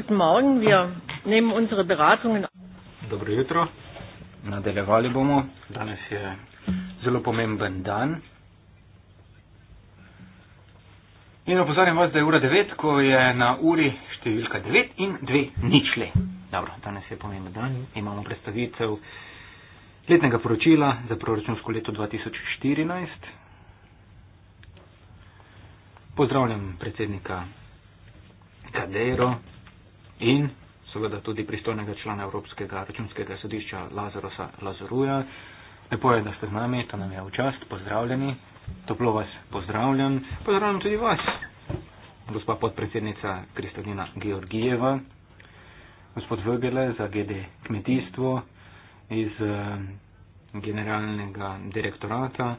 Guten Morgen, wir nehmen unsere Beratungen. Dobro jutro. Nadaljevali bomo. Danes je zelo pomemben dan. In opozarjam vas, da je ura 9, ko je na uri številka 9 in 2 ničle. Dobro, danes je pomemben dan. Imamo predstavitev letnega poročila za proračunsko leto 2014. Pozdravljam predsednika Kadero in seveda tudi pristojnega člana Evropskega računskega sodišča Lazarosa Lazaruja. Lepo je, da ste z nami, to nam je v čast, pozdravljeni, toplo vas pozdravljam, pozdravljam tudi vas, gospa podpredsednica Kristalina Georgijeva, gospod Vögele za GD kmetijstvo iz eh, generalnega direktorata.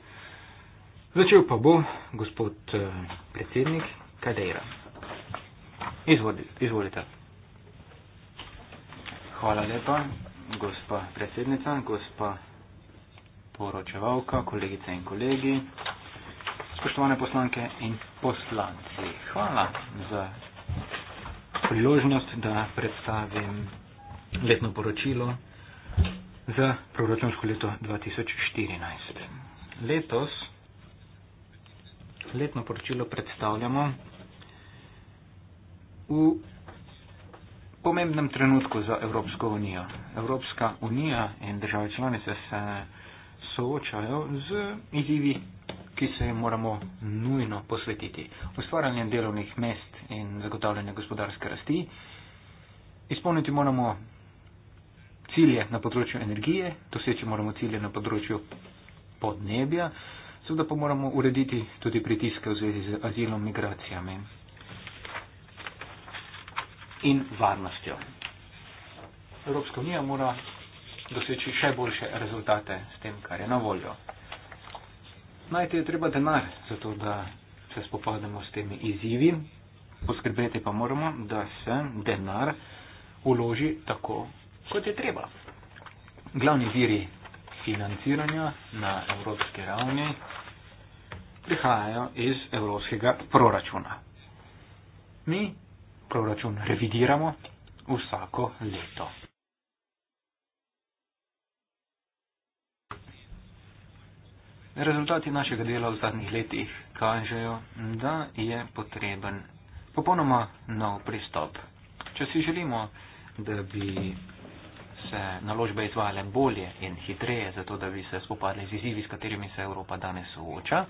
Začel pa bo gospod eh, predsednik Kadeira. Izvolite. izvolite. Hvala lepa, gospa predsednica, gospa poročevalka, kolegice in kolegi, spoštovane poslanke in poslanci. Hvala za priložnost, da predstavim letno poročilo za proračunsko leto 2014. Letos letno poročilo predstavljamo v pomembnem trenutku za Evropsko unijo. Evropska unija in države članice se soočajo z izzivi, ki se jim moramo nujno posvetiti. Ustvarjanje delovnih mest in zagotavljanje gospodarske rasti. Izpolniti moramo cilje na področju energije, doseči moramo cilje na področju podnebja, seveda pa moramo urediti tudi pritiske v zvezi z azilom in migracijami in varnostjo. Evropska unija mora doseči še boljše rezultate s tem, kar je na voljo. Najti je treba denar za to, da se spopademo s temi izzivi, poskrbeti pa moramo, da se denar uloži tako, kot je treba. Glavni viri financiranja na evropski ravni prihajajo iz evropskega proračuna. Mi proračun revidiramo vsako leto. Rezultati našega dela v zadnjih letih kažejo, da je potreben popolnoma nov pristop. Če si želimo, da bi se naložbe izvajale bolje in hitreje, zato da bi se spopadli z izzivi, s katerimi se Evropa danes sooča,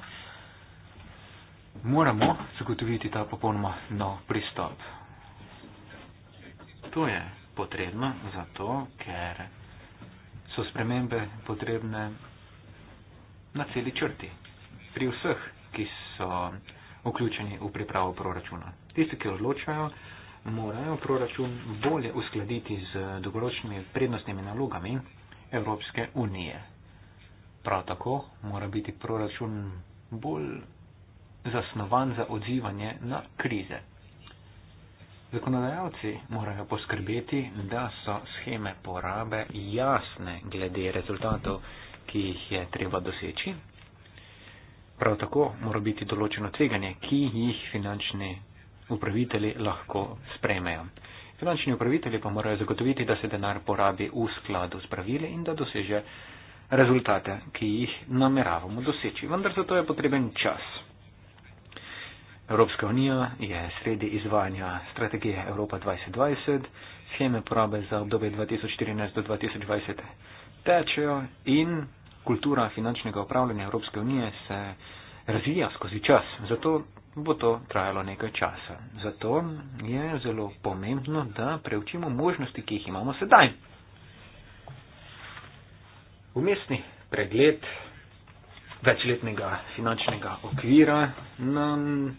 moramo zagotoviti ta popolnoma nov pristop to je potrebno zato, ker so spremembe potrebne na celi črti, pri vseh, ki so vključeni v pripravo proračuna. Tisti, ki odločajo, morajo proračun bolje uskladiti z dolgoročnimi prednostnimi nalogami Evropske unije. Prav tako mora biti proračun bolj zasnovan za odzivanje na krize. Zakonodajalci morajo poskrbeti, da so scheme porabe jasne glede rezultatov, ki jih je treba doseči. Prav tako mora biti določeno tveganje, ki jih finančni upravitelji lahko spremejo. Finančni upravitelji pa morajo zagotoviti, da se denar porabi v skladu s pravili in da doseže rezultate, ki jih nameravamo doseči. Vendar za to je potreben čas. Evropska unija je sredi izvajanja strategije Evropa 2020, scheme porabe za obdobje 2014 do 2020 tečejo in kultura finančnega upravljanja Evropske unije se razvija skozi čas. Zato bo to trajalo nekaj časa. Zato je zelo pomembno, da preučimo možnosti, ki jih imamo sedaj. Umestni pregled večletnega finančnega okvira nam. Na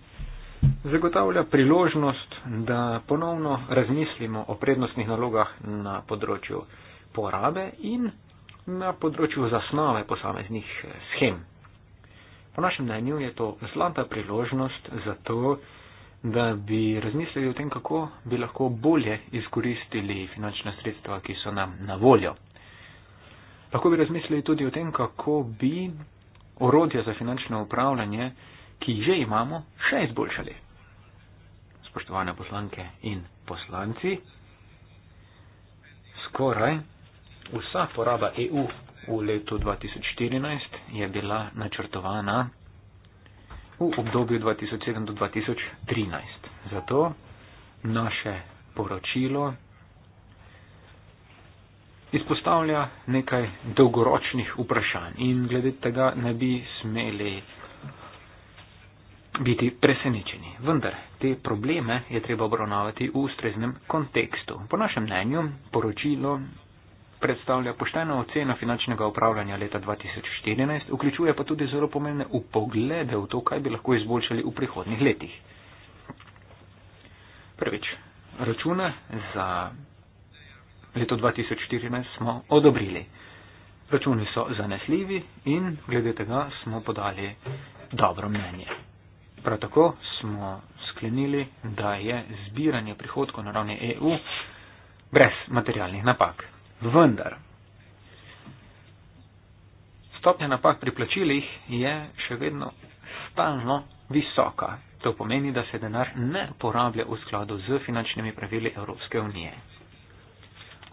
zagotavlja priložnost, da ponovno razmislimo o prednostnih nalogah na področju porabe in na področju zasnove posameznih eh, schem. Po našem mnenju je to zlata priložnost za to, da bi razmislili o tem, kako bi lahko bolje izkoristili finančna sredstva, ki so nam na voljo. Lahko bi razmislili tudi o tem, kako bi orodja za finančno upravljanje, ki jih že imamo, še izboljšali spoštovane poslanke in poslanci, skoraj vsa poraba EU v letu 2014 je bila načrtovana v obdobju 2007 do 2013. Zato naše poročilo izpostavlja nekaj dolgoročnih vprašanj in glede tega ne bi smeli biti presenečeni. Vendar te probleme je treba obravnavati v ustreznem kontekstu. Po našem mnenju poročilo predstavlja pošteno oceno finančnega upravljanja leta 2014, vključuje pa tudi zelo pomembne upoglede v to, kaj bi lahko izboljšali v prihodnih letih. Prvič, račune za leto 2014 smo odobrili. Računi so zanesljivi in glede tega smo podali dobro mnenje. Prav tako smo sklenili, da je zbiranje prihodkov na ravni EU brez materialnih napak. Vendar, stopnja napak pri plačilih je še vedno stalno visoka. To pomeni, da se denar ne porablja v skladu z finančnimi pravili Evropske unije.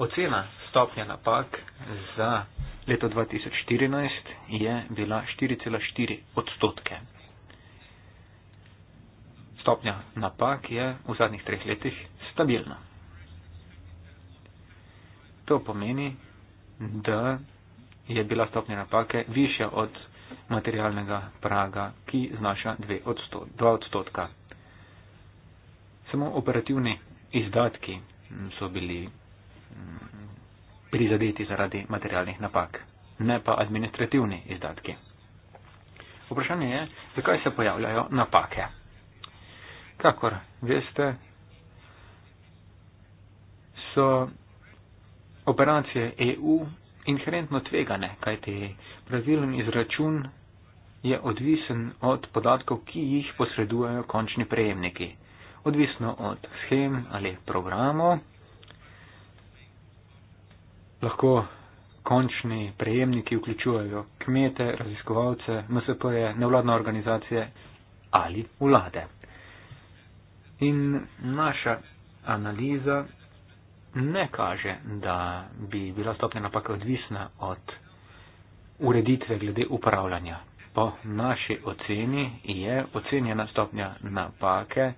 Ocena stopnja napak za leto 2014 je bila 4,4 odstotke stopnja napak je v zadnjih treh letih stabilna. To pomeni, da je bila stopnja napake višja od materialnega praga, ki znaša 2 odsto odstotka. Samo operativni izdatki so bili mm, prizadeti zaradi materialnih napak, ne pa administrativni izdatki. Vprašanje je, zakaj se pojavljajo napake. Kakor veste, so operacije EU inherentno tvegane, kajte pravilen izračun je odvisen od podatkov, ki jih posredujejo končni prejemniki. Odvisno od schem ali programov, lahko končni prejemniki vključujejo kmete, raziskovalce, MSP-je, nevladne organizacije ali vlade. In naša analiza ne kaže, da bi bila stopnja napake odvisna od ureditve glede upravljanja. Po naši oceni je ocenjena stopnja napake,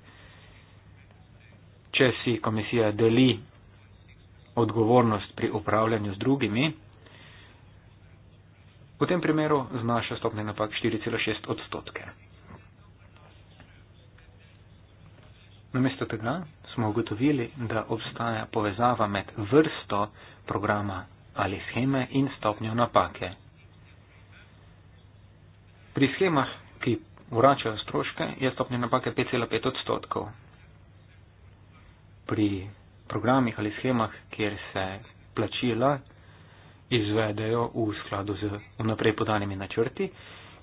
če si komisija deli odgovornost pri upravljanju z drugimi, v tem primeru znaša stopnja napak 4,6 odstotke. Namesto tega smo ugotovili, da obstaja povezava med vrsto programa ali scheme in stopnjo napake. Pri schemah, ki vračajo stroške, je stopnja napake 5,5 odstotkov. Pri programih ali schemah, kjer se plačila izvedejo v skladu z vnaprej podanimi načrti,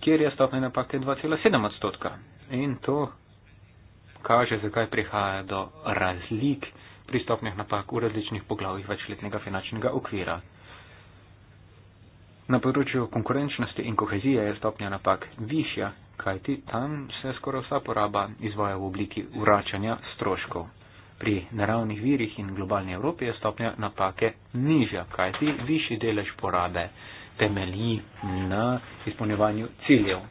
kjer je stopnja napake 2,7 odstotka. In to kaže, zakaj prihaja do razlik pristopnih napak v različnih poglavjih večletnega finančnega okvira. Na področju konkurenčnosti in kohezije je stopnja napak višja, kajti tam se skoraj vsa poraba izvaja v obliki vračanja stroškov. Pri naravnih virih in globalni Evropi je stopnja napake nižja, kajti višji delež porabe temelji na izpolnjevanju ciljev.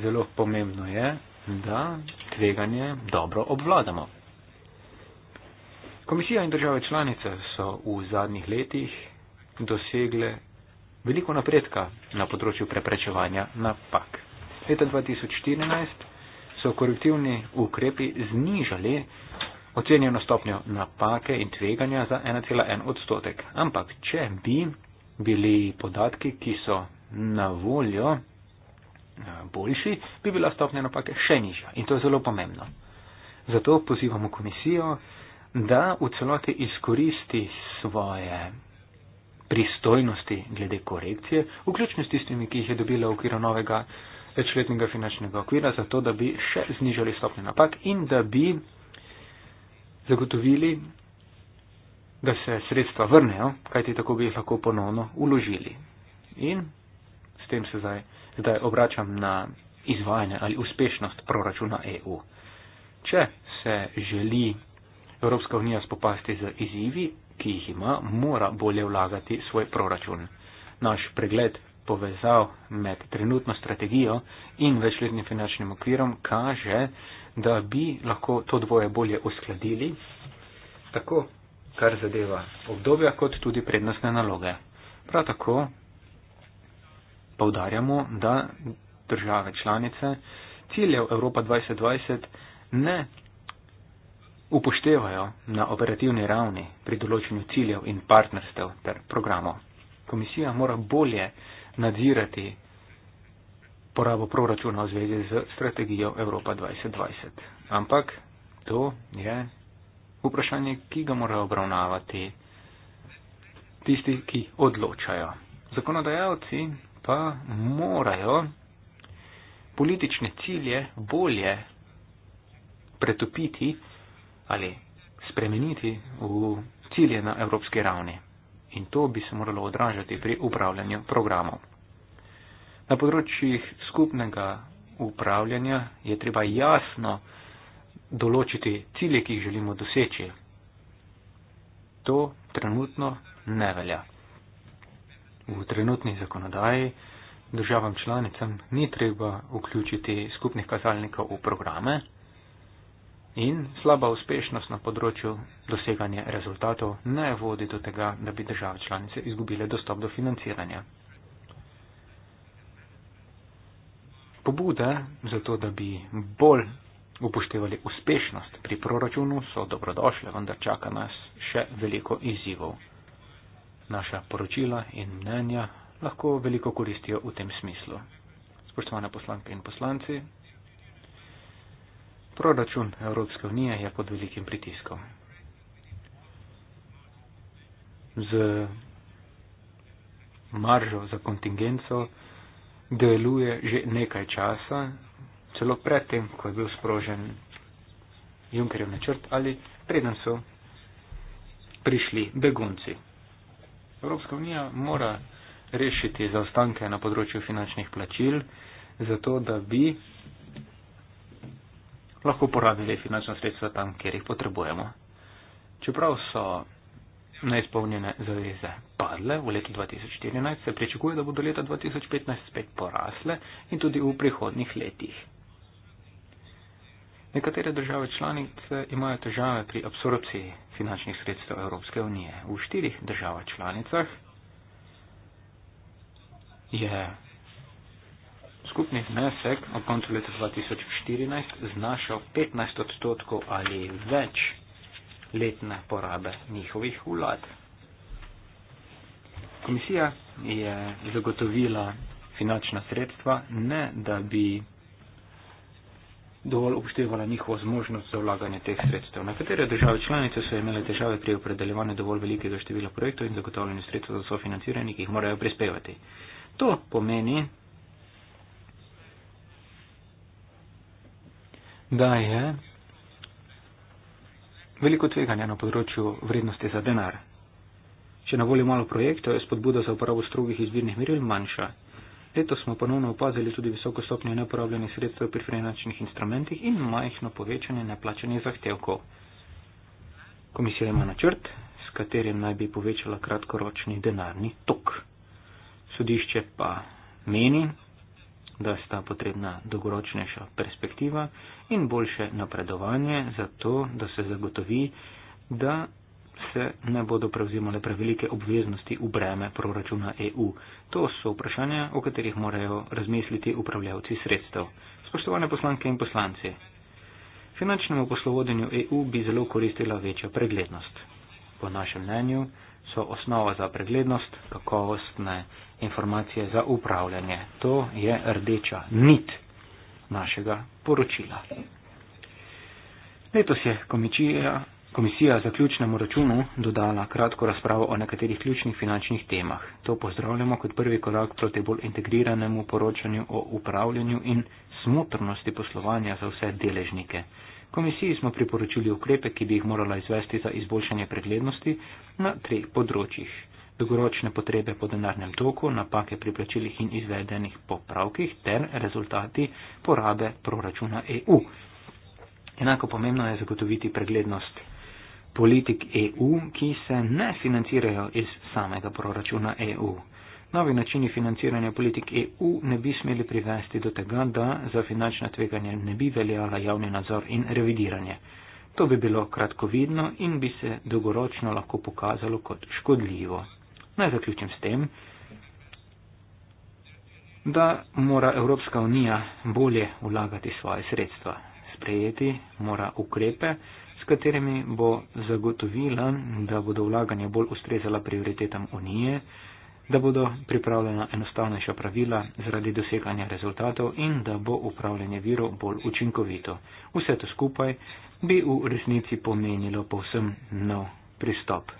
zelo pomembno je, da tveganje dobro obvladamo. Komisija in države članice so v zadnjih letih dosegle veliko napredka na področju preprečevanja napak. Leta 2014 so korektivni ukrepi znižali ocenjeno stopnjo napake in tveganja za 1,1 odstotek. Ampak, če bi bili podatki, ki so na voljo boljši, bi bila stopnja napake še nižja. In to je zelo pomembno. Zato pozivamo komisijo, da v celoti izkoristi svoje pristojnosti glede korekcije, vključno s tistimi, ki jih je dobila v okviru novega večletnega finančnega okvira, zato da bi še znižali stopnje napak in da bi zagotovili, da se sredstva vrnejo, kajti tako bi jih lahko ponovno uložili. In s tem se zdaj zdaj obračam na izvajanje ali uspešnost proračuna EU. Če se želi Evropska unija spopasti z izzivi, ki jih ima, mora bolje vlagati svoj proračun. Naš pregled povezav med trenutno strategijo in večletnim finančnim okvirom kaže, da bi lahko to dvoje bolje uskladili, tako kar zadeva obdobja, kot tudi prednostne naloge. Prav tako Povdarjamo, da države članice ciljev Evropa 2020 ne upoštevajo na operativni ravni pri določenju ciljev in partnerstev ter programov. Komisija mora bolje nadzirati porabo proračuna v zvezi z strategijo Evropa 2020. Ampak to je vprašanje, ki ga morajo obravnavati tisti, ki odločajo. Zakonodajalci pa morajo politične cilje bolje pretopiti ali spremeniti v cilje na evropski ravni. In to bi se moralo odražati pri upravljanju programov. Na področjih skupnega upravljanja je treba jasno določiti cilje, ki jih želimo doseči. To trenutno ne velja v trenutni zakonodaji državam članicam ni treba vključiti skupnih kazalnikov v programe in slaba uspešnost na področju doseganja rezultatov ne vodi do tega, da bi države članice izgubile dostop do financiranja. Pobude za to, da bi bolj upoštevali uspešnost pri proračunu, so dobrodošle, vendar čaka nas še veliko izzivov naša poročila in mnenja lahko veliko koristijo v tem smislu. Spoštovane poslanke in poslanci, proračun Evropske unije je pod velikim pritiskom. Z maržo za kontingenco deluje že nekaj časa, celo predtem, ko je bil sprožen Junkerjev načrt ali preden so prišli begunci. Evropska unija mora rešiti zaostanke na področju finančnih plačil, zato da bi lahko porabili finančna sredstva tam, kjer jih potrebujemo. Čeprav so neizpolnjene zaveze padle v letu 2014, se pričakuje, da bodo leta 2015 spet porasle in tudi v prihodnih letih. Nekatere države članice imajo težave pri absorpciji finančnih sredstev Evropske unije. V štirih državah članicah je skupni znesek ob koncu leta 2014 znašal 15 odstotkov ali več letne porabe njihovih vlad. Komisija je zagotovila finančna sredstva, ne da bi dovolj upoštevala njihovo zmožnost za vlaganje teh sredstev. Nekatere države članice so imele težave pri opredeljevanju dovolj velikega števila projektov in zagotavljanju sredstev za sofinanciranje, ki jih morajo prispevati. To pomeni, da je veliko tveganja na področju vrednosti za denar. Če na voljo malo projektov je spodbuda za uporabo strogih izbirnih meril manjša, Leto smo ponovno opazili tudi visoko stopnjo neporabljenih sredstev pri finančnih instrumentih in majhno povečanje neplačanih zahtevkov. Komisija ima načrt, s katerim naj bi povečala kratkoročni denarni tok. Sodišče pa meni, da sta potrebna dolgoročnejša perspektiva in boljše napredovanje za to, da se zagotovi, da članice ne bodo prevzimale prevelike obveznosti v breme proračuna EU. To so vprašanja, o katerih morajo razmisliti upravljavci sredstev. Spoštovane poslanke in poslanci, finančnemu poslovodenju EU bi zelo koristila večja preglednost. Po našem mnenju so osnova za preglednost kakovostne informacije za upravljanje. To je rdeča nit našega poročila. Letos je komičija Komisija za ključnemu računu dodala kratko razpravo o nekaterih ključnih finančnih temah. To pozdravljamo kot prvi korak proti bolj integriranemu poročanju o upravljanju in smotrnosti poslovanja za vse deležnike. Komisiji smo priporočili ukrepe, ki bi jih morala izvesti za izboljšanje preglednosti na treh področjih. Dolgoročne potrebe po denarnem toku, napake pri plačilih in izvedenih popravkih ter rezultati porabe proračuna EU. Enako pomembno je zagotoviti preglednost politik EU, ki se ne financirajo iz samega proračuna EU. Novi načini financiranja politik EU ne bi smeli privesti do tega, da za finančna tveganja ne bi veljala javni nadzor in revidiranje. To bi bilo kratkovidno in bi se dolgoročno lahko pokazalo kot škodljivo. Naj zaključim s tem, da mora Evropska unija bolje vlagati svoje sredstva. Sprejeti mora ukrepe, s katerimi bo zagotovila, da bodo vlaganja bolj ustrezala prioritetam Unije, da bodo pripravljena enostavnejša pravila zaradi doseganja rezultatov in da bo upravljanje virov bolj učinkovito. Vse to skupaj bi v resnici pomenilo povsem nov pristop.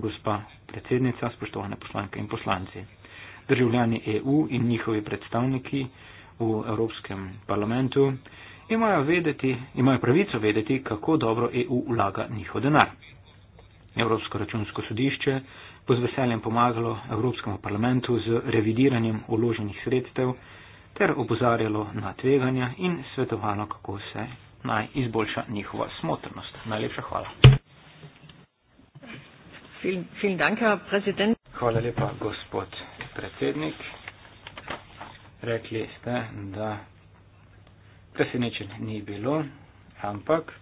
Gospa predsednica, spoštovane poslanke in poslanci, državljani EU in njihovi predstavniki v Evropskem parlamentu, imajo, vedeti, imajo pravico vedeti, kako dobro EU vlaga njihov denar. Evropsko računsko sodišče bo z veseljem pomagalo Evropskemu parlamentu z revidiranjem uloženih sredstev ter opozarjalo na tveganja in svetovalo, kako se naj izboljša njihova smotrnost. Najlepša hvala. Hvala lepa, gospod predsednik. Rekli ste, da presenečenj ni bilo, ampak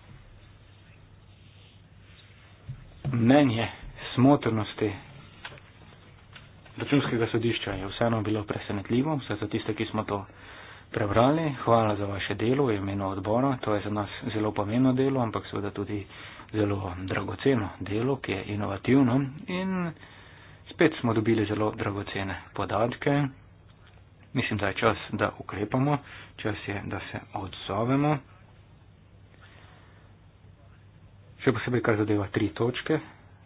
mnenje smotrnosti računskega sodišča je vseeno bilo presenetljivo, vse za tiste, ki smo to prebrali. Hvala za vaše delo v imenu odbora, to je za nas zelo pomembno delo, ampak seveda tudi zelo dragoceno delo, ki je inovativno in spet smo dobili zelo dragocene podatke. Mislim, da je čas, da ukrepamo, čas je, da se odzovemo. Še posebej, kar zadeva tri točke,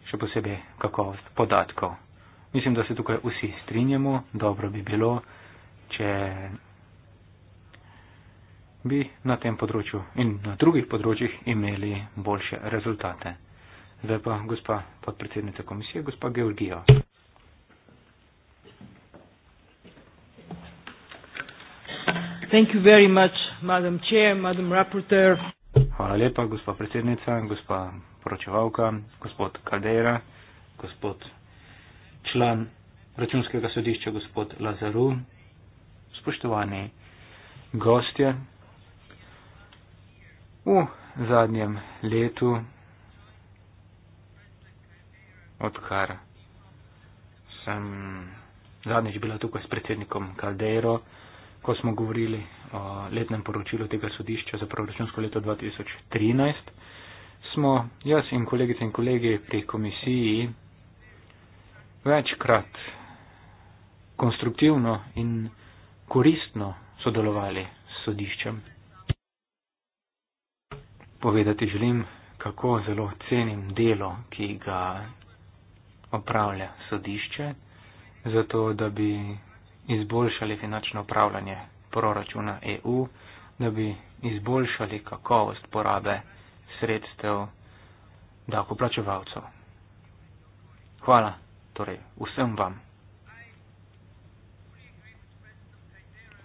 še posebej kakovost podatkov. Mislim, da se tukaj vsi strinjamo, dobro bi bilo, če bi na tem področju in na drugih področjih imeli boljše rezultate. Zdaj pa gospa podpredsednica komisije, gospa Georgija. Thank you very much, Madam Chair, Madam Rapporteur. Hvala lepa, gospa predsednica, gospa poročevalka, gospod Kadeira, gospod član računskega sodišča, gospod Lazaru, spoštovani gostje. V zadnjem letu, odkar sem zadnjič bila tukaj s predsednikom Kadeiro, ko smo govorili o letnem poročilu tega sodišča za proračunsko leto 2013, smo jaz in kolegice in kolegi pri komisiji večkrat konstruktivno in koristno sodelovali s sodiščem. Povedati želim, kako zelo cenim delo, ki ga opravlja sodišče, zato da bi izboljšali finančno upravljanje proračuna EU, da bi izboljšali kakovost porabe sredstev davkoplačevalcev. Hvala torej vsem vam.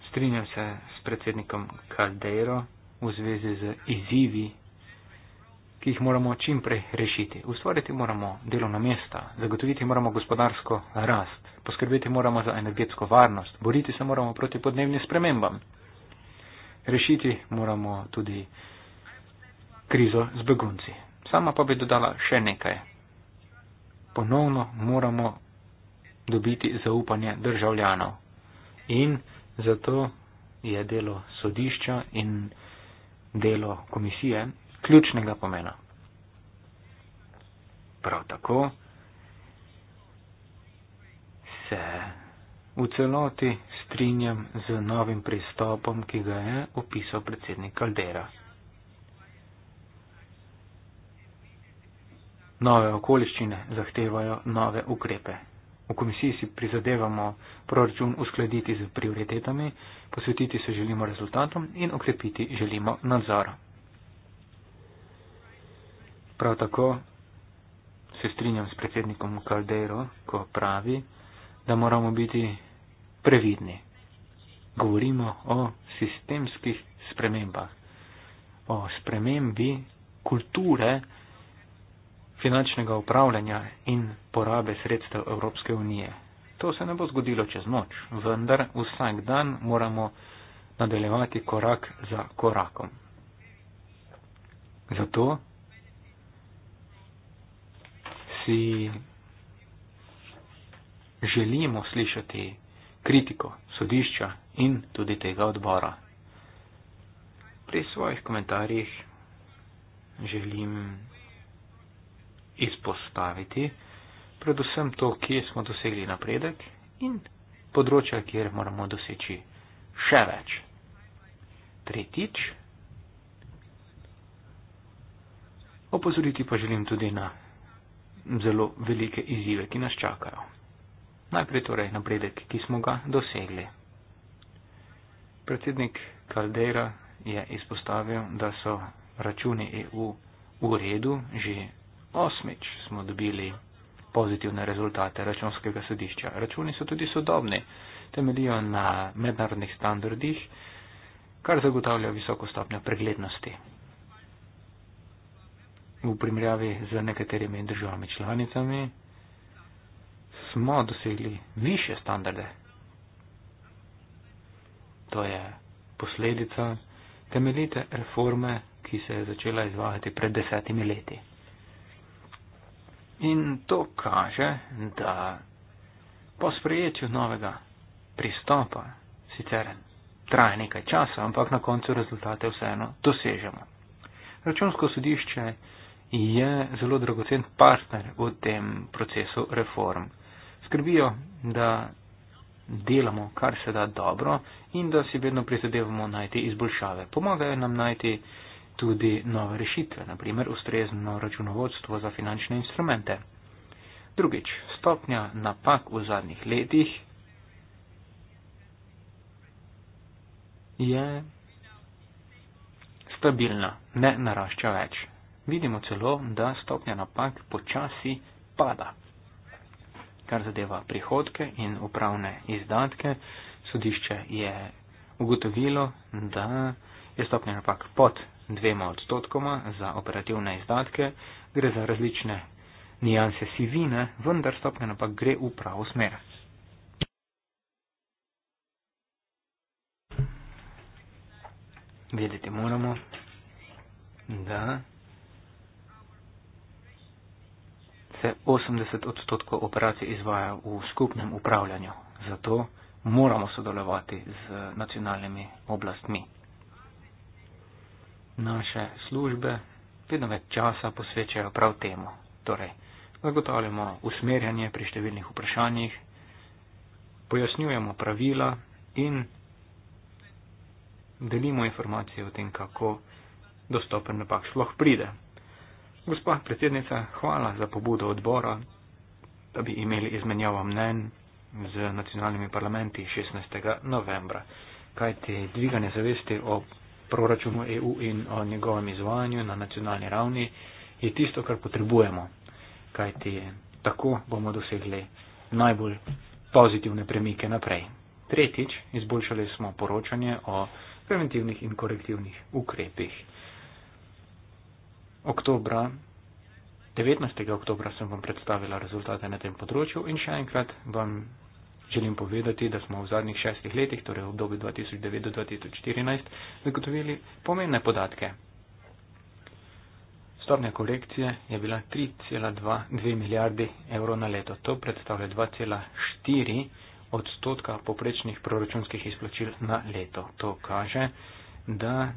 Strinjam se s predsednikom Caldeiro v zvezi z izzivi ki jih moramo čim prej rešiti. Ustvariti moramo delovna mesta, zagotoviti moramo gospodarsko rast, poskrbeti moramo za energetsko varnost, boriti se moramo proti podnebnim spremembam. Rešiti moramo tudi krizo z begunci. Sama pa bi dodala še nekaj. Ponovno moramo dobiti zaupanje državljanov. In zato je delo sodišča in delo komisije ključnega pomena. Prav tako se v celoti strinjam z novim pristopom, ki ga je opisal predsednik Kaldera. Nove okoliščine zahtevajo nove ukrepe. V komisiji si prizadevamo proračun uskladiti z prioritetami, posvetiti se želimo rezultatom in okrepiti želimo nadzor. Prav tako se strinjam s predsednikom Kaldero, ko pravi, da moramo biti previdni. Govorimo o sistemskih spremembah, o spremembi kulture finančnega upravljanja in porabe sredstev Evropske unije. To se ne bo zgodilo čez noč, vendar vsak dan moramo nadaljevati korak za korakom. Zato si želimo slišati kritiko sodišča in tudi tega odbora. Pri svojih komentarjih želim izpostaviti predvsem to, kje smo dosegli napredek in področja, kjer moramo doseči še več. Tretjič. Opozoriti pa želim tudi na zelo velike izzive, ki nas čakajo. Najprej torej napredek, ki smo ga dosegli. Predsednik Caldera je izpostavil, da so računi EU v redu, že osmič smo dobili pozitivne rezultate računskega sodišča. Računi so tudi sodobni, temeljijo na mednarodnih standardih, kar zagotavlja visoko stopnjo preglednosti v primerjavi z nekaterimi državami članicami, smo dosegli više standarde. To je posledica temeljite reforme, ki se je začela izvajati pred desetimi leti. In to kaže, da po sprejetju novega pristopa, sicer traja nekaj časa, ampak na koncu rezultate vseeno dosežemo. Računsko sodišče je zelo dragocen partner v tem procesu reform. Skrbijo, da delamo kar se da dobro in da si vedno prizadevamo najti izboljšave. Pomagajo nam najti tudi nove rešitve, naprimer ustrezno računovodstvo za finančne instrumente. Drugič, stopnja napak v zadnjih letih je stabilna, ne narašča več vidimo celo, da stopnja napak počasi pada. Kar zadeva prihodke in upravne izdatke, sodišče je ugotovilo, da je stopnja napak pod dvema odstotkoma za operativne izdatke, gre za različne nijanse sivine, vendar stopnja napak gre v pravo smer. Vedeti moramo, da se 80 odstotkov operacij izvaja v skupnem upravljanju. Zato moramo sodelovati z nacionalnimi oblastmi. Naše službe vedno več časa posvečajo prav temu. Torej, zagotavljamo usmerjanje pri številnih vprašanjih, pojasnjujemo pravila in delimo informacije o tem, kako dostopen napak sploh pride. Gospa predsednica, hvala za pobudo odbora, da bi imeli izmenjavo mnen z nacionalnimi parlamenti 16. novembra. Kajti dviganje zavesti o proračunu EU in o njegovem izvajanju na nacionalni ravni je tisto, kar potrebujemo. Kajti tako bomo dosegli najbolj pozitivne premike naprej. Tretjič, izboljšali smo poročanje o preventivnih in korektivnih ukrepih oktobra, 19. oktobra sem vam predstavila rezultate na tem področju in še enkrat vam želim povedati, da smo v zadnjih šestih letih, torej v obdobju 2009 do 2014, zagotovili pomembne podatke. Stopnja korekcije je bila 3,2 milijardi evrov na leto. To predstavlja 2,4 odstotka poprečnih proračunskih izplačil na leto. To kaže, da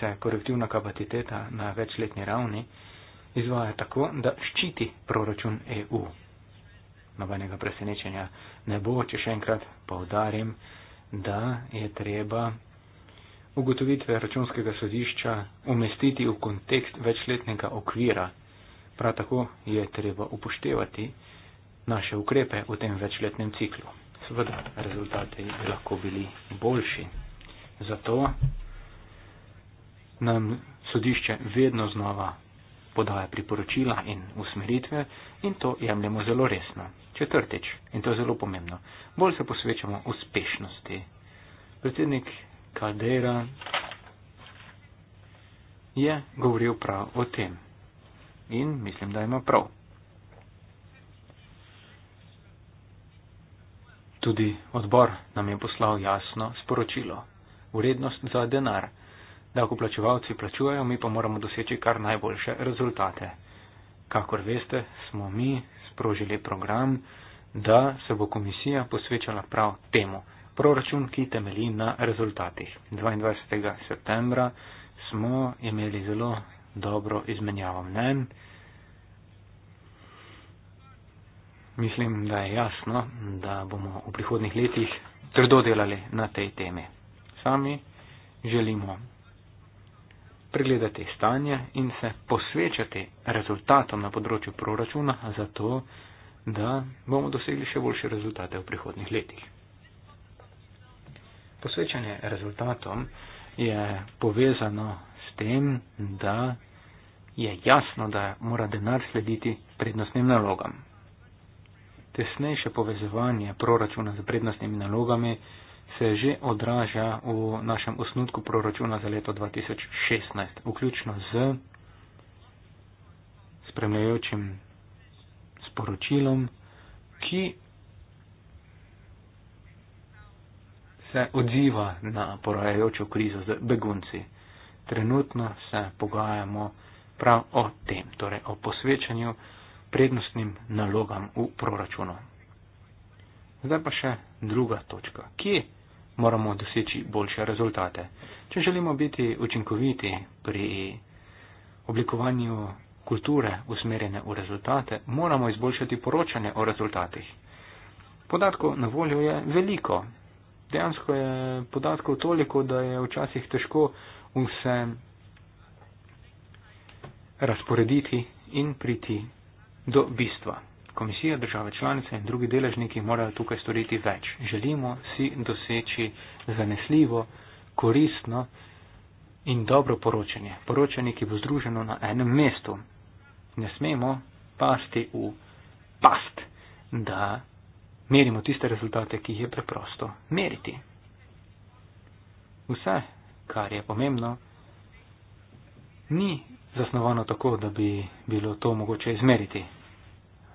se korektivna kapaciteta na večletni ravni izvaja tako, da ščiti proračun EU. Nobenega presenečenja ne bo, če še enkrat povdarim, da je treba ugotovitve računskega sodišča umestiti v kontekst večletnega okvira. Prav tako je treba upoštevati naše ukrepe v tem večletnem ciklu. Seveda, rezultati bi lahko bili boljši. Zato nam sodišče vedno znova podaja priporočila in usmeritve in to jemljemo zelo resno. Četrtič, in to je zelo pomembno, bolj se posvečamo uspešnosti. Predsednik Kaldera je govoril prav o tem in mislim, da ima prav. Tudi odbor nam je poslal jasno sporočilo. Urednost za denar. Dakoplačevalci plačujejo, mi pa moramo doseči kar najboljše rezultate. Kakor veste, smo mi sprožili program, da se bo komisija posvečala prav temu. Proračun, ki temelji na rezultatih. 22. septembra smo imeli zelo dobro izmenjavo mnen. Mislim, da je jasno, da bomo v prihodnih letih trdo delali na tej temi. Sami želimo pregledati stanje in se posvečati rezultatom na področju proračuna, zato da bomo dosegli še boljše rezultate v prihodnih letih. Posvečanje rezultatom je povezano s tem, da je jasno, da mora denar slediti prednostnim nalogam. Tesnejše povezovanje proračuna z prednostnimi nalogami se že odraža v našem osnutku proračuna za leto 2016, vključno z spremljajočim sporočilom, ki se odziva na porajajočo krizo z begunci. Trenutno se pogajamo prav o tem, torej o posvečanju prednostnim nalogam v proračunu. Zdaj pa še druga točka. Kje moramo doseči boljše rezultate. Če želimo biti učinkoviti pri oblikovanju kulture usmerjene v rezultate, moramo izboljšati poročanje o rezultatih. Podatkov na voljo je veliko. Dejansko je podatkov toliko, da je včasih težko vse razporediti in priti do bistva. Komisija, države članice in drugi deležniki morajo tukaj storiti več. Želimo si doseči zanesljivo, koristno in dobro poročanje. Poročanje, ki bo združeno na enem mestu. Ne smemo pasti v past, da merimo tiste rezultate, ki jih je preprosto meriti. Vse, kar je pomembno, ni zasnovano tako, da bi bilo to mogoče izmeriti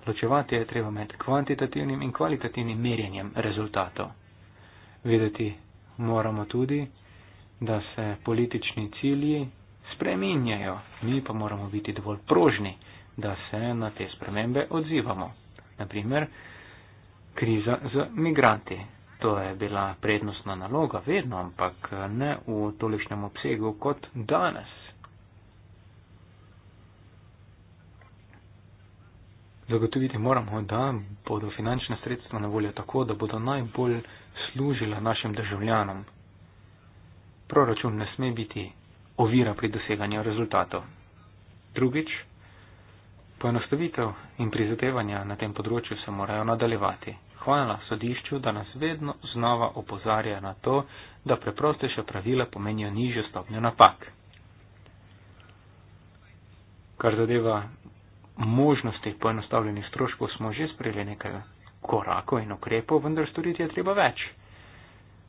ločevati je treba med kvantitativnim in kvalitativnim merjenjem rezultatov. Vedeti moramo tudi, da se politični cilji spreminjajo, mi pa moramo biti dovolj prožni, da se na te spremembe odzivamo. Naprimer, kriza z migranti. To je bila prednostna naloga vedno, ampak ne v tolikšnem obsegu kot danes. Zagotoviti moramo, da bodo finančna sredstva na voljo tako, da bodo najbolj služila našim državljanom. Proračun ne sme biti ovira pri doseganju rezultatov. Drugič, poenostavitev in prizadevanja na tem področju se morajo nadaljevati. Hvala sodišču, da nas vedno znova opozarja na to, da preprostejša pravila pomenijo nižjo stopnjo napak. Kar zadeva možnosti poenostavljenih stroškov smo že sprejeli nekaj korakov in ukrepov, vendar storiti je treba več.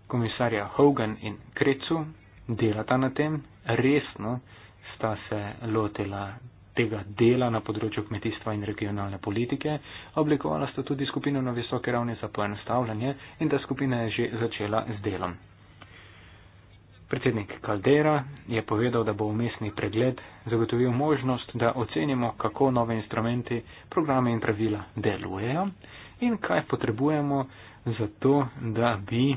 Komisarja Hogan in Krecu delata na tem, resno sta se lotila tega dela na področju kmetijstva in regionalne politike, oblikovala sta tudi skupino na visoke ravni za poenostavljanje in ta skupina je že začela z delom. Predsednik Kaldera je povedal, da bo umestni pregled zagotovil možnost, da ocenimo, kako nove instrumenti, programe in pravila delujejo in kaj potrebujemo za to, da bi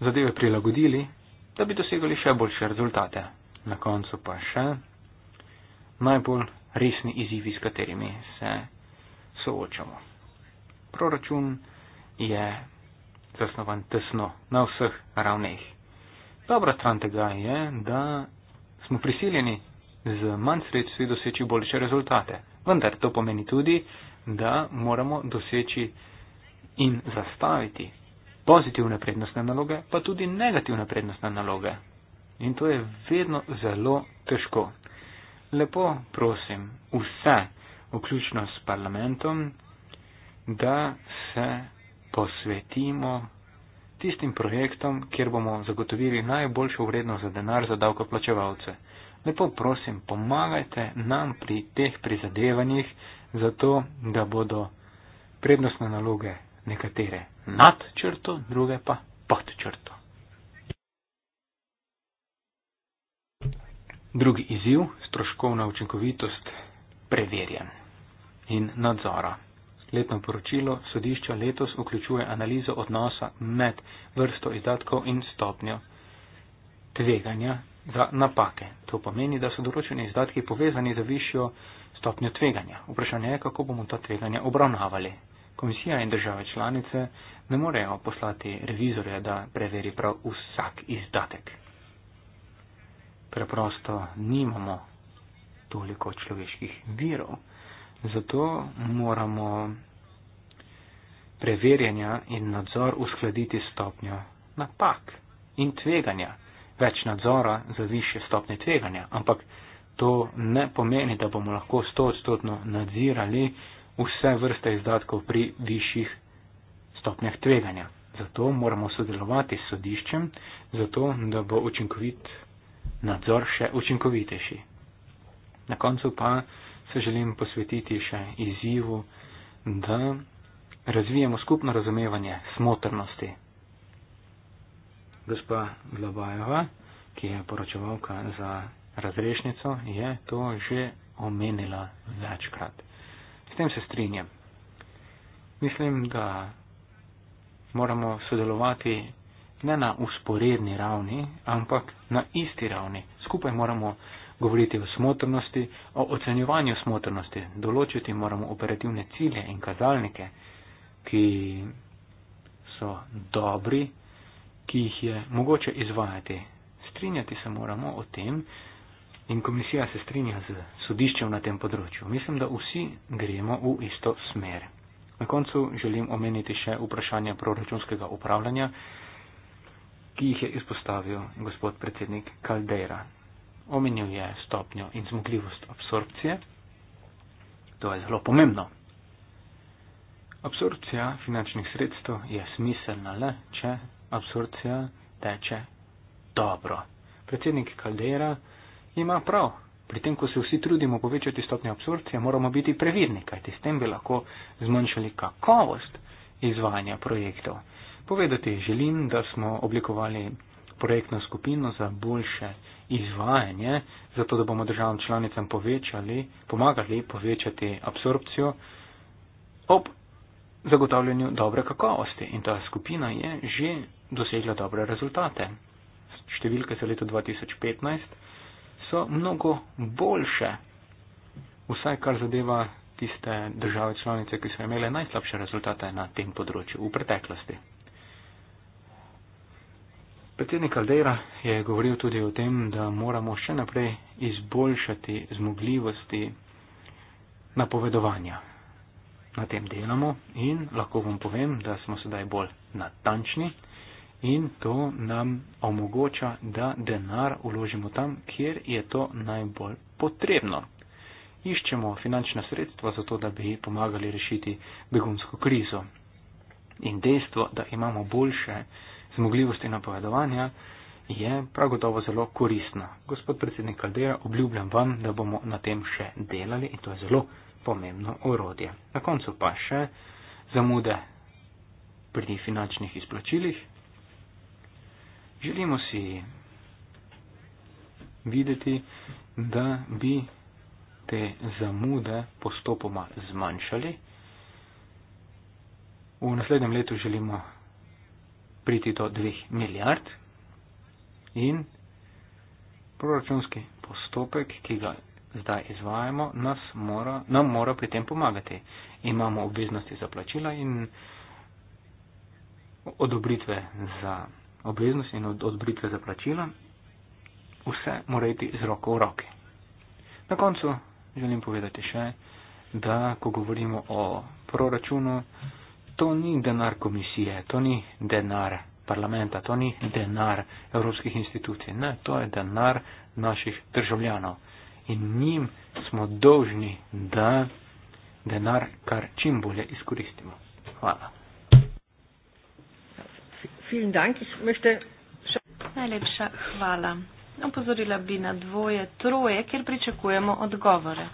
zadeve prilagodili, da bi dosegali še boljše rezultate. Na koncu pa še najbolj resni izzivi, s katerimi se soočamo. Proračun je zasnovan tesno na vseh ravneh. Dobra stran tega je, da smo prisiljeni z manj sredstvi doseči boljše rezultate. Vendar to pomeni tudi, da moramo doseči in zastaviti pozitivne prednostne naloge, pa tudi negativne prednostne naloge. In to je vedno zelo težko. Lepo prosim vse, vključno s parlamentom, da se posvetimo tistim projektom, kjer bomo zagotovili najboljšo vrednost za denar za davkoplačevalce. Lepo prosim, pomagajte nam pri teh prizadevanjih, zato da bodo prednostne naloge nekatere nad črto, druge pa pod črto. Drugi izziv, stroškovna učinkovitost, preverjen in nadzora letno poročilo sodišča letos vključuje analizo odnosa med vrsto izdatkov in stopnjo tveganja za napake. To pomeni, da so določeni izdatki povezani za višjo stopnjo tveganja. Vprašanje je, kako bomo ta tveganja obravnavali. Komisija in države članice ne morejo poslati revizorja, da preveri prav vsak izdatek. Preprosto nimamo toliko človeških virov. Zato moramo preverjanja in nadzor uskladiti stopnjo napak in tveganja. Več nadzora za više stopnje tveganja. Ampak to ne pomeni, da bomo lahko stotstotno nadzirali vse vrste izdatkov pri višjih stopnjah tveganja. Zato moramo sodelovati s sodiščem, zato da bo učinkovit nadzor še učinkovitejši. Na koncu pa se želim posvetiti še izzivu, da razvijemo skupno razumevanje smotrnosti. Gospa Glabajeva, ki je poročevalka za razrešnico, je to že omenila večkrat. S tem se strinjam. Mislim, da moramo sodelovati ne na usporedni ravni, ampak na isti ravni. Skupaj moramo govoriti o smotrnosti, o ocenjevanju smotrnosti, določiti moramo operativne cilje in kazalnike, ki so dobri, ki jih je mogoče izvajati. Strinjati se moramo o tem in komisija se strinja z sodiščem na tem področju. Mislim, da vsi gremo v isto smer. Na koncu želim omeniti še vprašanje proračunskega upravljanja, ki jih je izpostavil gospod predsednik Kaldeira omenil je stopnjo in zmogljivost absorpcije. To je zelo pomembno. Absorpcija finančnih sredstev je smiselna le, če absorpcija teče dobro. Predsednik Kaldera ima prav. Pri tem, ko se vsi trudimo povečati stopnjo absorpcije, moramo biti previdni, kajti s tem bi lahko zmanjšali kakovost izvajanja projektov. Povedati želim, da smo oblikovali projektno skupino za boljše izvajanje, zato da bomo državam članicam povečali, pomagali povečati absorpcijo ob zagotavljanju dobre kakovosti. In ta skupina je že dosegla dobre rezultate. Številke za leto 2015 so mnogo boljše, vsaj kar zadeva tiste države članice, ki so imele najslabše rezultate na tem področju v preteklosti. Predsednik Kaldera je govoril tudi o tem, da moramo še naprej izboljšati zmogljivosti napovedovanja. Na tem delamo in lahko vam povem, da smo sedaj bolj natančni in to nam omogoča, da denar uložimo tam, kjer je to najbolj potrebno. Iščemo finančna sredstva za to, da bi pomagali rešiti begunsko krizo. In dejstvo, da imamo boljše zmogljivosti napovedovanja, je prav gotovo zelo koristna. Gospod predsednik Kaldera, obljubljam vam, da bomo na tem še delali in to je zelo pomembno orodje. Na koncu pa še zamude pri finančnih izplačilih. Želimo si videti, da bi te zamude postopoma zmanjšali. V naslednjem letu želimo priti do dveh milijard in proračunski postopek, ki ga zdaj izvajamo, nas mora, nam mora pri tem pomagati. Imamo obveznosti za plačila in odobritve za obveznosti in odobritve za plačila. Vse mora iti z roko v roke. Na koncu želim povedati še, da ko govorimo o proračunu, to ni denar komisije, to ni denar parlamenta, to ni denar evropskih institucij, ne, to je denar naših državljanov. In njim smo dolžni, da denar kar čim bolje izkoristimo. Hvala. Najlepša hvala. Opozorila bi na dvoje, troje, kjer pričakujemo odgovore.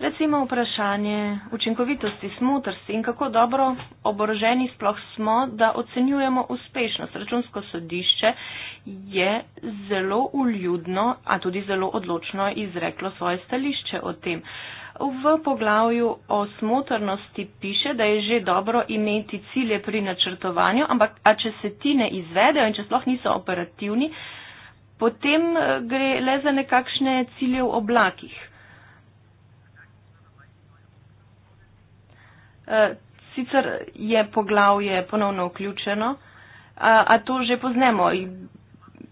Recimo vprašanje učinkovitosti, smotrsti in kako dobro oboroženi sploh smo, da ocenjujemo uspešnost. Računsko sodišče je zelo uljudno, a tudi zelo odločno izreklo svoje stališče o tem. V poglavju o smotrnosti piše, da je že dobro imeti cilje pri načrtovanju, ampak a če se ti ne izvedejo in če sploh niso operativni, potem eh, gre le za nekakšne cilje v oblakih. Eh, sicer je poglavje ponovno vključeno, a, a to že poznemo.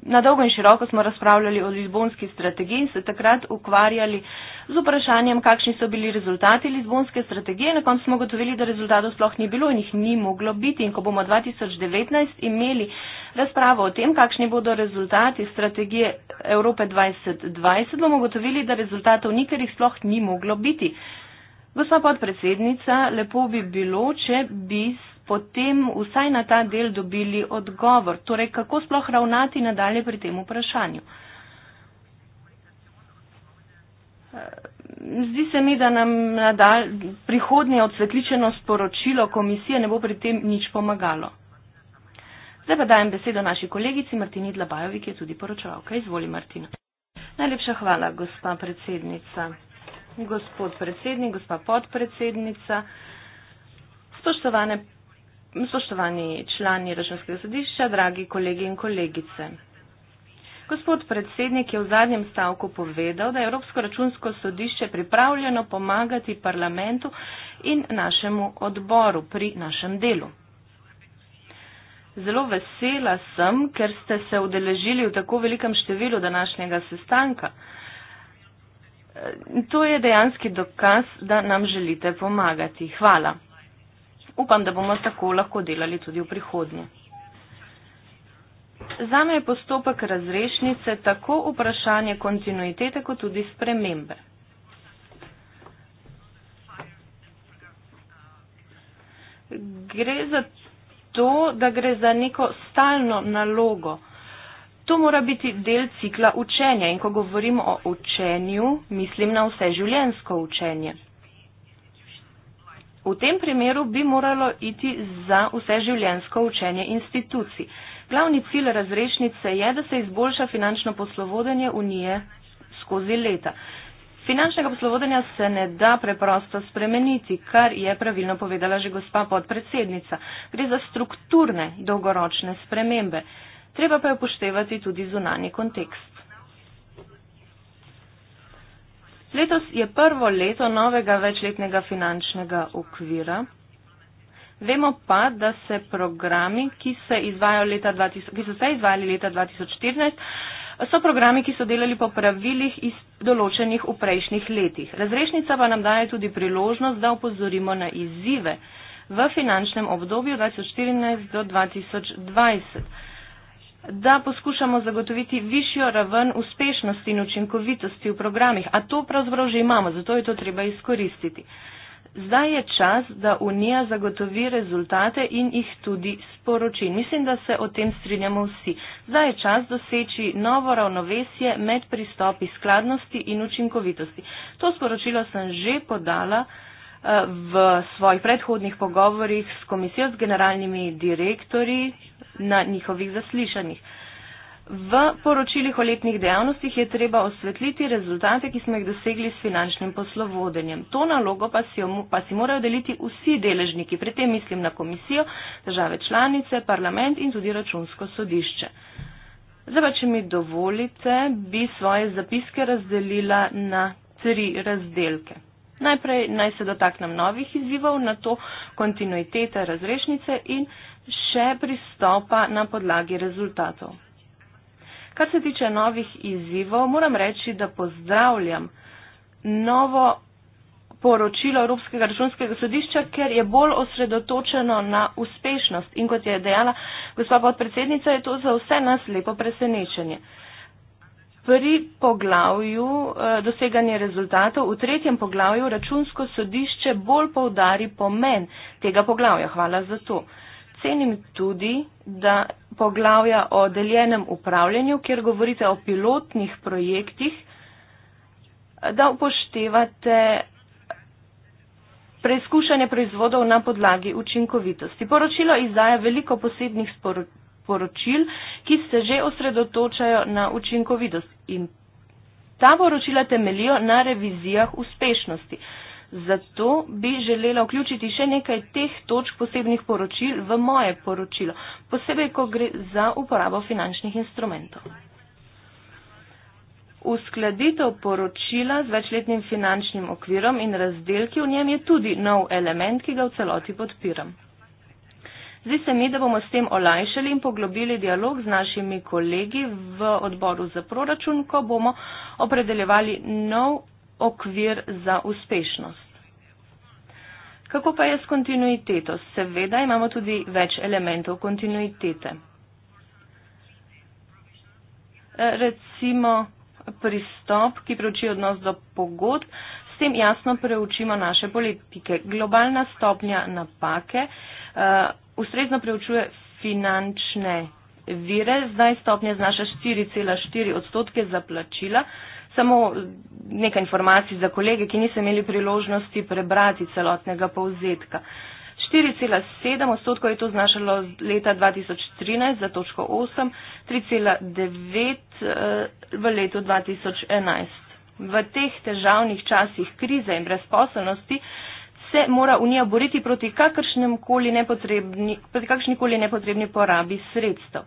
Na dolgo in široko smo razpravljali o Lizbonski strategiji in se takrat ukvarjali z vprašanjem, kakšni so bili rezultati Lizbonske strategije. Na koncu smo gotovili, da rezultatov sploh ni bilo in jih ni moglo biti. In ko bomo 2019 imeli razpravo o tem, kakšni bodo rezultati strategije Evrope 2020, bomo gotovili, da rezultatov nikar jih sploh ni moglo biti. Gospa podpredsednica, lepo bi bilo, če bi potem vsaj na ta del dobili odgovor. Torej, kako sploh ravnati nadalje pri tem vprašanju? Eh, zdi se mi, da nam nadal, prihodnje odsvetličeno sporočilo komisije ne bo pri tem nič pomagalo. Zdaj pa dajem besedo naši kolegici Martini Dlabajovi, ki je tudi poročevalka. Izvoli, Martina. Najlepša hvala, gospa predsednica gospod predsednik, gospa podpredsednica, spoštovani člani Računskega sodišča, dragi kolegi in kolegice. Gospod predsednik je v zadnjem stavku povedal, da je Evropsko računsko sodišče pripravljeno pomagati parlamentu in našemu odboru pri našem delu. Zelo vesela sem, ker ste se udeležili v tako velikem številu današnjega sestanka. To je dejanski dokaz, da nam želite pomagati. Hvala. Upam, da bomo tako lahko delali tudi v prihodnje. Zame je postopek razrešnice tako vprašanje kontinuitete, kot tudi spremembe. Gre za to, da gre za neko stalno nalogo. To mora biti del cikla učenja in ko govorimo o učenju, mislim na vse življensko učenje. V tem primeru bi moralo iti za vse življensko učenje institucij. Glavni cilj razrešnice je, da se izboljša finančno poslovodenje unije skozi leta. Finančnega poslovodenja se ne da preprosto spremeniti, kar je pravilno povedala že gospa podpredsednica. Gre za strukturne dolgoročne spremembe treba pa je upoštevati tudi zunani kontekst. Letos je prvo leto novega večletnega finančnega okvira. Vemo pa, da se programi, ki, se 2000, ki so se izvajali leta 2014, so programi, ki so delali po pravilih iz določenih v prejšnjih letih. Razrešnica pa nam daje tudi priložnost, da upozorimo na izzive v finančnem obdobju 2014 do 2020 da poskušamo zagotoviti višjo raven uspešnosti in učinkovitosti v programih, a to pravzaprav že imamo, zato je to treba izkoristiti. Zdaj je čas, da Unija zagotovi rezultate in jih tudi sporoči. Mislim, da se o tem strinjamo vsi. Zdaj je čas doseči novo ravnovesje med pristopi skladnosti in učinkovitosti. To sporočilo sem že podala eh, v svojih predhodnih pogovorih s komisijo, s generalnimi direktori na njihovih zaslišanjih. V poročilih o letnih dejavnostih je treba osvetliti rezultate, ki smo jih dosegli s finančnim poslovodenjem. To nalogo pa si, pa si morajo deliti vsi deležniki, pri tem mislim na komisijo, države članice, parlament in tudi računsko sodišče. Zdaj pa, če mi dovolite, bi svoje zapiske razdelila na tri razdelke. Najprej naj se dotaknem novih izzivov, na to kontinuiteta razrešnice in še pristopa na podlagi rezultatov. Kar se tiče novih izzivov, moram reči, da pozdravljam novo poročilo Evropskega računskega sodišča, ker je bolj osredotočeno na uspešnost. In kot je dejala gospa podpredsednica, je to za vse nas lepo presenečenje. Pri poglavju eh, doseganje rezultatov, v tretjem poglavju računsko sodišče bolj poudari pomen tega poglavja. Hvala za to cenim tudi, da poglavja o deljenem upravljanju, kjer govorite o pilotnih projektih, da upoštevate preizkušanje proizvodov na podlagi učinkovitosti. Poročilo izdaja veliko posebnih poročil, ki se že osredotočajo na učinkovitost. In ta poročila temelijo na revizijah uspešnosti. Zato bi želela vključiti še nekaj teh točk posebnih poročil v moje poročilo, posebej, ko gre za uporabo finančnih instrumentov. Uskladitev poročila z večletnim finančnim okvirom in razdelki v njem je tudi nov element, ki ga v celoti podpiram. Zdi se mi, da bomo s tem olajšali in poglobili dialog z našimi kolegi v odboru za proračun, ko bomo opredeljevali nov okvir za uspešnost. Kako pa je s kontinuiteto? Seveda imamo tudi več elementov kontinuitete. E, recimo pristop, ki preuči odnos do pogodb, s tem jasno preučimo naše politike. Globalna stopnja napake e, ustrezno preučuje finančne vire, zdaj stopnje znaša 4,4 odstotke za plačila. Samo nekaj informacij za kolege, ki niso imeli priložnosti prebrati celotnega povzetka. 4,7 odstotkov je to znašalo leta 2013 za točko 8, 3,9 eh, v letu 2011. V teh težavnih časih krize in brezposobnosti se mora Unija boriti proti, proti kakršnikoli nepotrebni porabi sredstev.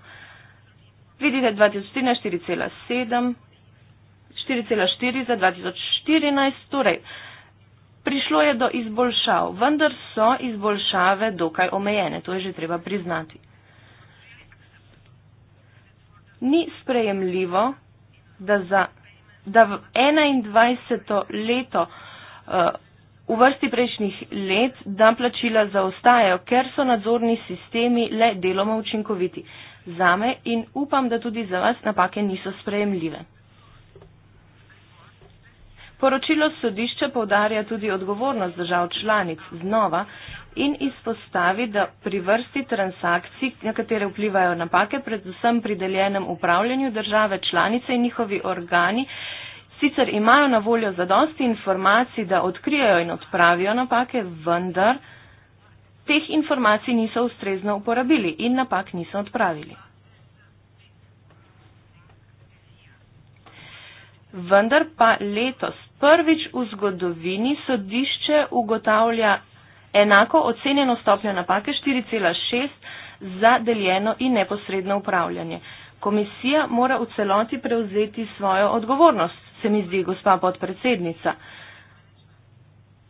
Vidite 2014 4,7. 4,4 za 2014, torej prišlo je do izboljšav, vendar so izboljšave dokaj omejene, to je že treba priznati. Ni sprejemljivo, da, za, da v 21. leto uh, v vrsti prejšnjih let, da plačila zaostajajo, ker so nadzorni sistemi le deloma učinkoviti. Zame in upam, da tudi za vas napake niso sprejemljive. Poročilo sodišča povdarja tudi odgovornost držav članic znova in izpostavi, da pri vrsti transakcij, na katere vplivajo napake, predvsem pri deljenem upravljanju države članice in njihovi organi, sicer imajo na voljo zadosti informacij, da odkrijajo in odpravijo napake, vendar teh informacij niso ustrezno uporabili in napak niso odpravili. vendar pa letos prvič v zgodovini sodišče ugotavlja enako ocenjeno stopnjo napake 4,6 za deljeno in neposredno upravljanje. Komisija mora v celoti prevzeti svojo odgovornost, se mi zdi, gospa podpredsednica.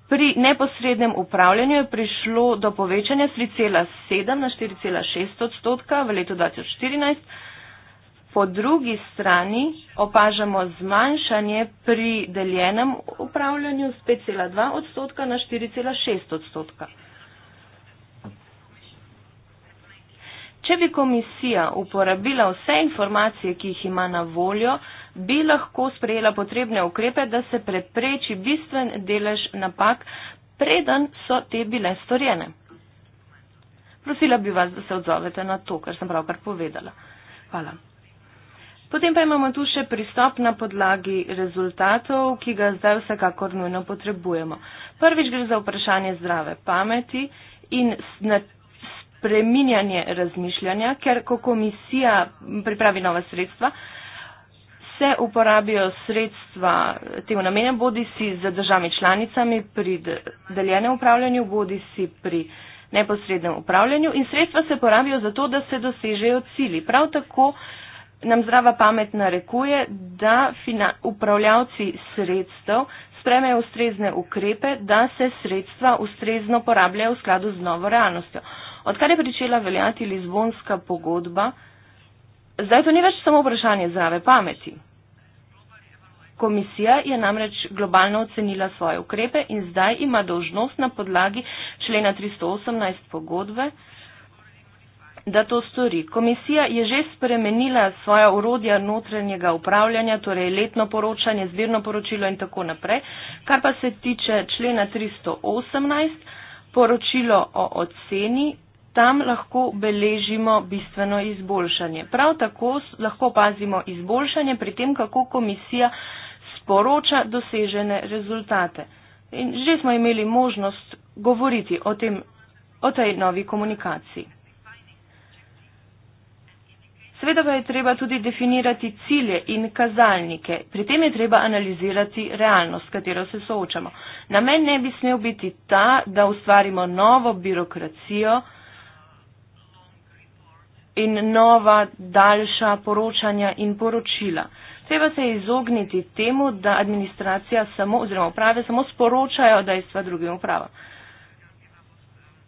Pri neposrednem upravljanju je prišlo do povečanja 3,7 na 4,6 odstotka v letu 2014. Po drugi strani opažamo zmanjšanje pri deljenem upravljanju z 5,2 odstotka na 4,6 odstotka. Če bi komisija uporabila vse informacije, ki jih ima na voljo, bi lahko sprejela potrebne ukrepe, da se prepreči bistven delež napak, preden so te bile storjene. Prosila bi vas, da se odzovete na to, kar sem pravkar povedala. Hvala. Potem pa imamo tu še pristop na podlagi rezultatov, ki ga zdaj vsekakor nujno potrebujemo. Prvič gre za vprašanje zdrave pameti in spreminjanje razmišljanja, ker ko komisija pripravi nova sredstva, se uporabijo sredstva temu namenem, bodi si za državami članicami pri deljenem upravljanju, bodi si pri neposrednem upravljanju in sredstva se porabijo za to, da se dosežejo cili. Prav tako nam zdrava pamet narekuje, da upravljavci sredstev spremejo ustrezne ukrepe, da se sredstva ustrezno porabljajo v skladu z novo realnostjo. Odkar je pričela veljati Lizbonska pogodba, zdaj to ni več samo vprašanje zdrave pameti. Komisija je namreč globalno ocenila svoje ukrepe in zdaj ima dožnost na podlagi člena 318 pogodbe da to stori. Komisija je že spremenila svoja urodja notranjega upravljanja, torej letno poročanje, zbirno poročilo in tako naprej. Kar pa se tiče člena 318, poročilo o oceni, tam lahko beležimo bistveno izboljšanje. Prav tako lahko pazimo izboljšanje pri tem, kako komisija sporoča dosežene rezultate. In že smo imeli možnost govoriti o, tem, o tej novi komunikaciji. Seveda pa je treba tudi definirati cilje in kazalnike. Pri tem je treba analizirati realnost, s katero se soočamo. Namen ne bi smel biti ta, da ustvarimo novo birokracijo in nova daljša poročanja in poročila. Treba se izogniti temu, da administracija samo oziroma uprave samo sporočajo dejstva drugim upravam.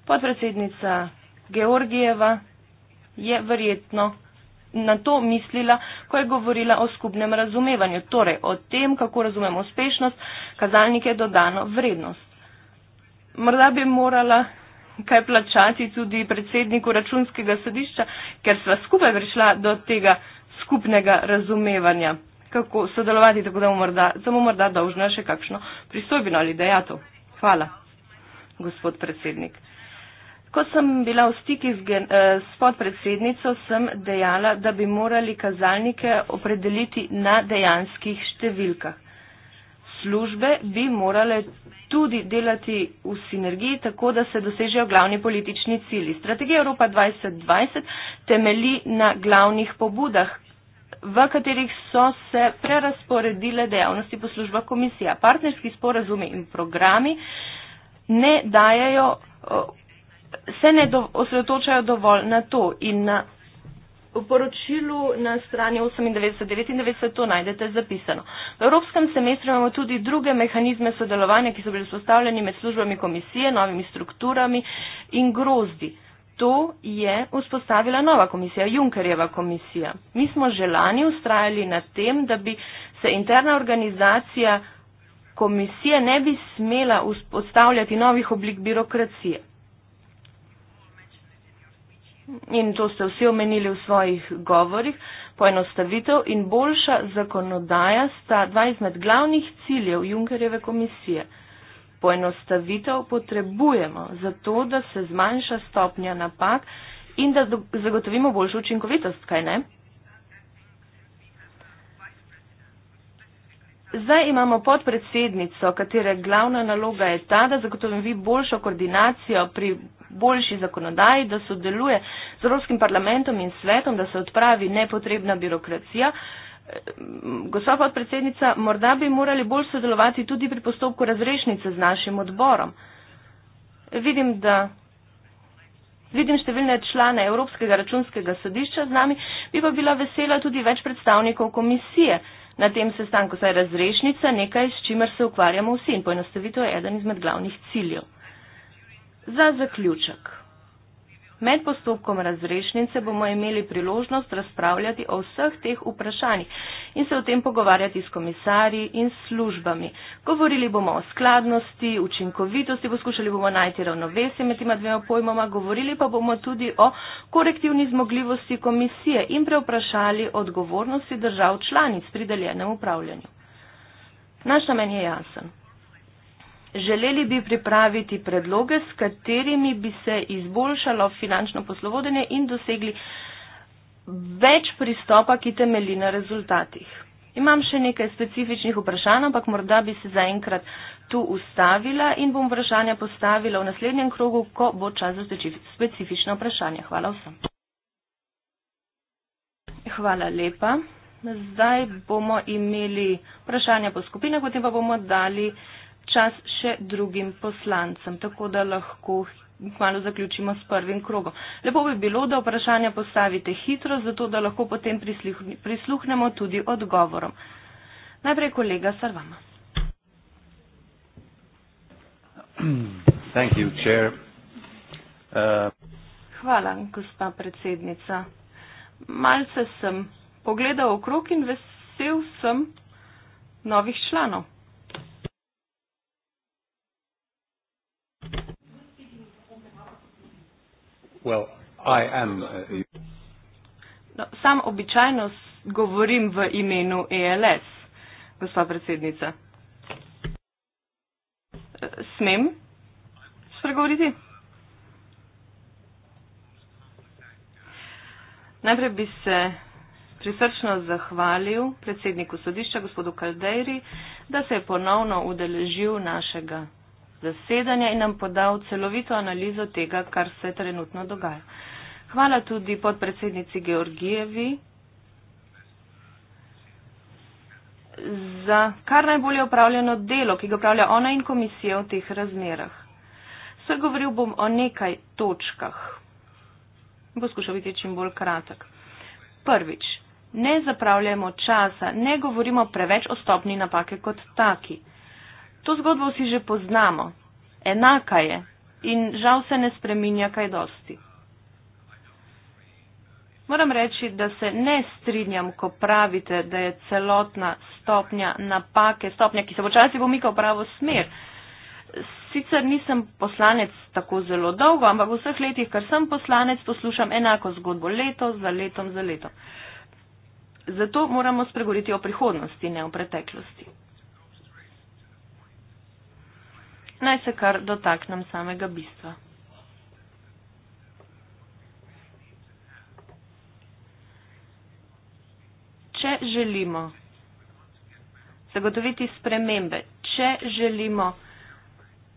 Podpredsednica Georgijeva je verjetno na to mislila, ko je govorila o skupnem razumevanju, torej o tem, kako razumemo uspešnost, kazalnike dodano vrednost. Morda bi morala kaj plačati tudi predsedniku računskega sodišča, ker sva skupaj prišla do tega skupnega razumevanja, kako sodelovati, tako da bomo morda, samo morda dolžna še kakšno pristojbino ali dejato. Hvala, gospod predsednik. Ko sem bila v stiki s, eh, s podpredsednico, sem dejala, da bi morali kazalnike opredeliti na dejanskih številkah. Službe bi morale tudi delati v sinergiji, tako da se dosežejo glavni politični cili. Strategija Evropa 2020 temeli na glavnih pobudah, v katerih so se prerasporedile dejavnosti po službah komisija. Partnerski sporazumi in programi ne dajajo eh, se ne do, osredotočajo dovolj na to in na V poročilu na strani 98-99 to najdete zapisano. V Evropskem semestru imamo tudi druge mehanizme sodelovanja, ki so bili vzpostavljeni med službami komisije, novimi strukturami in grozdi. To je vzpostavila nova komisija, Junkerjeva komisija. Mi smo že lani ustrajali na tem, da bi se interna organizacija komisije ne bi smela vzpostavljati novih oblik birokracije in to ste vsi omenili v svojih govorih, poenostavitev in boljša zakonodaja sta dva izmed glavnih ciljev Junkerjeve komisije. Poenostavitev potrebujemo zato, da se zmanjša stopnja napak in da zagotovimo boljšo učinkovitost, kaj ne? Zdaj imamo podpredsednico, katere glavna naloga je ta, da zagotovim vi boljšo koordinacijo pri boljši zakonodaji, da sodeluje z Evropskim parlamentom in svetom, da se odpravi nepotrebna birokracija. Gospa podpredsednica, morda bi morali bolj sodelovati tudi pri postopku razrešnice z našim odborom. Vidim, da. Vidim številne člane Evropskega računskega sodišča z nami, bi pa bila vesela tudi več predstavnikov komisije na tem sestanku, saj razrešnica nekaj, s čimer se ukvarjamo vsi in poenostavitev je eden izmed glavnih ciljev. Za zaključek. Med postopkom razrešnice bomo imeli priložnost razpravljati o vseh teh vprašanjih in se o tem pogovarjati s komisarji in službami. Govorili bomo o skladnosti, učinkovitosti, poskušali bomo najti ravnovesje med tima dvema pojmoma, govorili pa bomo tudi o korektivni zmogljivosti komisije in preoprašali odgovornosti držav članic pri deljenem upravljanju. Naš namen je jasen. Želeli bi pripraviti predloge, s katerimi bi se izboljšalo finančno poslovodenje in dosegli več pristopa, ki temeli na rezultatih. Imam še nekaj specifičnih vprašanj, ampak morda bi se zaenkrat tu ustavila in bom vprašanja postavila v naslednjem krogu, ko bo čas za specifično vprašanje. Hvala vsem. Hvala lepa. Zdaj bomo imeli vprašanja po skupinah, potem pa bomo dali čas še drugim poslancem, tako da lahko malo zaključimo s prvim krogom. Lepo bi bilo, da vprašanja postavite hitro, zato da lahko potem prisluhnemo tudi odgovorom. Najprej kolega Sarvama. Thank you, chair. Uh... Hvala, gospa predsednica. Malce sem pogledal okrog in vesel sem novih članov. Well, I am. Uh, no, sam običajno govorim v imenu ELS, gospa predsednica. Smem spregovoriti? Najprej bi se prisrčno zahvalil predsedniku sodišča, gospodu Kaldejri, da se je ponovno udeležil našega zasedanja in nam podal celovito analizo tega, kar se trenutno dogaja. Hvala tudi podpredsednici Georgijevi za kar najbolje upravljeno delo, ki ga upravlja ona in komisija v teh razmerah. Sve govoril bom o nekaj točkah. Bo skušal biti čim bolj kratek. Prvič, ne zapravljamo časa, ne govorimo preveč o stopni napake kot taki. To zgodbo vsi že poznamo, enaka je in žal se ne spreminja kaj dosti. Moram reči, da se ne strinjam, ko pravite, da je celotna stopnja napake, stopnja, ki se počasi pomika v pravo smer. Sicer nisem poslanec tako zelo dolgo, ampak v vseh letih, kar sem poslanec, poslušam enako zgodbo leto za letom za letom. Zato moramo spregovoriti o prihodnosti, ne o preteklosti. naj se kar dotaknem samega bistva. Če želimo zagotoviti spremembe, če želimo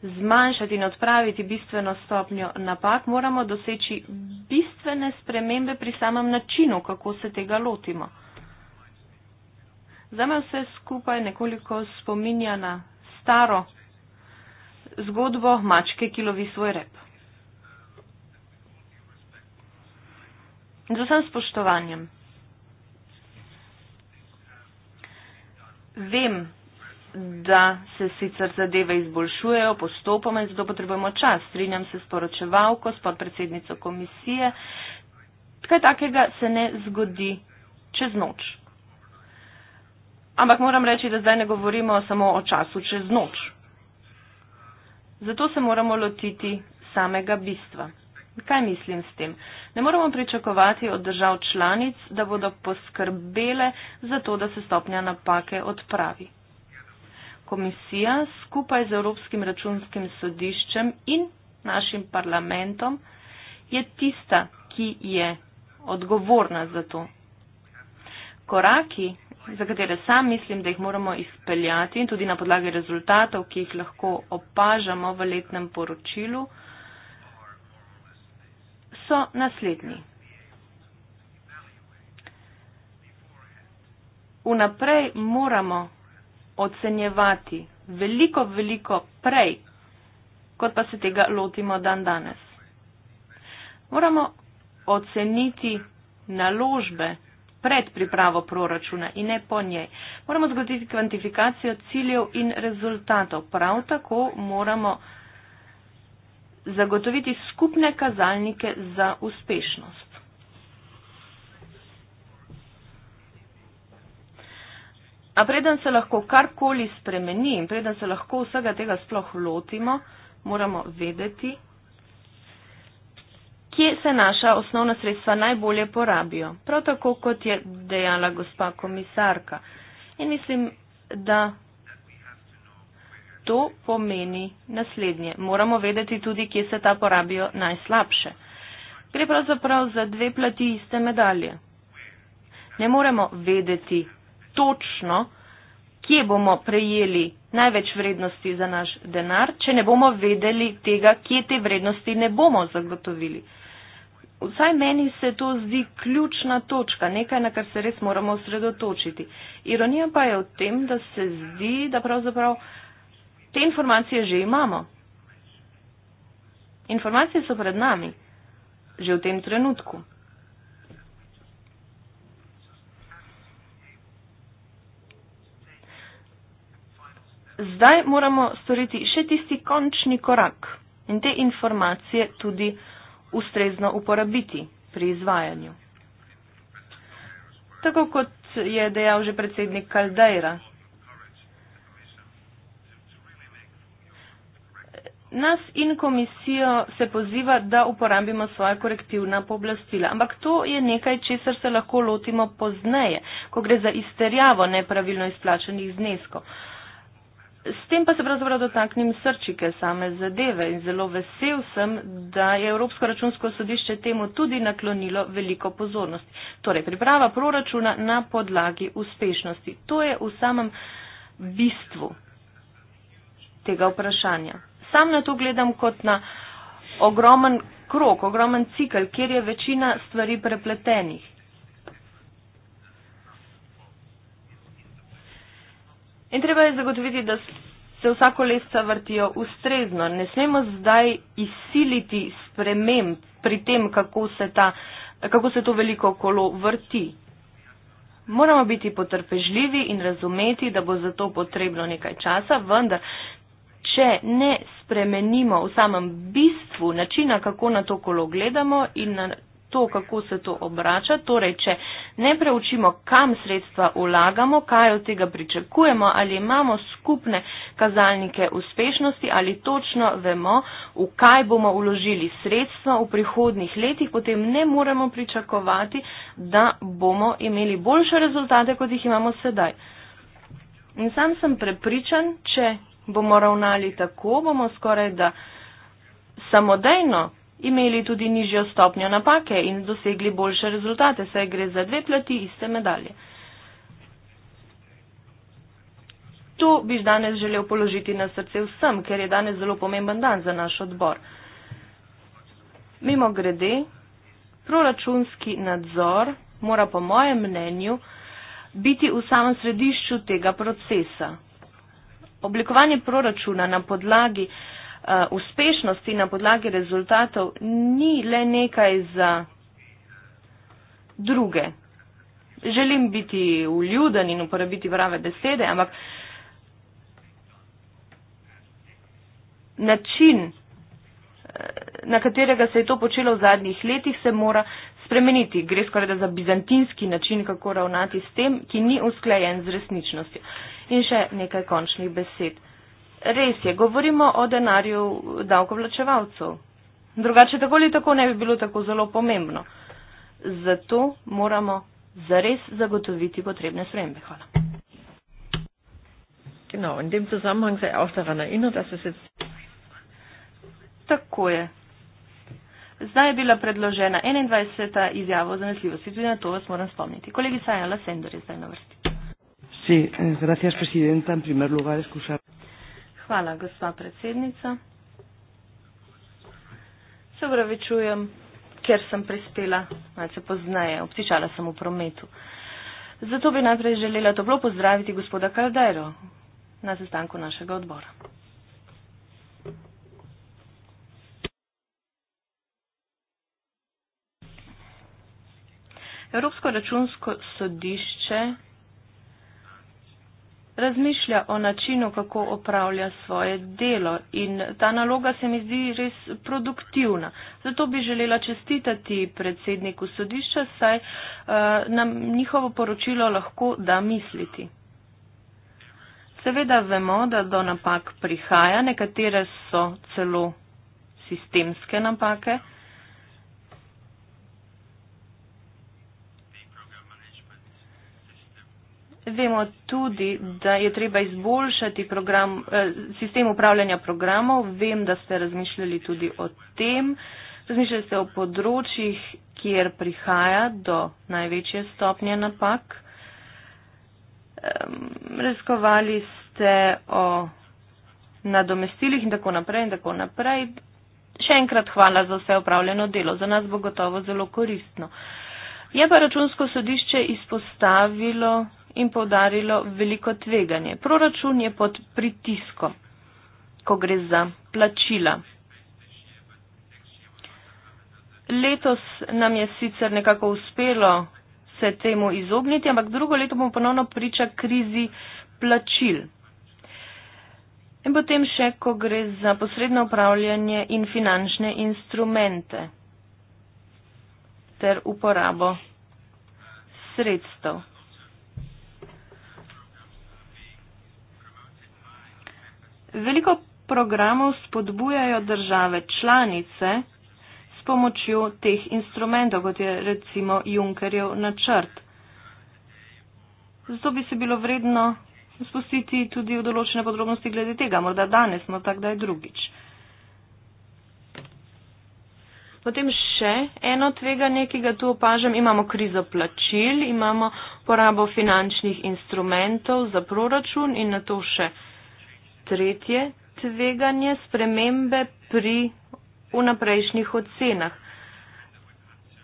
zmanjšati in odpraviti bistveno stopnjo napak, moramo doseči bistvene spremembe pri samem načinu, kako se tega lotimo. Za me vse skupaj nekoliko spominja na staro zgodbo mačke, ki lovi svoj rep. Z vsem spoštovanjem. Vem, da se sicer zadeve izboljšujejo postopoma in zato potrebujemo čas. Strinjam se s poročevalko, s podpredsednico komisije. Kaj takega se ne zgodi čez noč. Ampak moram reči, da zdaj ne govorimo samo o času čez noč. Zato se moramo lotiti samega bistva. Kaj mislim s tem? Ne moramo pričakovati od držav članic, da bodo poskrbele za to, da se stopnja napake odpravi. Komisija skupaj z Evropskim računskim sodiščem in našim parlamentom je tista, ki je odgovorna za to. Koraki, za katere sam mislim, da jih moramo izpeljati in tudi na podlagi rezultatov, ki jih lahko opažamo v letnem poročilu, so naslednji. Vnaprej moramo ocenjevati veliko, veliko prej, kot pa se tega lotimo dan danes. Moramo oceniti naložbe, pred pripravo proračuna in ne po njej. Moramo zgoditi kvantifikacijo ciljev in rezultatov. Prav tako moramo zagotoviti skupne kazalnike za uspešnost. A preden se lahko karkoli spremeni in preden se lahko vsega tega sploh lotimo, moramo vedeti, kje se naša osnovna sredstva najbolje porabijo. Prav tako, kot je dejala gospa komisarka. In mislim, da to pomeni naslednje. Moramo vedeti tudi, kje se ta porabijo najslabše. Gre pravzaprav za dve plati iste medalje. Ne moremo vedeti točno, kje bomo prejeli največ vrednosti za naš denar, če ne bomo vedeli tega, kje te vrednosti ne bomo zagotovili vsaj meni se to zdi ključna točka, nekaj, na kar se res moramo osredotočiti. Ironija pa je v tem, da se zdi, da pravzaprav te informacije že imamo. Informacije so pred nami, že v tem trenutku. Zdaj moramo storiti še tisti končni korak in te informacije tudi ustrezno uporabiti pri izvajanju. Tako kot je dejal že predsednik Kaldeira, nas in komisijo se poziva, da uporabimo svoje korektivna pooblastila. Ampak to je nekaj, česar se lahko lotimo pozneje, ko gre za izterjavo nepravilno izplačenih zneskov. S tem pa se pravzaprav dotaknem srčike same zadeve in zelo vesel sem, da je Evropsko računsko sodišče temu tudi naklonilo veliko pozornosti. Torej, priprava proračuna na podlagi uspešnosti. To je v samem bistvu tega vprašanja. Sam na to gledam kot na ogromen krok, ogromen cikl, kjer je večina stvari prepletenih. In treba je zagotoviti, da se vsa kolesca vrtijo ustrezno. Ne smemo zdaj izsiliti sprememb pri tem, kako se, ta, kako se to veliko kolo vrti. Moramo biti potrpežljivi in razumeti, da bo za to potrebno nekaj časa, vendar, če ne spremenimo v samem bistvu načina, kako na to kolo gledamo in na to, kako se to obrača. Torej, če ne preučimo, kam sredstva vlagamo, kaj od tega pričakujemo, ali imamo skupne kazalnike uspešnosti, ali točno vemo, v kaj bomo uložili sredstva v prihodnih letih, potem ne moremo pričakovati, da bomo imeli boljše rezultate, kot jih imamo sedaj. In sam sem prepričan, če bomo ravnali tako, bomo skoraj da samodejno imeli tudi nižjo stopnjo napake in dosegli boljše rezultate, saj gre za dve plati iste medalje. To bi danes želel položiti na srce vsem, ker je danes zelo pomemben dan za naš odbor. Mimo grede, proračunski nadzor mora po mojem mnenju biti v samem središču tega procesa. Oblikovanje proračuna na podlagi uh, Eh, uspešnosti na podlagi rezultatov ni le nekaj za druge. Želim biti uljuden in uporabiti prave besede, ampak način, eh, na katerega se je to počelo v zadnjih letih, se mora spremeniti. Gre skoraj da za bizantinski način, kako ravnati s tem, ki ni usklajen z resničnostjo. In še nekaj končnih besed res je, govorimo o denarju davkoplačevalcev. Drugače tako ali tako ne bi bilo tako zelo pomembno. Zato moramo zares zagotoviti potrebne spremembe. Hvala. Genau, in dem zusammenhang se je auch daran erinnert, dass es jetzt... Tako je. Zdaj je bila predložena 21. izjava o zanesljivosti. Tudi na to vas moram spomniti. Kolegi Sajala Sender je zdaj na vrsti. Sí, eh, gracias, presidenta. En primer lugar, excusar. Hvala, gospa predsednica. Se upravičujem, ker sem prispela malce pozneje, obtičala sem v prometu. Zato bi najprej želela toplo pozdraviti gospoda Kaldero na sestanku našega odbora. Evropsko računsko sodišče razmišlja o načinu, kako opravlja svoje delo in ta naloga se mi zdi res produktivna. Zato bi želela čestitati predsedniku sodišča, saj uh, nam njihovo poročilo lahko da misliti. Seveda vemo, da do napak prihaja, nekatere so celo sistemske napake. Vemo tudi, da je treba izboljšati program, eh, sistem upravljanja programov. Vem, da ste razmišljali tudi o tem. Razmišljali ste o področjih, kjer prihaja do največje stopnje napak. Razkovali ste o nadomestilih in tako naprej in tako naprej. Še enkrat hvala za vse upravljeno delo. Za nas bo gotovo zelo koristno. Je pa računsko sodišče izpostavilo in povdarilo veliko tveganje. Proračun je pod pritiskom, ko gre za plačila. Letos nam je sicer nekako uspelo se temu izogniti, ampak drugo leto bomo ponovno priča krizi plačil. In potem še, ko gre za posredno upravljanje in finančne instrumente ter uporabo sredstev. Veliko programov spodbujajo države članice s pomočjo teh instrumentov, kot je recimo Junkerjev načrt. Zato bi se bilo vredno spustiti tudi v določene podrobnosti glede tega, morda danes, no takdaj drugič. Potem še eno tveganje, ki ga tu opažam, imamo krizo plačil, imamo porabo finančnih instrumentov za proračun in na to še Tretje tveganje spremembe pri vnaprejšnjih ocenah.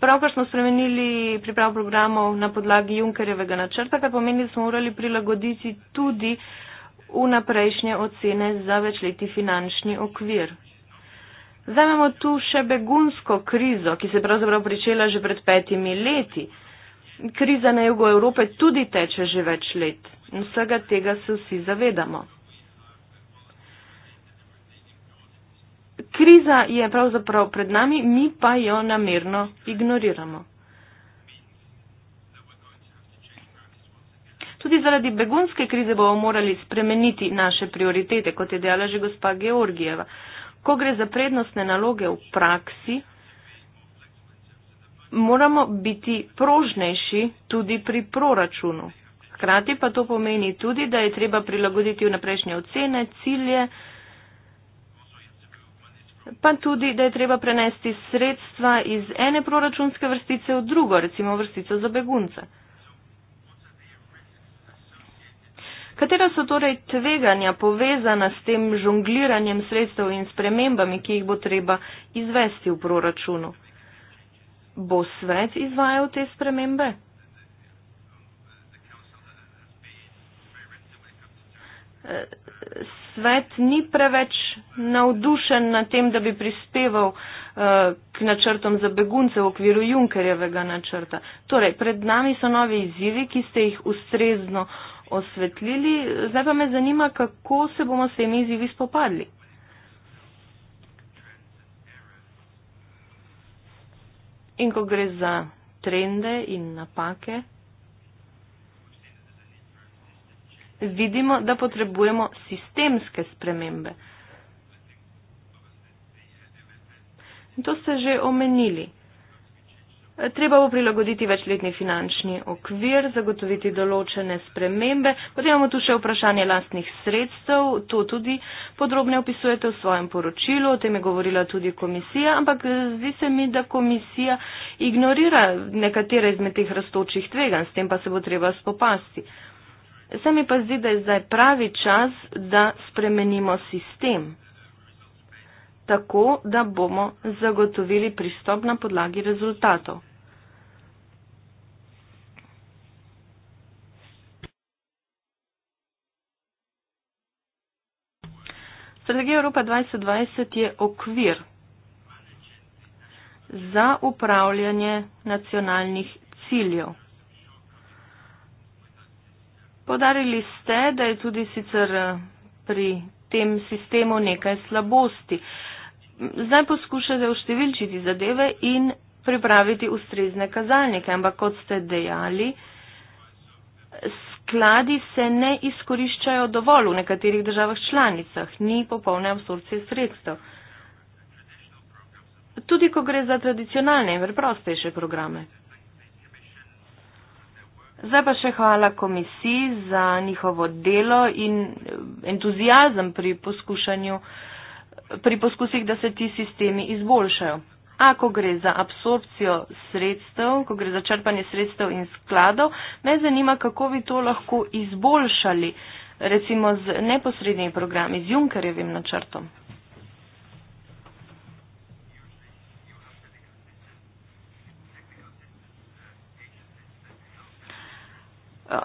Pravkar smo spremenili pripravo programov na podlagi Junkerjevega načrta, kar pomeni, da smo morali prilagoditi tudi vnaprejšnje ocene za večleti finančni okvir. Zdaj imamo tu še begunsko krizo, ki se je pravzaprav pričela že pred petimi leti. Kriza na jugu Evrope tudi teče že več let. Vsega tega se vsi zavedamo. kriza je pravzaprav pred nami, mi pa jo namerno ignoriramo. Tudi zaradi begunske krize bomo morali spremeniti naše prioritete, kot je dejala že gospa Georgijeva. Ko gre za prednostne naloge v praksi, moramo biti prožnejši tudi pri proračunu. Hkrati pa to pomeni tudi, da je treba prilagoditi vnaprejšnje ocene, cilje, pa tudi, da je treba prenesti sredstva iz ene proračunske vrstice v drugo, recimo vrstico za begunce. Katera so torej tveganja povezana s tem žongliranjem sredstev in spremembami, ki jih bo treba izvesti v proračunu? Bo svet izvajal te spremembe? S svet ni preveč navdušen na tem, da bi prispeval eh, k načrtom za begunce v okviru Junkerjevega načrta. Torej, pred nami so nove izzivi, ki ste jih ustrezno osvetlili. Zdaj pa me zanima, kako se bomo s temi izzivi spopadli. In ko gre za trende in napake. vidimo, da potrebujemo sistemske spremembe. In to ste že omenili. Treba bo prilagoditi večletni finančni okvir, zagotoviti določene spremembe. Potem imamo tu še vprašanje lastnih sredstev. To tudi podrobne opisujete v svojem poročilu, o tem je govorila tudi komisija, ampak zdi se mi, da komisija ignorira nekatere izmed teh rastočih tveganj, s tem pa se bo treba spopasti. Uh, Se mi pa zdi, da je zdaj pravi čas, da spremenimo sistem, tako da bomo zagotovili pristop na podlagi rezultatov. Strategija Evropa 2020 je okvir za upravljanje nacionalnih ciljev. Podarili ste, da je tudi sicer eh, pri tem sistemu nekaj slabosti. Zdaj poskušate uštevilčiti zadeve in pripraviti ustrezne kazalnike, ampak kot ste dejali, skladi se ne izkoriščajo dovolj v nekaterih državah članicah, ni popolne absorpcije sredstev. Tudi, ko gre za tradicionalne in preprostejše programe. Zdaj pa še hvala komisiji za njihovo delo in entuzijazem pri poskušanju, pri poskusih, da se ti sistemi izboljšajo. A ko gre za absorpcijo sredstev, ko gre za črpanje sredstev in skladov, me zanima, kako bi to lahko izboljšali, recimo z neposrednimi programi, z Junkerjevim načrtom.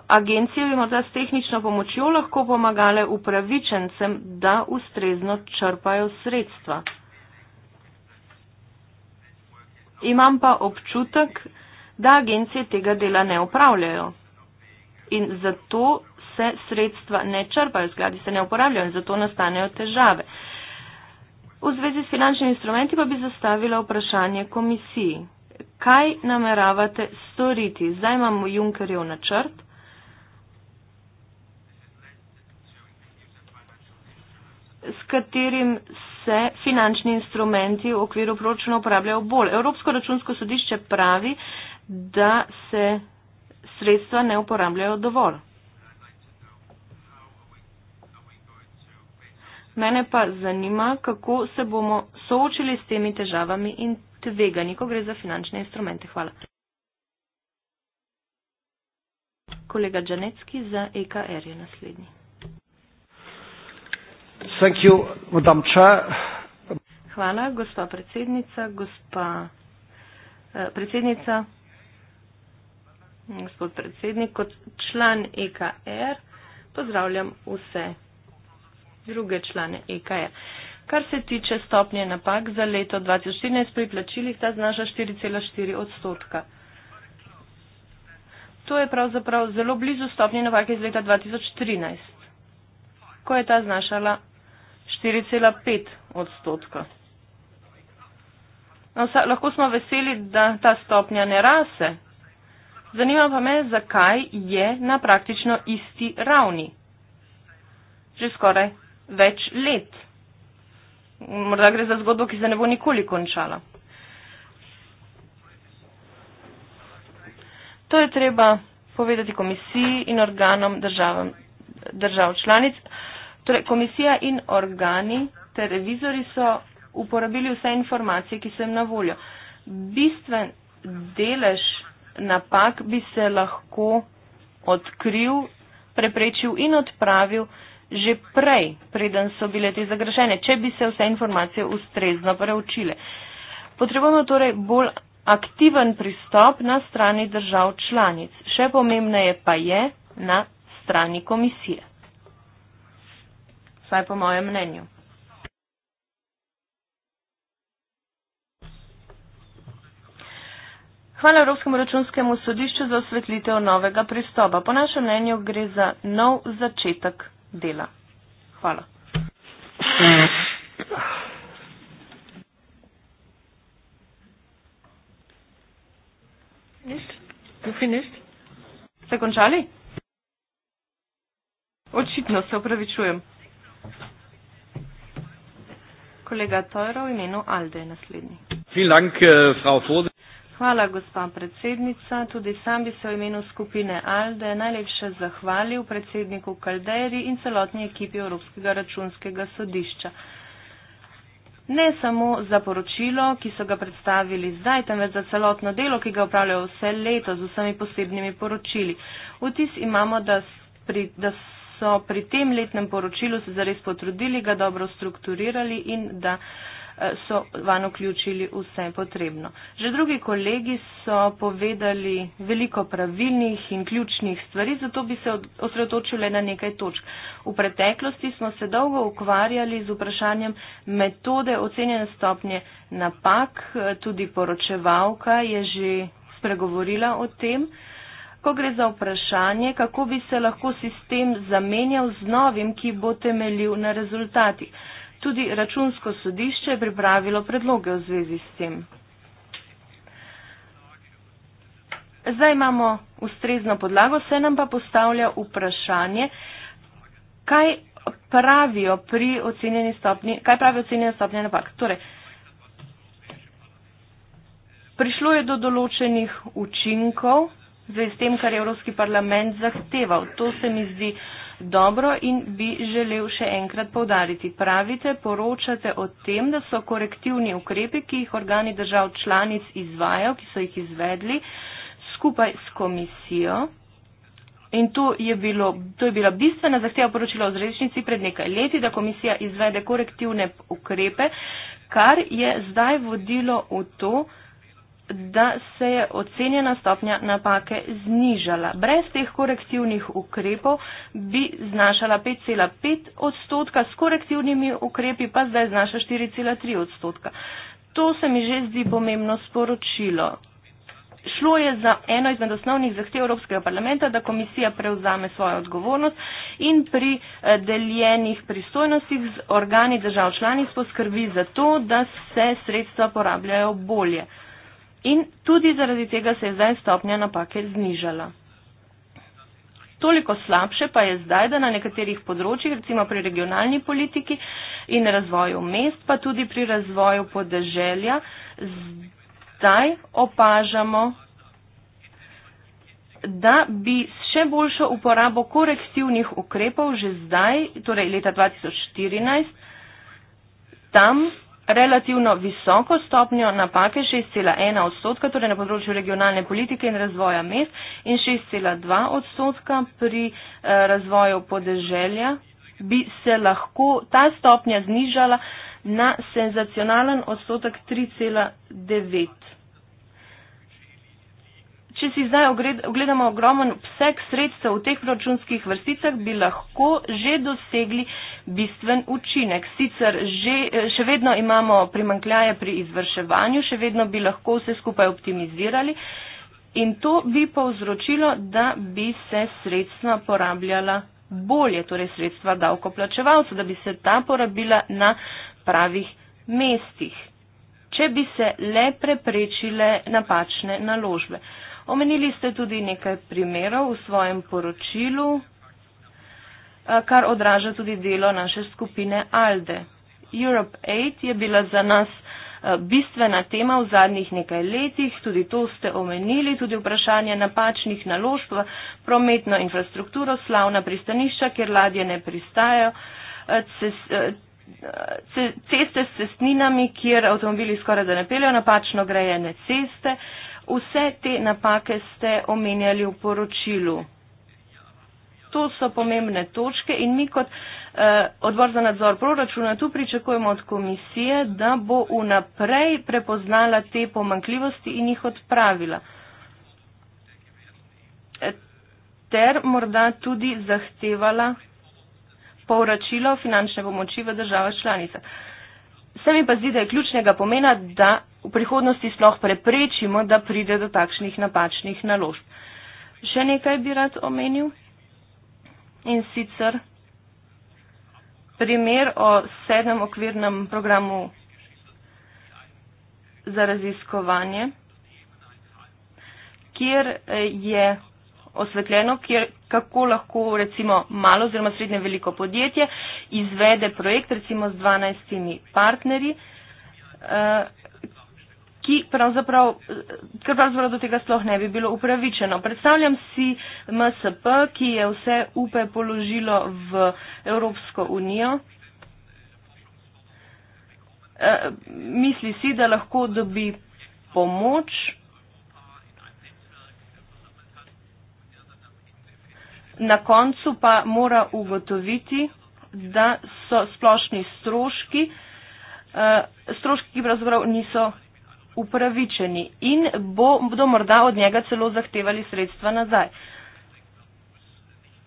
agencije bi morda s tehnično pomočjo lahko pomagale upravičencem, da ustrezno črpajo sredstva. Imam pa občutek, da agencije tega dela ne upravljajo. In zato se sredstva ne črpajo, zgladi se ne uporabljajo in zato nastanejo težave. V zvezi s finančnimi instrumenti pa bi zastavila vprašanje komisiji. Kaj nameravate storiti? Zdaj imamo Junkerjev načrt, s katerim se finančni instrumenti v okviru proračuna uporabljajo bolj. Evropsko računsko sodišče pravi, da se sredstva ne uporabljajo dovolj. Mene pa zanima, kako se bomo soočili s temi težavami in tveganji, ko gre za finančne instrumente. Hvala. Kolega Džanecki za EKR je naslednji. Hvala, gospa predsednica, gospa eh, predsednica, gospod predsednik, kot član EKR pozdravljam vse druge člane EKR. Kar se tiče stopnje napak za leto 2014 pri plačilih, ta znaša 4,4 odstotka. To je pravzaprav zelo blizu stopnje napake iz leta 2013 ko je ta znašala 4,5 odstotka. No, vsa, lahko smo veseli, da ta stopnja ne rase. Zanima pa me, zakaj je na praktično isti ravni. Že skoraj več let. Morda gre za zgodbo, ki se ne bo nikoli končala. To je treba povedati komisiji in organom držav članic. Torej, komisija in organi ter revizori so uporabili vse informacije, ki so jim na voljo. Bistven delež napak bi se lahko odkril, preprečil in odpravil že prej, preden so bile te zagrešene, če bi se vse informacije ustrezno preučile. Potrebujemo torej bolj aktiven pristop na strani držav članic. Še pomembneje pa je na strani komisije vsaj po mojem mnenju. Hvala Evropskemu računskemu sodišču za osvetlitev novega pristopa. Po našem mnenju gre za nov začetek dela. Hvala. Ste končali? Očitno se opravičujem. Kolega Tojro v imenu Alde je naslednji. Äh, Hvala, gospa predsednica. Tudi sam bi se v imenu skupine Alde najlepše zahvalil predsedniku Kalderi in celotni ekipi Evropskega računskega sodišča. Ne samo za poročilo, ki so ga predstavili zdaj, temveč za celotno delo, ki ga upravljajo vse leto z vsemi posebnimi poročili. Vtis imamo, da, pri, da so pri tem letnem poročilu se zares potrudili, ga dobro strukturirali in da eh, so van vključili vse potrebno. Že drugi kolegi so povedali veliko pravilnih in ključnih stvari, zato bi se osredotočile na nekaj točk. V preteklosti smo se dolgo ukvarjali z vprašanjem metode ocenjene stopnje napak, eh, tudi poročevalka je že spregovorila o tem ko gre za vprašanje, kako bi se lahko sistem zamenjal z novim, ki bo temeljil na rezultatih. Tudi računsko sodišče je pripravilo predloge v zvezi s tem. Zdaj imamo ustrezno podlago, se nam pa postavlja vprašanje, kaj pravijo pri ocenjeni stopni, kaj pravijo ocenjene stopnje napak. Torej, prišlo je do določenih učinkov, zdaj s tem, kar je Evropski parlament zahteval. To se mi zdi dobro in bi želel še enkrat povdariti. Pravite, poročate o tem, da so korektivni ukrepi, ki jih organi držav članic izvajajo, ki so jih izvedli skupaj s komisijo. In to je, bilo, to je bila bistvena zahteva poročila o zrečnici pred nekaj leti, da komisija izvede korektivne ukrepe, kar je zdaj vodilo v to, da se je ocenjena stopnja napake znižala. Brez teh korektivnih ukrepov bi znašala 5,5 odstotka, s korektivnimi ukrepi pa zdaj znaša 4,3 odstotka. To se mi že zdi pomembno sporočilo. Šlo je za eno izmed osnovnih zahtev Evropskega parlamenta, da komisija prevzame svojo odgovornost in pri eh, deljenih pristojnostih z organi držav članic poskrbi za to, da se sredstva porabljajo bolje in tudi zaradi tega se je zdaj stopnja napake znižala. Toliko slabše pa je zdaj, da na nekaterih področjih, recimo pri regionalni politiki in razvoju mest, pa tudi pri razvoju podeželja, zdaj opažamo, da bi s še boljšo uporabo korektivnih ukrepov že zdaj, torej leta 2014, tam relativno visoko stopnjo napake 6,1 odstotka, torej na področju regionalne politike in razvoja mest in 6,2 odstotka pri eh, razvoju podeželja, bi se lahko ta stopnja znižala na senzacionalen odstotek 3,9. Če si zdaj ogledamo ogromen obseg sredstev v teh proračunskih vrsticah, bi lahko že dosegli bistven učinek. Sicer že, eh, še vedno imamo primankljaje pri izvrševanju, še vedno bi lahko vse skupaj optimizirali in to bi povzročilo, da bi se sredstva porabljala bolje, torej sredstva davkoplačevalca, da bi se ta porabila na pravih mestih, če bi se le preprečile napačne naložbe. Omenili ste tudi nekaj primerov v svojem poročilu, eh, kar odraža tudi delo naše skupine ALDE. Europe 8 je bila za nas eh, bistvena tema v zadnjih nekaj letih, tudi to ste omenili, tudi vprašanje napačnih naložb v prometno infrastrukturo, slavna pristanišča, kjer ladje ne pristajajo, eh, ceste s cestninami, kjer avtomobili skoraj da ne peljejo, napačno grejene ceste. Vse te napake ste omenjali v poročilu. To so pomembne točke in mi kot eh, odbor za nadzor proračuna tu pričakujemo od komisije, da bo vnaprej prepoznala te pomankljivosti in jih odpravila. Eh, ter morda tudi zahtevala povračilo finančne pomoči v državah članicah. Se mi pa zdi, da je ključnega pomena, da v prihodnosti sploh preprečimo, da pride do takšnih napačnih naložb. Še nekaj bi rad omenil in sicer primer o sedmem okvirnem programu za raziskovanje, kjer je osvetljeno, kjer, kako lahko recimo malo oziroma srednje veliko podjetje izvede projekt recimo z 12 partnerji, eh, ki pravzaprav, ker pravzaprav do tega sploh ne bi bilo upravičeno. Predstavljam si MSP, ki je vse upe položilo v Evropsko unijo. Eh, misli si, da lahko dobi pomoč na koncu pa mora ugotoviti, da so splošni stroški, eh, stroški, ki pravzaprav niso upravičeni in bodo morda od njega celo zahtevali sredstva nazaj.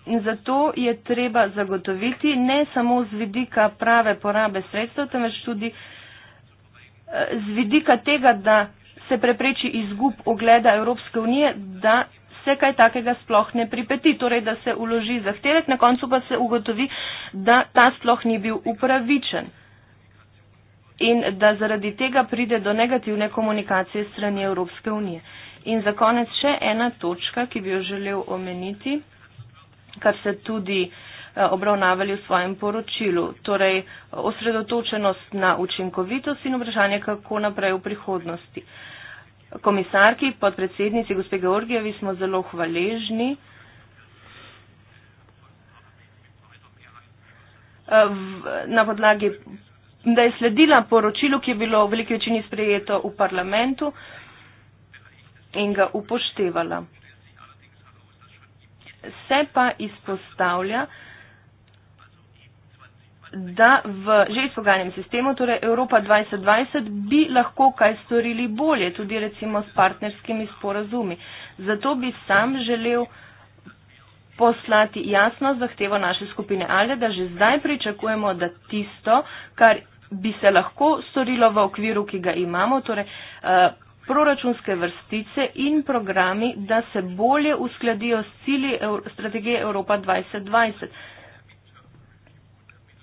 In zato je treba zagotoviti ne samo z vidika prave porabe sredstva, temveč tudi eh, z vidika tega, da se prepreči izgub ogleda Evropske unije, da se kaj takega sploh ne pripeti, torej da se uloži zahtevek, na koncu pa se ugotovi, da ta sploh ni bil upravičen in da zaradi tega pride do negativne komunikacije strani Evropske unije. In za konec še ena točka, ki bi jo želel omeniti, kar se tudi eh, obravnavali v svojem poročilu, torej osredotočenost na učinkovitost in vprašanje, kako naprej v prihodnosti. Uh, komisarki, podpredsednici gospe Georgijevi smo zelo hvaležni. Eh, na podlagi, da je sledila poročilu, ki je bilo v veliki večini sprejeto v parlamentu in ga upoštevala. Se pa izpostavlja, da v že izpogajanem sistemu, torej Evropa 2020, bi lahko kaj storili bolje, tudi recimo s partnerskimi sporazumi. Zato bi sam želel poslati jasno zahtevo naše skupine Alde, da že zdaj pričakujemo, da tisto, kar bi se lahko storilo v okviru, ki ga imamo, torej uh, proračunske vrstice in programi, da se bolje uskladijo s cilji strategije Evropa 2020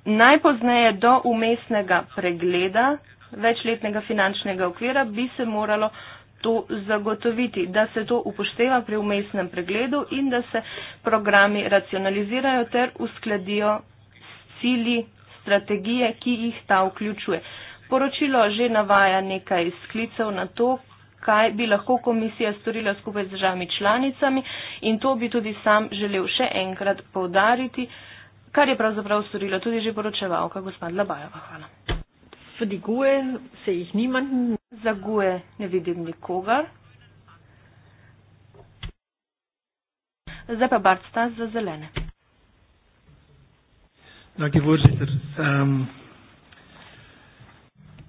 najpozneje do umestnega pregleda večletnega finančnega okvira bi se moralo to zagotoviti, da se to upošteva pri umestnem pregledu in da se programi racionalizirajo ter uskladijo s cilji strategije, ki jih ta vključuje. Poročilo že navaja nekaj sklicev na to, kaj bi lahko komisija storila skupaj z državami članicami in to bi tudi sam želel še enkrat povdariti kar je pravzaprav storila tudi že poročevalka gospod Labajeva. Hvala. Zadiguje se jih nimam. Zaguje ne vidim nikogar. Zdaj pa barsta za zelene. Ehm,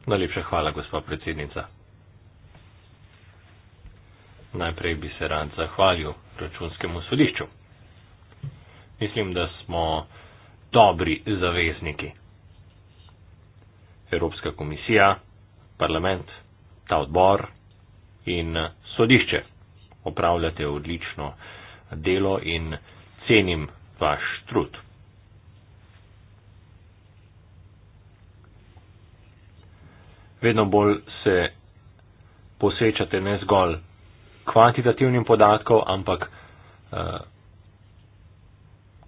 Najlepša hvala, gospod predsednica. Najprej bi se rad zahvalil računskemu sodišču. Mislim, da smo dobri zavezniki. Evropska komisija, parlament, ta odbor in sodišče opravljate odlično delo in cenim vaš trud. Vedno bolj se posvečate ne zgolj kvantitativnim podatkom, ampak eh,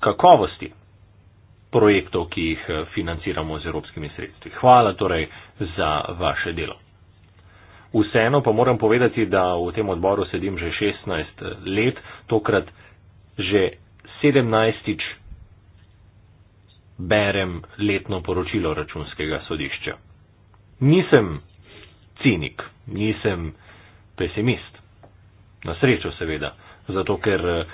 kakovosti projektov, ki jih eh, financiramo z evropskimi sredstvi. Hvala torej za vaše delo. Vseeno pa moram povedati, da v tem odboru sedim že 16 eh, let, tokrat že 17-ič berem letno poročilo računskega sodišča. Nisem cinik, nisem pesimist. Na srečo seveda, zato ker eh,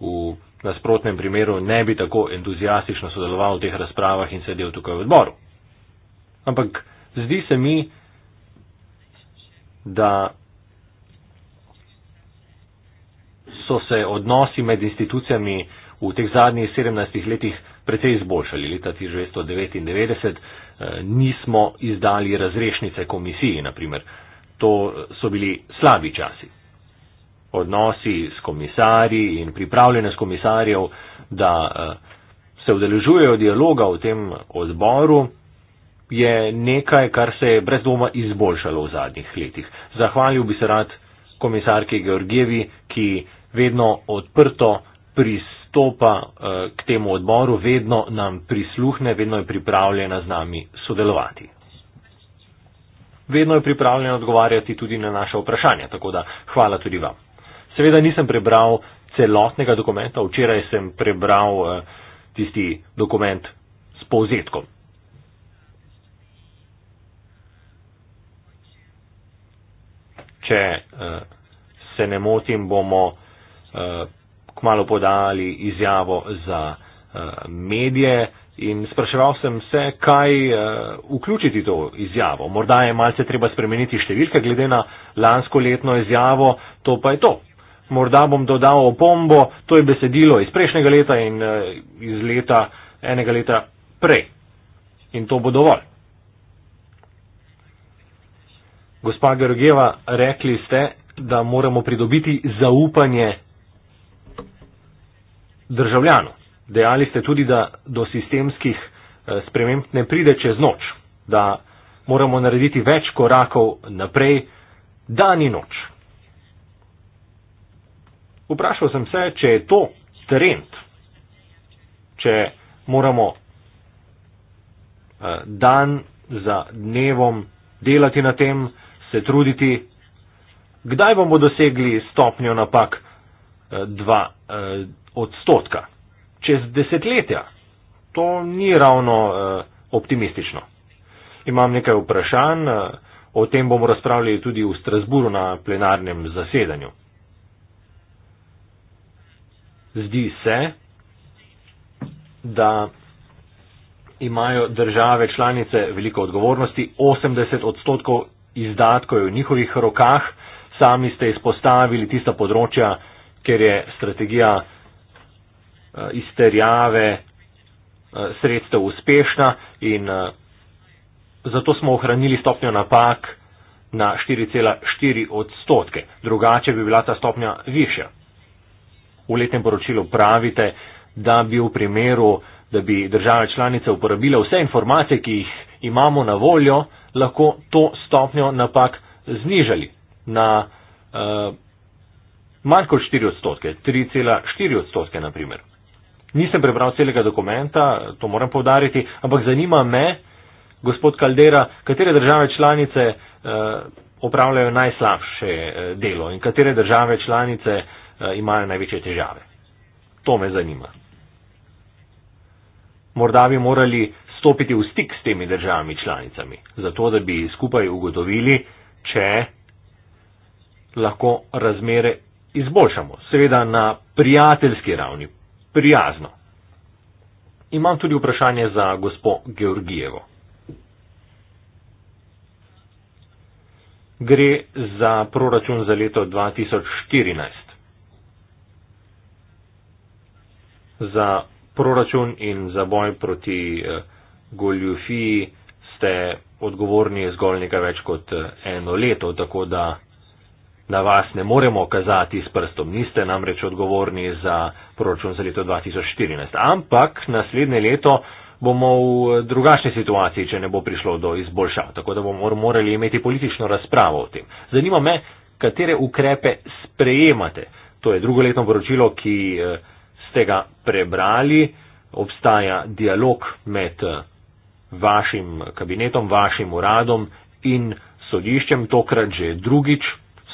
v nasprotnem primeru ne bi tako entuzijastično sodeloval v teh razpravah in sedel tukaj v odboru. Ampak zdi se mi, da so se odnosi med institucijami v teh zadnjih 17 letih precej izboljšali. Leta 1999 eh, nismo izdali razrešnice komisiji, naprimer. To so bili slabi časi odnosi s komisarji in pripravljenost komisarjev, da eh, se vdeležujejo dialoga v tem odboru, je nekaj, kar se je brez dvoma izboljšalo v zadnjih letih. Zahvalil bi se rad komisarki Georgijevi, ki vedno odprto pristopa eh, k temu odboru, vedno nam prisluhne, vedno je pripravljena z nami sodelovati. Vedno je pripravljena odgovarjati tudi na naše vprašanje, tako da hvala tudi vam. Seveda nisem prebral celotnega dokumenta, včeraj sem prebral eh, tisti dokument s povzetkom. Če eh, se ne motim, bomo eh, kmalo podali izjavo za medije in spraševal sem se, kaj vključiti to izjavo. Morda je malce treba spremeniti številke glede na lansko letno izjavo, to pa je to morda bom dodal opombo, to je besedilo iz prejšnjega leta in eh, iz leta enega leta prej. In to bo dovolj. Gospa Gergeva, rekli ste, da moramo pridobiti zaupanje državljanov. Dejali ste tudi, da do sistemskih eh, sprememb ne pride čez noč, da moramo narediti več korakov naprej, dan in noč. Vprašal sem se, če je to trend, če moramo eh, dan za dnevom delati na tem, se truditi, kdaj bomo dosegli stopnjo napak 2 eh, eh, odstotka. Čez desetletja. To ni ravno optimistično. Imam nekaj vprašanj, o tem bomo razpravljali tudi v Strasburu na plenarnem zasedanju zdi se, da imajo države članice veliko odgovornosti, 80 odstotkov izdatkov je v njihovih rokah, sami ste izpostavili tista področja, kjer je strategija eh, izterjave eh, sredstev uspešna in eh, zato smo ohranili stopnjo napak na 4,4 odstotke. Drugače bi bila ta stopnja višja v letnem poročilu pravite, da bi v primeru, da bi države članice uporabile vse informacije, ki jih imamo na voljo, lahko to stopnjo napak znižali na uh, manj kot 4 odstotke, 3,4 odstotke na primer. Nisem prebral celega dokumenta, to moram povdariti, ampak zanima me, gospod Kaldera, katere države članice uh, opravljajo najslabše eh, delo in katere države članice uh, Eh, imajo največje težave. To me zanima. Morda bi morali stopiti v stik s temi državami članicami, zato da bi skupaj ugotovili, če lahko razmere izboljšamo. Seveda na prijateljski ravni, prijazno. Imam tudi vprašanje za gospo Georgijevo. Gre za proračun za leto 2014. za proračun in za boj proti eh, goljufiji ste odgovorni zgolj nekaj več kot eh, eno leto, tako da na vas ne moremo kazati s prstom. Niste namreč odgovorni za proračun za leto 2014. Ampak naslednje leto bomo v eh, drugačni situaciji, če ne bo prišlo do izboljšav. Tako da bomo morali imeti politično razpravo o tem. Zanima me, katere ukrepe sprejemate. To je drugoletno poročilo, ki ste ga prebrali, obstaja dialog med eh, vašim kabinetom, vašim uradom in sodiščem, tokrat že drugič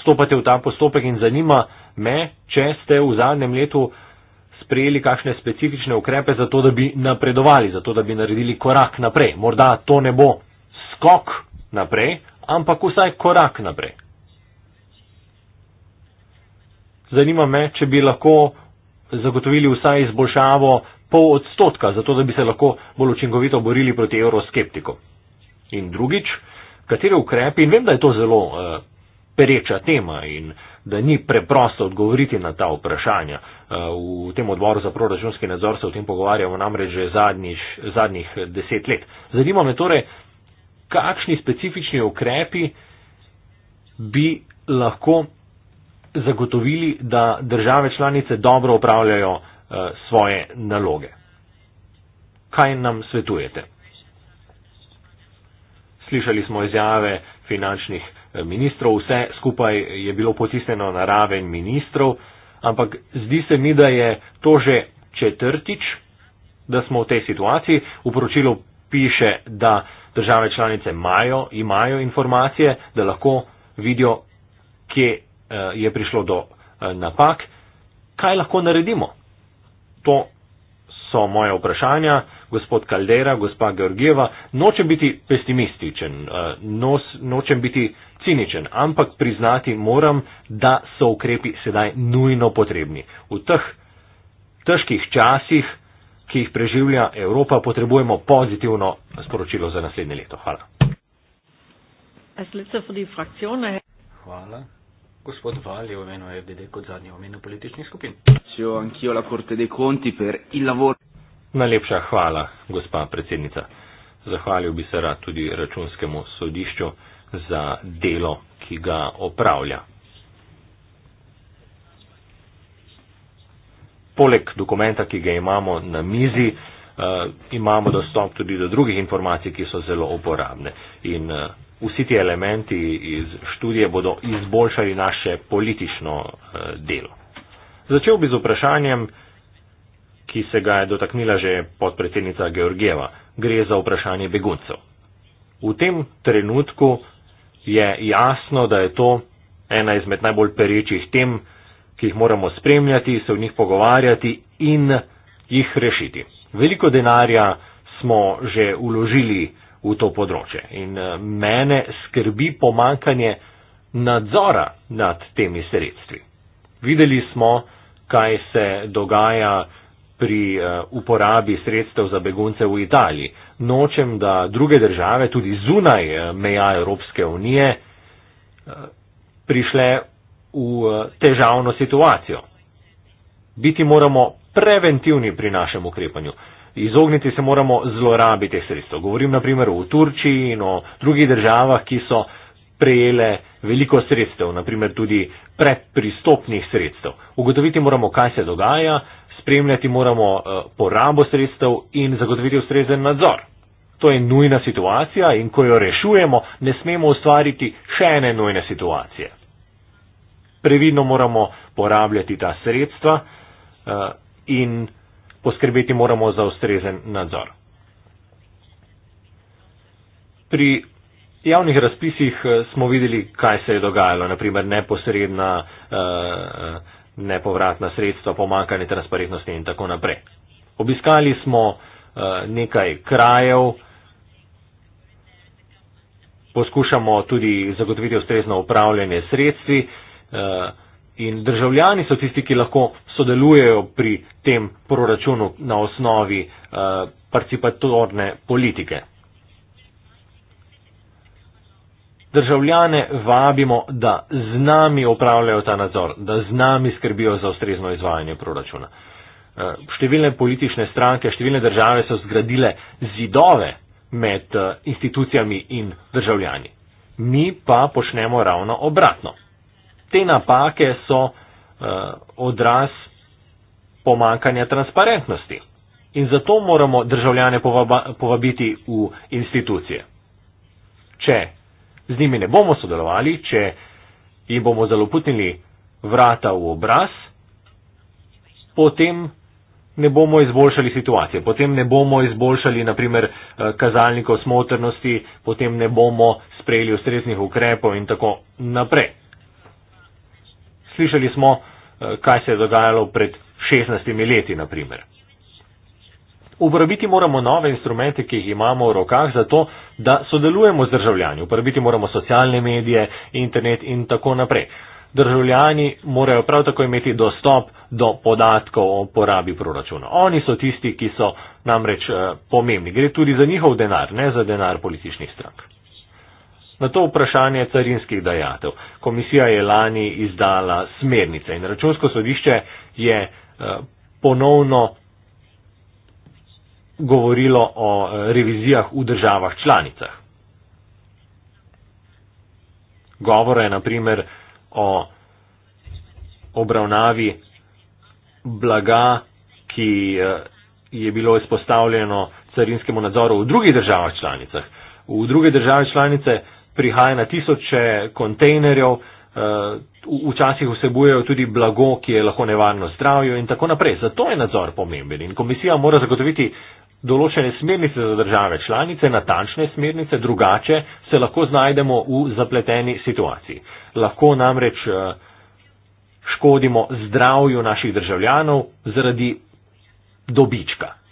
stopate v ta postopek in zanima me, če ste v zadnjem letu sprejeli kakšne specifične ukrepe za to, da bi napredovali, za to, da bi naredili korak naprej. Morda to ne bo skok naprej, ampak vsaj korak naprej. Zanima me, če bi lahko zagotovili vsaj izboljšavo pol odstotka, zato da bi se lahko bolj učinkovito borili proti euroskeptiku. In drugič, kateri ukrepi, in vem, da je to zelo uh, pereča tema in da ni preprosto odgovoriti na ta vprašanja. Uh, v tem odboru za proračunski nadzor se o tem pogovarjamo namreč že zadnjih, zadnjih deset let. Zanima me torej, kakšni specifični ukrepi bi lahko zagotovili, da države članice dobro upravljajo eh, svoje naloge. Kaj nam svetujete? Slišali smo izjave finančnih eh, ministrov, vse skupaj je bilo potisneno na raven ministrov, ampak zdi se mi, da je to že četrtič, da smo v tej situaciji. V poročilu piše, da države članice imajo, imajo informacije, da lahko vidijo, kje Eh, je prišlo do eh, napak, kaj lahko naredimo? To so moje vprašanja, gospod Kaldera, gospa Georgieva. Nočem biti pesimističen, eh, nos, nočem biti ciničen, ampak priznati moram, da so ukrepi sedaj nujno potrebni. V teh težkih časih, ki jih preživlja Evropa, potrebujemo pozitivno sporočilo za naslednje leto. Hvala. Hvala. Gospod Valje, v imenu FDD, kot zadnji v imenu političnih skupin. Čujo anch'io la Corte dei Conti per il lavoro. Najlepša hvala, gospa predsednica. Zahvalil bi se rad tudi računskemu sodišču za delo, ki ga opravlja. Poleg dokumenta, ki ga imamo na mizi, eh, imamo dostop tudi do drugih informacij, ki so zelo uporabne. In eh, vsi ti elementi iz študije bodo izboljšali naše politično eh, delo. Začel bi z vprašanjem, ki se ga je dotaknila že podpredsednica Georgieva. Gre za vprašanje beguncev. V tem trenutku je jasno, da je to ena izmed najbolj perečih tem, ki jih moramo spremljati, se v njih pogovarjati in jih rešiti. Veliko denarja smo že uložili v to področje. In eh, mene skrbi pomankanje nadzora nad temi sredstvi. Videli smo, kaj se dogaja pri eh, uporabi sredstev za begunce v Italiji. Nočem, da druge države, tudi zunaj eh, meja Evropske unije, prišle v težavno situacijo. Biti moramo preventivni pri našem ukrepanju izogniti se moramo zlorabi teh sredstev. Govorim naprimer o Turčiji in o drugih državah, ki so prejele veliko sredstev, naprimer tudi predpristopnih sredstev. Ugotoviti moramo, kaj se dogaja, spremljati moramo eh, porabo sredstev in zagotoviti ustrezen nadzor. To je nujna situacija in ko jo rešujemo, ne smemo ustvariti še ene nujne situacije. Previdno moramo porabljati ta sredstva eh, in poskrbeti moramo za ustrezen nadzor. Pri javnih razpisih eh, smo videli, kaj se je dogajalo, naprimer neposredna eh, nepovratna sredstva, pomankanje transparentnosti in tako naprej. Obiskali smo eh, nekaj krajev, poskušamo tudi zagotoviti ustrezno upravljanje sredstvi. In državljani so tisti, ki lahko sodelujejo pri tem proračunu na osnovi eh, participatorne politike. Državljane vabimo, da z nami upravljajo ta nadzor, da z nami skrbijo za ustrezno izvajanje proračuna. Eh, številne politične stranke, številne države so zgradile zidove med eh, institucijami in državljani. Mi pa počnemo ravno obratno. Te napake so uh, odraz pomankanja transparentnosti in zato moramo državljane povaba, povabiti v institucije. Če z njimi ne bomo sodelovali, če jim bomo zaloputnili vrata v obraz, potem ne bomo izboljšali situacije, potem ne bomo izboljšali, naprimer, eh, kazalnikov smotrnosti, potem ne bomo sprejeli ustreznih ukrepov in tako naprej. Slišali smo, eh, kaj se je dogajalo pred 16 leti, naprimer. Uporabiti moramo nove instrumente, ki jih imamo v rokah, zato da sodelujemo z državljani. Uporabiti moramo socialne medije, internet in tako naprej. Državljani morajo prav tako imeti dostop do podatkov o porabi proračuna. Oni so tisti, ki so namreč eh, pomembni. Gre tudi za njihov denar, ne za denar političnih strank na to vprašanje carinskih dajatev. Komisija je lani izdala smernice in računsko sodišče je eh, ponovno govorilo o eh, revizijah v državah članicah. Govora je naprimer o obravnavi blaga, ki eh, je bilo izpostavljeno carinskemu nadzoru v drugih državah članicah. V druge države članice prihaja na tisoče kontejnerjev, eh, včasih vsebujejo tudi blago, ki je lahko nevarno zdravju in tako naprej. Zato je nadzor pomemben in komisija mora zagotoviti določene smernice za države članice, natančne smernice, drugače se lahko znajdemo v zapleteni situaciji. Lahko namreč eh, škodimo zdravju naših državljanov zaradi dobička.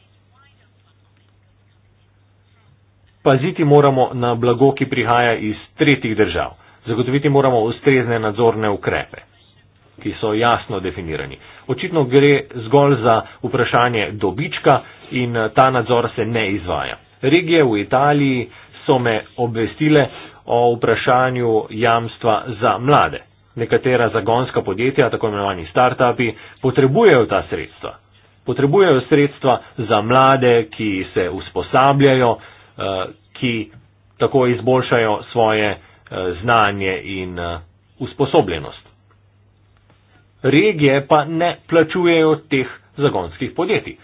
Paziti moramo na blago, ki prihaja iz tretjih držav. Zagotoviti moramo ustrezne nadzorne ukrepe, ki so jasno definirani. Očitno gre zgolj za vprašanje dobička in eh, ta nadzor se ne izvaja. Regije v Italiji so me obvestile o vprašanju jamstva za mlade. Nekatera zagonska podjetja, tako imenovani start-upi, potrebujejo ta sredstva. Potrebujejo sredstva za mlade, ki se usposabljajo, Eh, ki tako izboljšajo svoje eh, znanje in eh, usposobljenost. Regije pa ne plačujejo teh zagonskih podjetij,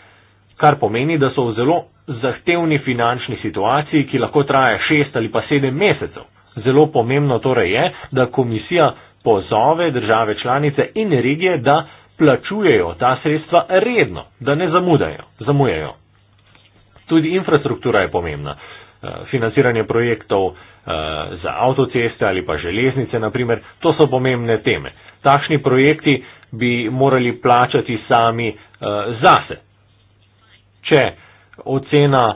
kar pomeni, da so v zelo zahtevni finančni situaciji, ki lahko traja šest ali pa sedem mesecev. Zelo pomembno torej je, da komisija pozove države članice in regije, da plačujejo ta sredstva redno, da ne zamudajo, zamujajo tudi infrastruktura je pomembna. Eh, financiranje projektov eh, za avtoceste ali pa železnice, naprimer, to so pomembne teme. Takšni projekti bi morali plačati sami eh, zase. Če ocena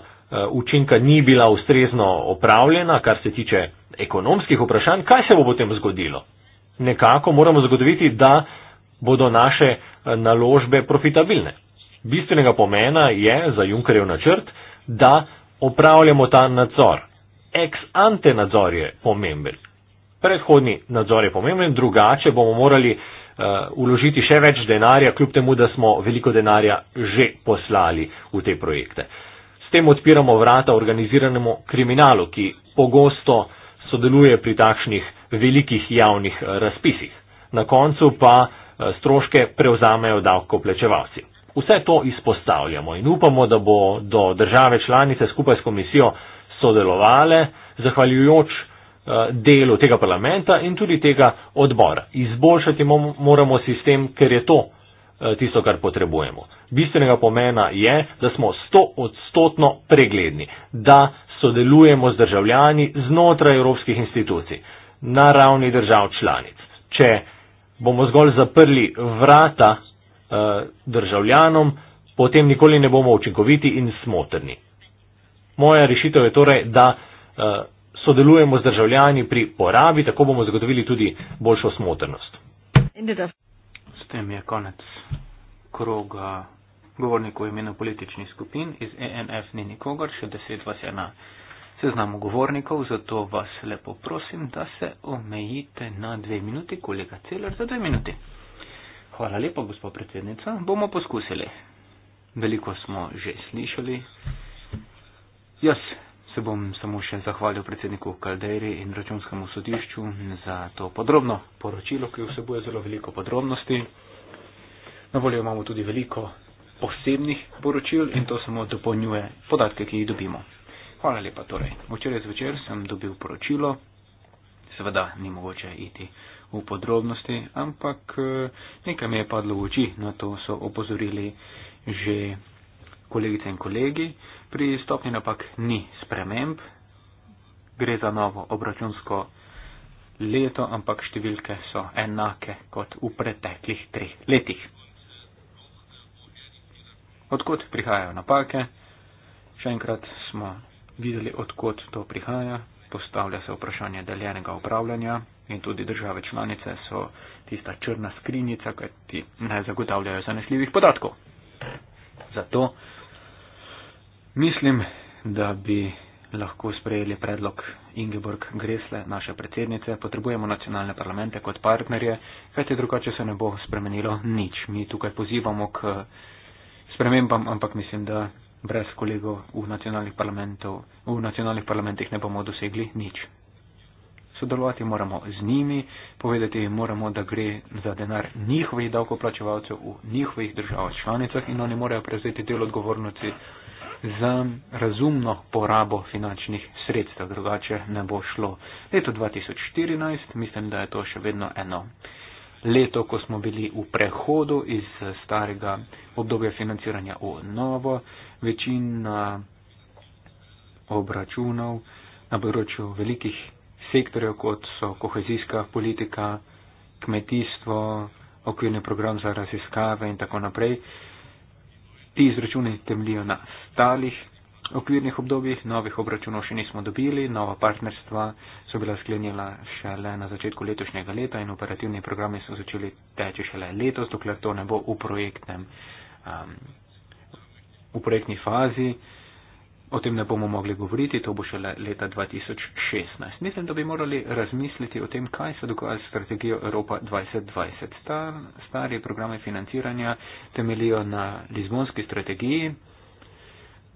učinka ni bila ustrezno opravljena, kar se tiče ekonomskih vprašanj, kaj se bo potem zgodilo? Nekako moramo zagotoviti, da bodo naše naložbe profitabilne. Bistvenega pomena je za Junkerjev načrt, da opravljamo ta nadzor. Ex ante nadzor je pomemben. Predhodni nadzor je pomemben, drugače bomo morali uložiti eh, uh, še več denarja, kljub temu, da smo veliko denarja že poslali v te projekte. S tem odpiramo vrata organiziranemu kriminalu, ki pogosto sodeluje pri takšnih velikih javnih eh, razpisih. Na koncu pa eh, stroške prevzamejo davkoplačevalci. Vse to izpostavljamo in upamo, da bo do države članice skupaj s komisijo sodelovale, zahvaljujoč eh, delu tega parlamenta in tudi tega odbora. Izboljšati moramo sistem, ker je to eh, tisto, kar potrebujemo. Bistvenega pomena je, da smo stoodstotno pregledni, da sodelujemo z državljani znotraj evropskih institucij na ravni držav članic. Če bomo zgolj zaprli vrata Eh, državljanom, potem nikoli ne bomo učinkoviti in smotrni. Moja rešitev je torej, da eh, sodelujemo z državljani pri porabi, tako bomo zagotovili tudi boljšo smotrnost. S tem je konec kroga govornikov imena političnih skupin. Iz ENF ni nikogor, še deset vas je na seznamu govornikov, zato vas lepo prosim, da se omejite na dve minuti, kolega Celer, za dve minuti. Hvala lepa, gospod predsednica. Bomo poskusili. Veliko smo že slišali. Jaz se bom samo še zahvalil predsedniku Kalderi in računskemu sodišču za to podrobno poročilo, ki vsebuje zelo veliko podrobnosti. Na voljo imamo tudi veliko posebnih poročil in to samo dopolnjuje podatke, ki jih dobimo. Hvala lepa torej. Včeraj zvečer sem dobil poročilo. Seveda ni mogoče iti v podrobnosti, ampak eh, nekaj mi je padlo v oči, na to so opozorili že kolegice in kolegi. Pri stopni napak ni sprememb, gre za novo obračunsko leto, ampak številke so enake kot v preteklih treh letih. Odkud prihajajo napake? Še enkrat smo videli, odkud to prihaja postavlja se vprašanje deljenega upravljanja in tudi države članice so tista črna skrinjica, kaj ti ne zagotavljajo zanesljivih podatkov. Zato mislim, da bi lahko sprejeli predlog Ingeborg Gresle, naše predsednice, potrebujemo nacionalne parlamente kot partnerje, kajti drugače se ne bo spremenilo nič. Mi tukaj pozivamo k spremembam, ampak mislim, da brez kolegov v nacionalnih, v nacionalnih parlamentih ne bomo dosegli nič. Sodelovati moramo z njimi, povedati jim moramo, da gre za denar njihovih davkoplačevalcev v njihovih državah članicah in oni morajo prevzeti del odgovornosti za razumno porabo finančnih sredstev, drugače ne bo šlo. Leto 2014, mislim, da je to še vedno eno. Leto, ko smo bili v prehodu iz starega obdobja financiranja v novo, večina obračunov na področju velikih sektorjev, kot so kohezijska politika, kmetijstvo, okvirni program za raziskave in tako naprej. Ti izračuni temlijo na stalih okvirnih obdobjih, novih obračunov še nismo dobili, nova partnerstva so bila sklenjena šele na začetku letošnjega leta in operativni programi so začeli teči šele letos, dokler to ne bo v projektnem um, v projektni fazi. O tem ne bomo mogli govoriti, to bo šele leta 2016. Mislim, da bi morali razmisliti o tem, kaj se dogaja s strategijo Evropa 2020. Star, stari programe financiranja temelijo na Lizbonski strategiji.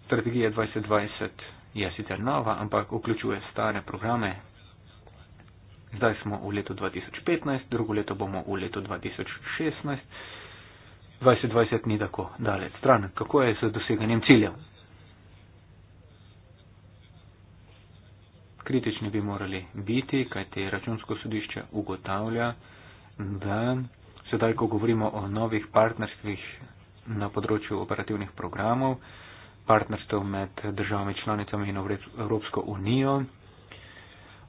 Strategija 2020 je sicer nova, ampak vključuje stare programe. Zdaj smo v letu 2015, drugo leto bomo v letu 2016. 2020 ni tako dalek stran. Kako je z doseganjem ciljev? Kritični bi morali biti, kaj te računsko sodišče ugotavlja, da sedaj, ko govorimo o novih partnerstvih na področju operativnih programov, partnerstv med državami članicami in Evropsko unijo,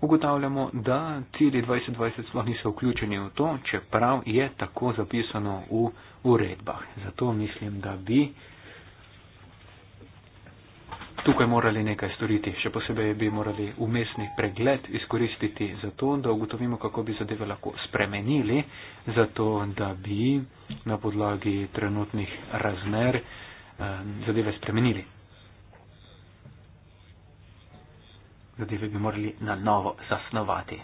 ugotavljamo, da cilji 2020 sploh niso vključeni v to, čeprav je tako zapisano v uredbah. Zato mislim, da bi tukaj morali nekaj storiti. Še posebej bi morali umestni pregled izkoristiti za to, da ugotovimo, kako bi zadeve lahko spremenili, zato da bi na podlagi trenutnih razmer eh, zadeve spremenili. Zadeve bi morali na novo zasnovati.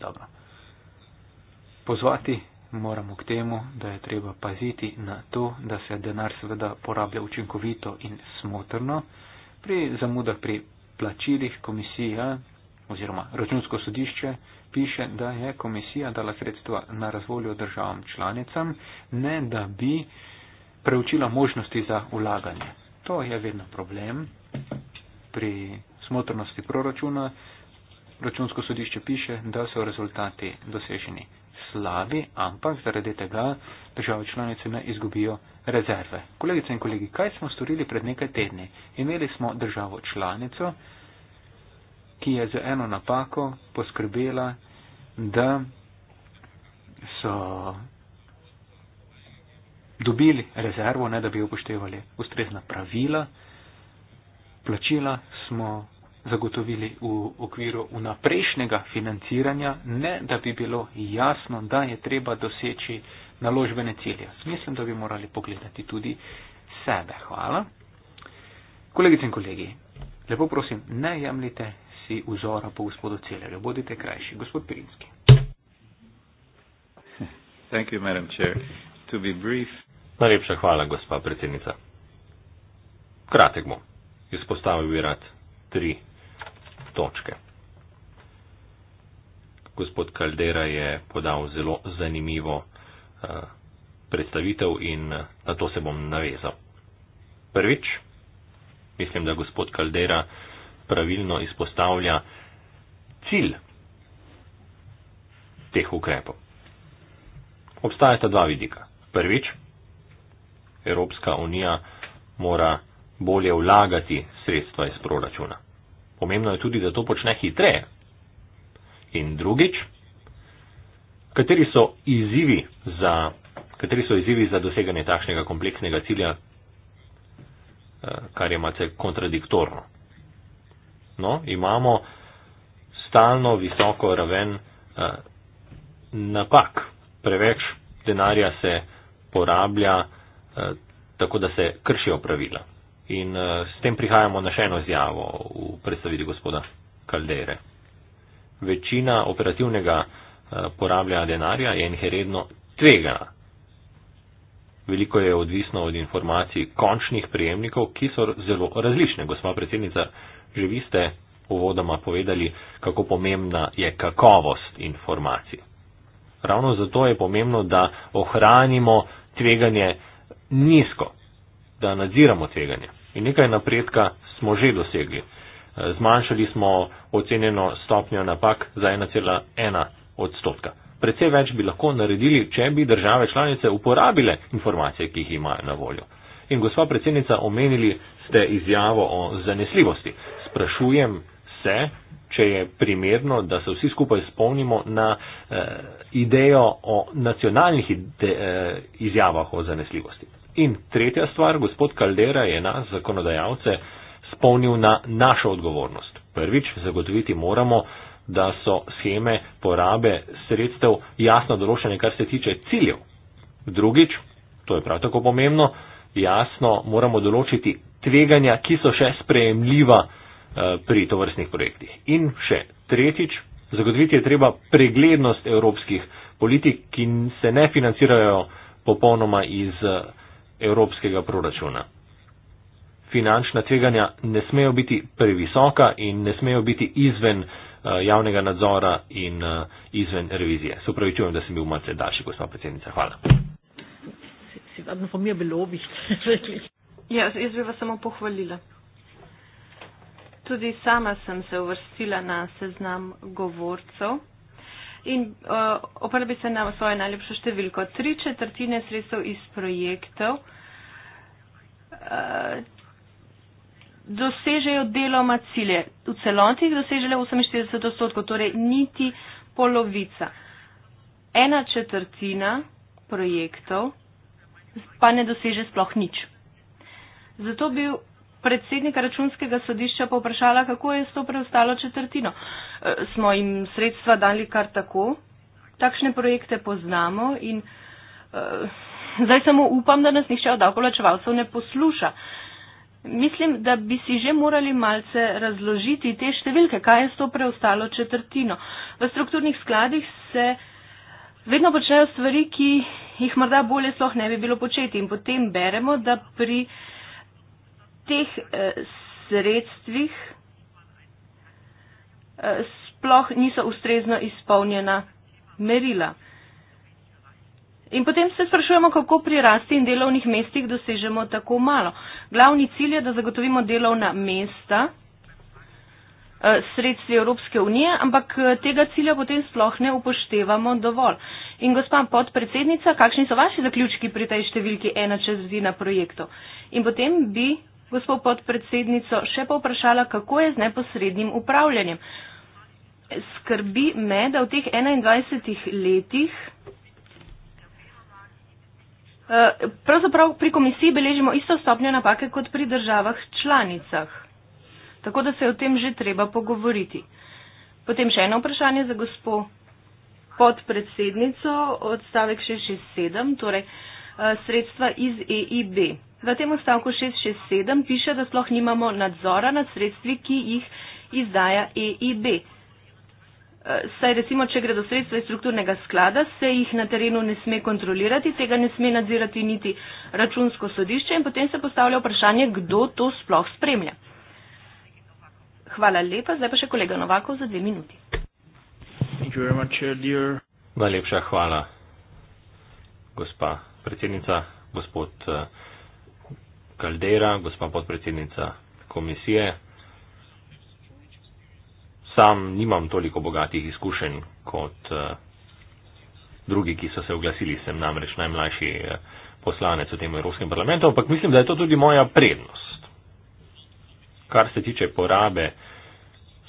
Dobro. Pozvati moramo k temu, da je treba paziti na to, da se denar seveda porablja učinkovito in smotrno. Pri zamudah pri plačilih komisija oziroma računsko sodišče piše, da je komisija dala sredstva na razvoljo državam članicam, ne da bi preučila možnosti za ulaganje. To je vedno problem pri smotrnosti proračuna. Računsko sodišče piše, da so rezultati doseženi slabi, ampak zaradi tega države članice ne izgubijo rezerve. Kolegice in kolegi, kaj smo storili pred nekaj tedni? Imeli smo državo članico, ki je za eno napako poskrbela, da so dobili rezervo, ne da bi upoštevali ustrezna pravila. Plačila smo zagotovili v okviru unaprejšnjega financiranja, ne da bi bilo jasno, da je treba doseči naložbene cilje. Mislim, da bi morali pogledati tudi sebe. Hvala. Kolegice in kolegi, lepo prosim, ne jemljite si vzora po gospodu Celerju, bodite krajši. Gospod Pirinski. Najlepša hvala, gospa predsednica. Kratek bom. Izpostavil bi rad tri točke. Gospod Kaldera je podal zelo zanimivo eh, predstavitev in eh, na to se bom navezal. Prvič, mislim, da gospod Kaldera pravilno izpostavlja cilj teh ukrepov. Obstajata dva vidika. Prvič, Evropska unija mora bolje vlagati sredstva iz proračuna pomembno je tudi, da to počne hitreje. In drugič, kateri so izzivi za, kateri so izzivi za doseganje takšnega kompleksnega cilja, eh, kar je malce kontradiktorno. No, imamo stalno visoko raven eh, napak. Preveč denarja se porablja eh, tako, da se kršijo pravila. In uh, s tem prihajamo na še eno izjavo v predstavitvi gospoda Kaldere. Večina operativnega uh, eh, porabljanja denarja je inherentno tvegana. Veliko je odvisno od informacij končnih prijemnikov, ki so zelo različne. Gospa predsednica, že vi ste uvodoma povedali, kako pomembna je kakovost informacij. Ravno zato je pomembno, da ohranimo tveganje nizko, da nadziramo tveganje. In nekaj napredka smo že dosegli. Zmanjšali smo ocenjeno stopnjo napak za 1,1 odstotka. Predvsej več bi lahko naredili, če bi države članice uporabile informacije, ki jih imajo na voljo. In gospa predsednica, omenili ste izjavo o zanesljivosti. Sprašujem se, če je primerno, da se vsi skupaj spomnimo na eh, idejo o nacionalnih ide, eh, izjavah o zanesljivosti. In tretja stvar, gospod Kaldera je nas, zakonodajalce, spomnil na našo odgovornost. Prvič, zagotoviti moramo, da so scheme porabe sredstev jasno določene, kar se tiče ciljev. Drugič, to je prav tako pomembno, jasno moramo določiti tveganja, ki so še sprejemljiva eh, pri tovrstnih projektih. In še tretjič, zagotoviti je treba preglednost evropskih politik, ki se ne financirajo popolnoma iz eh, evropskega proračuna. Finančna tveganja ne smejo biti previsoka in ne smejo biti izven eh, javnega nadzora in eh, izven revizije. Se pravi, čujem, da sem bil malce daljši, gospod predsednica. Hvala. Ja, jaz bi vas samo pohvalila. Tudi sama sem se uvrstila na seznam govorcev in uh, oprbi se na svojo najljubšo številko. Tri četrtine sredstev iz projektov uh, dosežejo deloma cilje. V celoti jih dosežele 48 odstotkov, torej niti polovica. Ena četrtina projektov pa ne doseže sploh nič. Zato bi predsednika računskega sodišča pa vprašala, kako je s to preostalo četrtino. E, smo jim sredstva dali kar tako, takšne projekte poznamo in e, zdaj samo upam, da nas nihče od davkolačevalcev ne posluša. Mislim, da bi si že morali malce razložiti te številke, kaj je s to preostalo četrtino. V strukturnih skladih se vedno počnejo stvari, ki jih morda bolje sloh ne bi bilo početi in potem beremo, da pri teh eh, sredstvih eh, sploh niso ustrezno izpolnjena merila. In potem se sprašujemo, kako pri rasti in delovnih mestih dosežemo tako malo. Glavni cilj je, da zagotovimo delovna mesta eh, sredstvi Evropske unije, ampak tega cilja potem sploh ne upoštevamo dovolj. In gospa podpredsednica, kakšni so vaši zaključki pri tej številki ena čez zina projektov? In potem bi gospod podpredsednico, še pa vprašala, kako je z neposrednim upravljanjem. Skrbi me, da v teh 21 letih eh, pravzaprav pri komisiji beležimo isto stopnjo napake kot pri državah članicah. Tako da se je o tem že treba pogovoriti. Potem še eno vprašanje za gospod podpredsednico, odstavek 667, torej eh, sredstva iz EIB. V tem ostavku 667 piše, da sploh nimamo nadzora nad sredstvi, ki jih izdaja EIB. E, saj recimo, če gre do sredstva iz strukturnega sklada, se jih na terenu ne sme kontrolirati, tega ne sme nadzirati niti računsko sodišče in potem se postavlja vprašanje, kdo to sploh spremlja. Hvala lepa, zdaj pa še kolega Novakov za dve minuti. Uh, Najlepša hvala, gospa predsednica, gospod. Uh, Kaldera, gospa podpredsednica komisije. Sam nimam toliko bogatih izkušenj kot eh, drugi, ki so se oglasili. Sem namreč najmlajši eh, poslanec v tem Evropskem parlamentu, ampak mislim, da je to tudi moja prednost. Kar se tiče porabe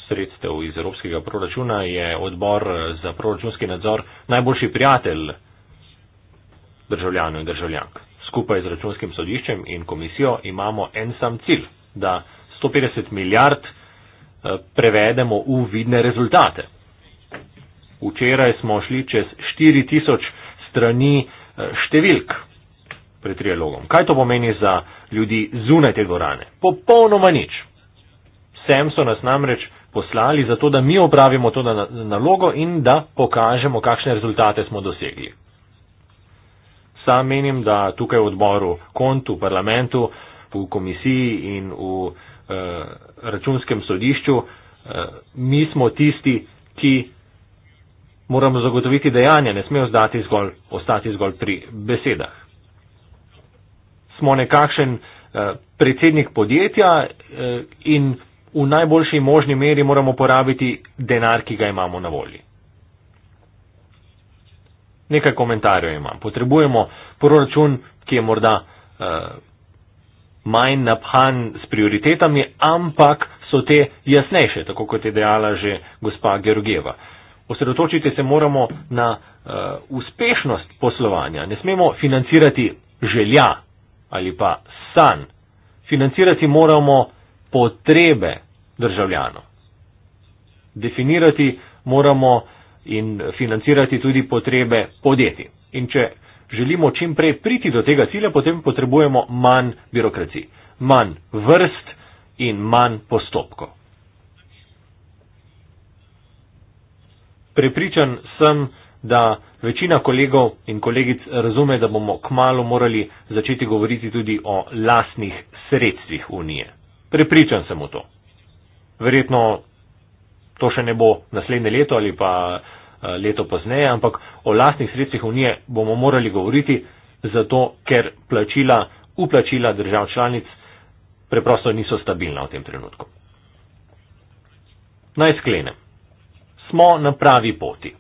sredstev iz Evropskega proračuna, je odbor eh, za proračunski nadzor najboljši prijatelj državljanov in državljank skupaj z računskim sodiščem in komisijo imamo en sam cilj, da 150 milijard eh, prevedemo v vidne rezultate. Včeraj smo šli čez 4000 strani eh, številk pred trialogom. Kaj to pomeni za ljudi zunaj te dvorane? Popolnoma nič. Sem so nas namreč poslali zato, da mi opravimo to nalogo in da pokažemo, kakšne rezultate smo dosegli. Sam menim, da tukaj v odboru kont v parlamentu, v komisiji in v eh, računskem sodišču eh, mi smo tisti, ki moramo zagotoviti dejanja, ne smejo zgolj, ostati zgolj pri besedah. Smo nekakšen eh, predsednik podjetja eh, in v najboljši možni meri moramo porabiti denar, ki ga imamo na voljo. Nekaj komentarjev imam. Potrebujemo proračun, ki je morda uh, manj naphan s prioritetami, ampak so te jasnejše, tako kot je dejala že gospa Gerogeva. Osredotočiti se moramo na uh, uspešnost poslovanja. Ne smemo financirati želja ali pa san. Financirati moramo potrebe državljanov. Definirati moramo uh, in financirati tudi potrebe podjetij. In če želimo čim prej priti do tega cilja, potem potrebujemo manj birokracij, manj vrst in manj postopkov. Prepričan sem, da večina kolegov in kolegic razume, da bomo kmalo morali začeti govoriti tudi o lasnih sredstvih Unije. Prepričan sem o to. Verjetno to še ne bo naslednje leto ali pa eh, leto pozneje, ampak o lastnih sredstvih Unije bomo morali govoriti, zato ker plačila, uplačila držav članic preprosto niso stabilna v tem trenutku. Naj sklenem. Smo na pravi poti.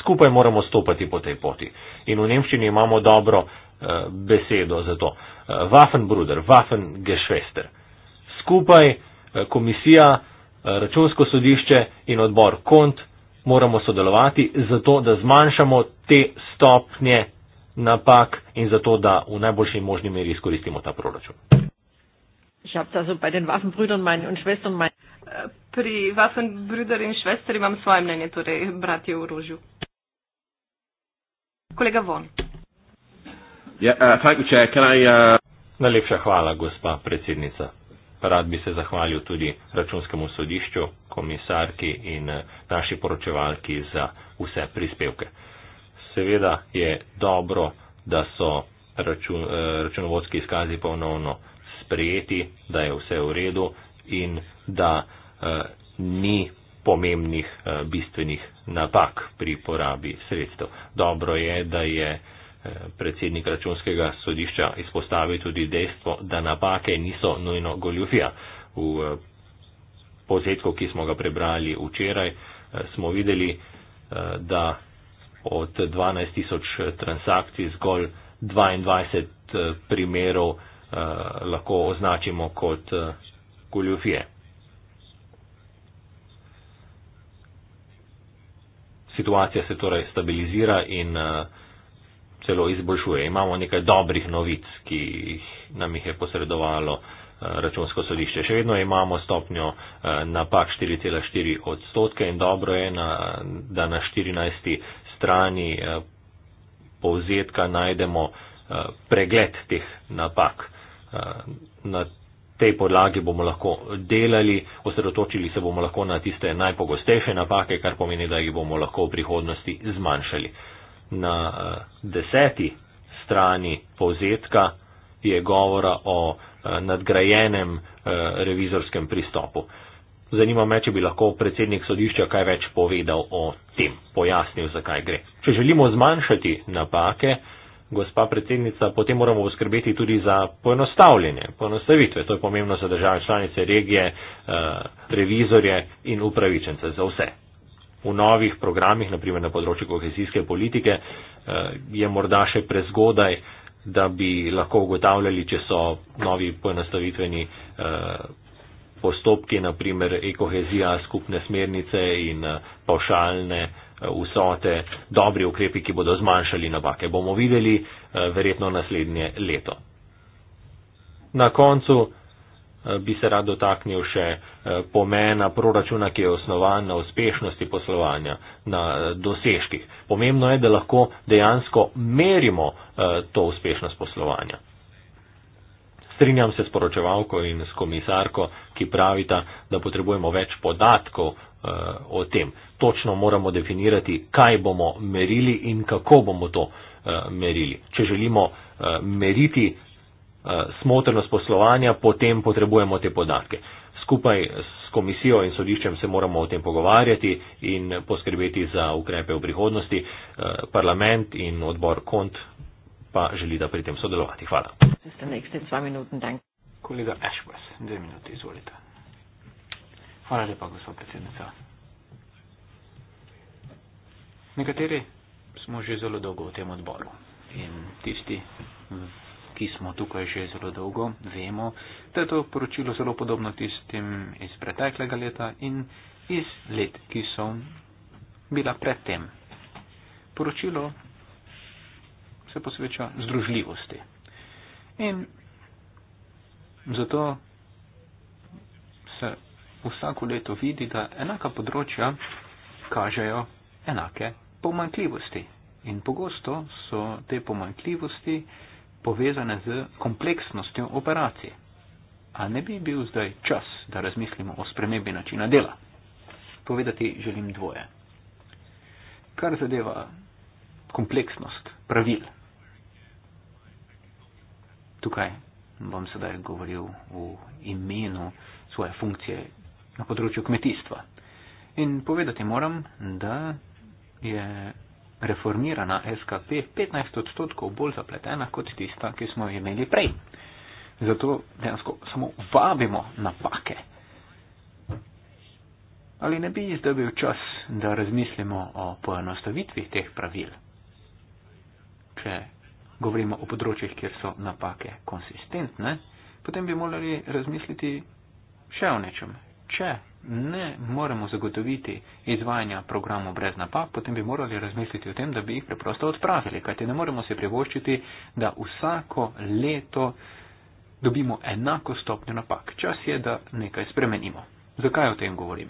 Skupaj moramo stopati po tej poti. In v Nemščini imamo dobro eh, besedo za to. Eh, Waffenbruder, Waffengeschwester. Skupaj Eh, komisija, eh, računsko sodišče in odbor kont moramo sodelovati, zato da zmanjšamo te stopnje napak in zato da v najboljši možni meri izkoristimo ta proračun. Eh, pri vašem brudar in švester imam svoje mnenje, torej bratje v rožju. Kolega Von. Yeah, uh, you, Chair. Can I, uh... Najlepša hvala, gospa predsednica rad bi se zahvalil tudi računskemu sodišču, komisarki in eh, naši poročevalki za vse prispevke. Seveda je dobro, da so račun, eh, računovodski izkazi ponovno sprejeti, da je vse v redu in da eh, ni pomembnih eh, bistvenih napak pri porabi sredstev. Dobro je, da je eh, predsednik računskega sodišča izpostavil tudi dejstvo, da napake niso nujno goljufija. V eh, povzetku, ki smo ga prebrali včeraj, eh, smo videli, eh, da od 12 tisoč transakcij zgolj 22 primerov lahko označimo kot goljufije. Situacija se torej stabilizira in uh, celo izboljšuje. Imamo nekaj dobrih novic, ki nam jih je posredovalo eh, računsko sodišče. Še vedno imamo stopnjo eh, napak 4,4 odstotke in dobro je, da na 14. strani eh, povzetka najdemo pregled teh napak. Na tej podlagi bomo lahko delali, osredotočili se bomo lahko na tiste najpogostejše napake, kar pomeni, da jih bomo lahko v prihodnosti zmanjšali na eh, deseti strani povzetka je govora o eh, nadgrajenem eh, revizorskem pristopu. Zanima me, če bi lahko predsednik sodišča kaj več povedal o tem, pojasnil, zakaj gre. Če želimo zmanjšati napake, gospa predsednica, potem moramo poskrbeti tudi za poenostavljanje, poenostavitve. To je pomembno za države članice, regije, revizorje in upravičence, za vse v novih programih, naprimer na področju kohezijske politike, eh, je morda še prezgodaj, da bi lahko ugotavljali, če so novi poenostavitveni eh, postopki, naprimer ekohezija, skupne smernice in eh, pavšalne vsote, dobri ukrepi, ki bodo zmanjšali napake. Bomo videli verjetno naslednje leto. Na koncu Eh, bi se rad dotaknil še eh, pomena proračuna, ki je osnovan na uspešnosti poslovanja, na eh, dosežkih. Pomembno je, da lahko dejansko merimo to uspešnost poslovanja. Strinjam se s poročevalko in s komisarko, ki pravita, da potrebujemo več podatkov o tem. Točno moramo definirati, kaj bomo merili in kako bomo to merili. Če želimo meriti Eh, smotrnost poslovanja, potem potrebujemo te podatke. Skupaj s komisijo in sodiščem se moramo o tem pogovarjati in poskrbeti za ukrepe v prihodnosti. Eh, parlament in odbor KONT pa želi, da pri tem sodelovati. Hvala. Kolega Ashworth, dve minuti, izvolite. Hvala lepa, gospod predsednica. Nekateri smo že zelo dolgo v tem odboru in tisti ki smo tukaj že zelo dolgo, vemo, da je to poročilo zelo podobno tistim iz preteklega leta in iz let, ki so bila predtem. Poročilo se posveča združljivosti. In zato se vsako leto vidi, da enaka področja kažejo enake pomankljivosti. In pogosto so te pomankljivosti, povezane z kompleksnostjo operacije. A ne bi bil zdaj čas, da razmislimo o spremembi načina dela? Povedati želim dvoje. Kar zadeva kompleksnost pravil. Tukaj bom sedaj govoril v imenu svoje funkcije na področju kmetijstva. In povedati moram, da je reformirana SKP 15 odstotkov bolj zapletena kot tista, ki smo jo imeli prej. Zato dejansko samo vabimo napake. Ali ne bi izdobil čas, da razmislimo o poenostavitvi teh pravil, če govorimo o področjih, kjer so napake konsistentne, potem bi morali razmisliti še o nečem, če ne moremo zagotoviti izvajanja programov brez napak, potem bi morali razmisliti o tem, da bi jih preprosto odpravili, kajti ne moremo se privoščiti, da vsako leto dobimo enako stopnjo napak. Čas je, da nekaj spremenimo. Zakaj o tem govorim?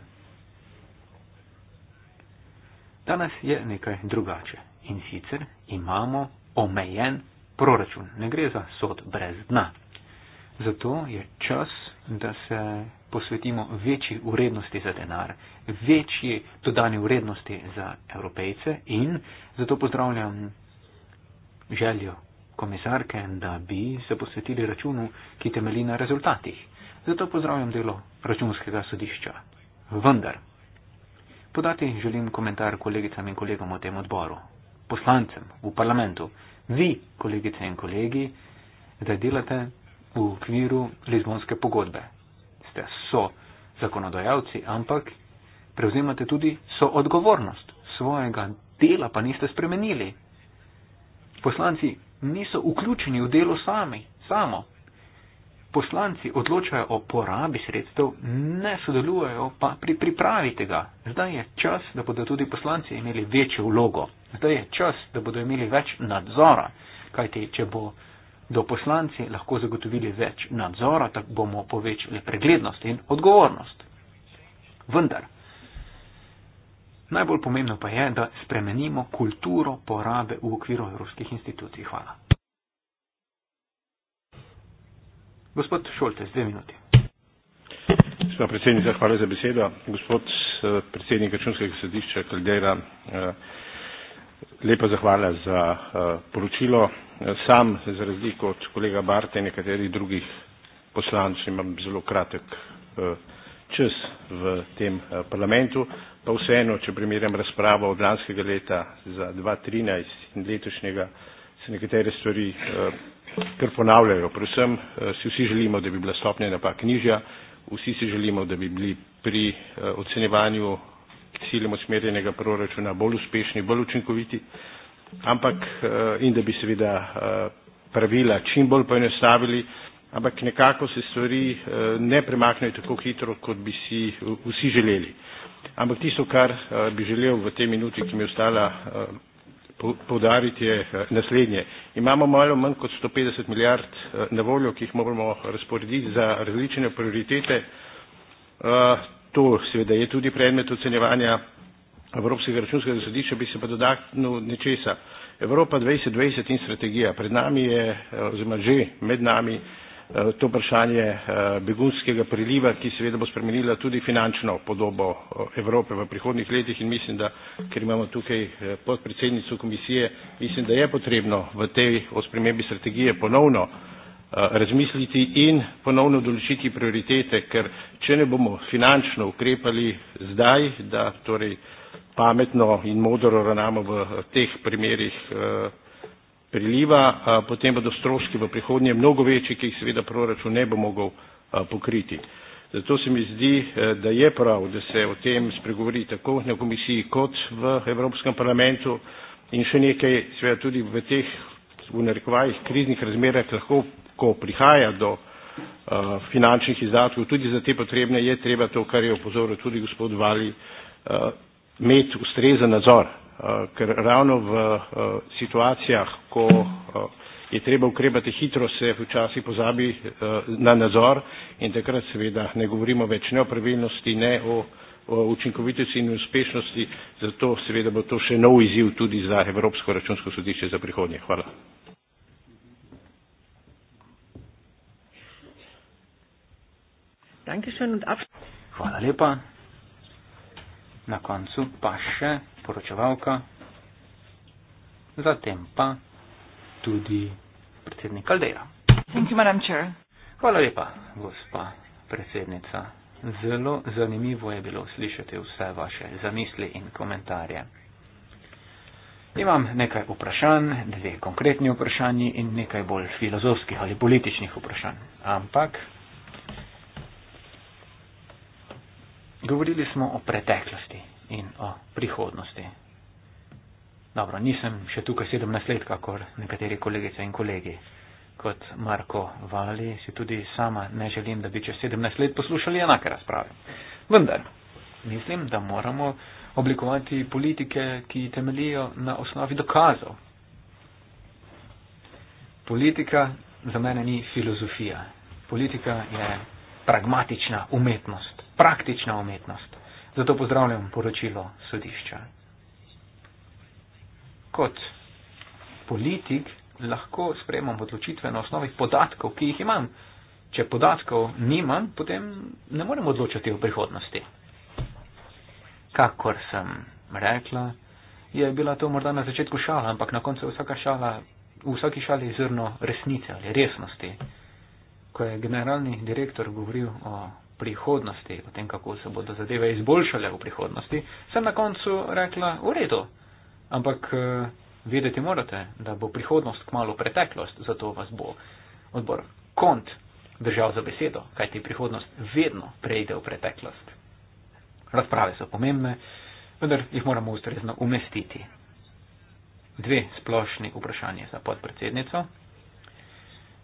Danes je nekaj drugače in sicer imamo omejen proračun. Ne gre za sod brez dna. Zato je čas, da se posvetimo večji urednosti za denar, večji dodani urednosti za evropejce in zato pozdravljam željo komisarke, da bi se posvetili računu, ki temeli na rezultatih. Zato pozdravljam delo računskega sodišča. Vendar, podati želim komentar kolegicam in kolegom o tem odboru, poslancem v parlamentu, vi, kolegice in kolegi, da delate v okviru Lizbonske pogodbe. Ste so zakonodajalci, ampak prevzemate tudi so odgovornost. Svojega dela pa niste spremenili. Poslanci niso vključeni v delo sami, samo. Poslanci odločajo o porabi sredstev, ne sodelujejo pa pri pripravi tega. Zdaj je čas, da bodo tudi poslanci imeli večjo vlogo. Zdaj je čas, da bodo imeli več nadzora. Kajti, če bo do poslanci lahko zagotovili več nadzora, tako bomo povečali preglednost in odgovornost. Vendar, najbolj pomembno pa je, da spremenimo kulturo porabe v okviru evropskih institucij. Hvala. Gospod Šoltes, dve minuti. Gospod predsednik, hvala za besedo. Gospod eh, predsednik računskega sodišča Kaldera, eh, lepa zahvala za eh, poročilo sam za razliko od kolega Barta in nekaterih drugih poslancev imam zelo kratek eh, čas v tem eh, parlamentu, pa vseeno, če primerjam razpravo od lanskega leta za 2013 in letošnjega, se nekatere stvari eh, kar ponavljajo. Predvsem si vsi želimo, da bi bila stopnja napak nižja, vsi si želimo, da bi bili pri ocenjevanju ciljem usmerjenega proračuna bolj uspešni, bolj učinkoviti ampak eh, in da bi seveda eh, pravila čim bolj poenostavili, ampak nekako se stvari eh, ne premaknejo tako hitro, kot bi si vsi želeli. Ampak tisto, kar bi želel v tej minuti, ki mi je ostala, podariti je naslednje. Imamo malo manj kot 150 milijard na voljo, ki jih moramo razporediti za različne prioritete. To seveda je tudi predmet ocenjevanja, Evropskega računskega sodišča bi se pa dodatno nečesa. Evropa 2020 in strategija. Pred nami je, eh, oziroma že med nami, eh, to vprašanje eh, begunskega priliva, ki seveda bo spremenila tudi finančno podobo Evrope v prihodnih letih in mislim, da ker imamo tukaj podpredsednico komisije, mislim, da je potrebno v tej o spremembi strategije ponovno razmisliti in ponovno določiti prioritete, ker če ne bomo finančno ukrepali zdaj, da torej pametno in modro ravnamo v eh, teh primerih eh, priliva, eh, potem bodo stroški v prihodnje mnogo večji, ki jih seveda proračun ne bo mogel pokriti. Zato se mi zdi, da je prav, da se o tem spregovori tako na komisiji kot v Evropskem parlamentu in še nekaj, seveda tudi v teh v narekovajih kriznih razmerah, lahko, ko prihaja do finančnih izdatkov, tudi za te potrebne je treba to, kar je opozoril tudi gospod Vali, imeti ustrezen nadzor, eh, ker ravno v eh, situacijah, ko eh, je treba ukrepati hitro, se včasih pozabi na nadzor in takrat seveda ne govorimo več ne o pravilnosti, ne o učinkovitosti in uspešnosti, zato seveda bo to še nov izziv tudi za Evropsko računsko sodišče za prihodnje. Hvala. Hvala lepa na koncu pa še poročevalka, zatem pa tudi predsednik Aldeja. Hvala lepa, gospa predsednica. Zelo zanimivo je bilo slišati vse vaše zamisli in komentarje. Imam nekaj vprašanj, dve konkretni vprašanji in nekaj bolj filozofskih ali političnih vprašanj. Ampak Govorili smo o preteklosti in o prihodnosti. Dobro, nisem še tukaj 17 let, kakor nekateri kolegice in kolegi. Kot Marko Vali si tudi sama ne želim, da bi čez 17 let poslušali enake razprave. Vendar, mislim, da moramo oblikovati politike, ki temelijo na osnovi dokazov. Politika za mene ni filozofija. Politika je pragmatična umetnost praktična umetnost. Zato pozdravljam poročilo sodišča. Kot politik lahko sprejemam odločitve na osnovi podatkov, ki jih imam. Če podatkov nimam, potem ne morem odločati o prihodnosti. Kakor sem rekla, je bila to morda na začetku šala, ampak na koncu vsaka šala, v vsaki šali je zrno resnice ali resnosti. Ko je generalni direktor govoril o prihodnosti, o tem, kako se bodo zadeve izboljšale v prihodnosti, sem na koncu rekla, v redu, ampak uh, vedeti morate, da bo prihodnost kmalo preteklost, zato vas bo odbor kont držal za besedo, kajti prihodnost vedno prejde v preteklost. Razprave so pomembne, vendar jih moramo ustrezno umestiti. Dve splošni vprašanje za podpredsednico.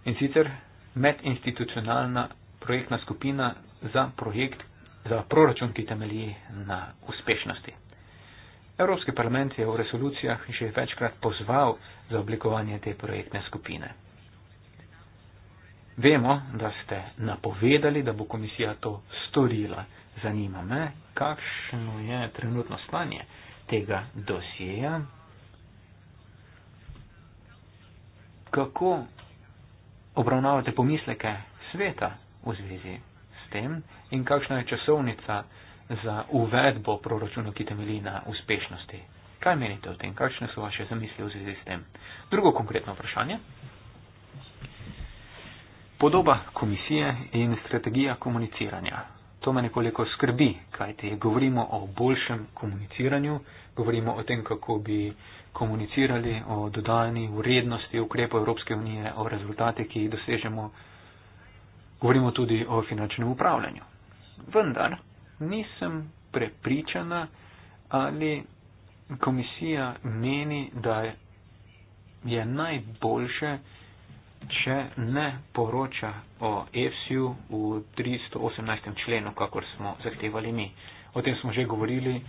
In sicer medinstitucionalna projektna skupina za projekt, za proračun, ki temelji na uspešnosti. Evropski parlament je v resolucijah že večkrat pozval za oblikovanje te projektne skupine. Vemo, da ste napovedali, da bo komisija to storila. Zanima me, kakšno je trenutno stanje tega dosjeja, kako obravnavate pomisleke sveta v zvezi sistem in kakšna je časovnica za uvedbo proračuna, ki temelji na uspešnosti. Kaj menite o tem? Kakšne so vaše zamisli v zvezi s tem? Drugo konkretno vprašanje. Podoba komisije in strategija komuniciranja. To me nekoliko skrbi, kajte govorimo o boljšem komuniciranju, govorimo o tem, kako bi komunicirali o dodani vrednosti ukrepov Evropske unije, o rezultate, ki jih dosežemo Govorimo tudi o finančnem upravljanju. Vendar nisem prepričana, ali komisija meni, da je najboljše, če ne poroča o EFSI-ju v 318. členu, kakor smo zahtevali mi. O tem smo že govorili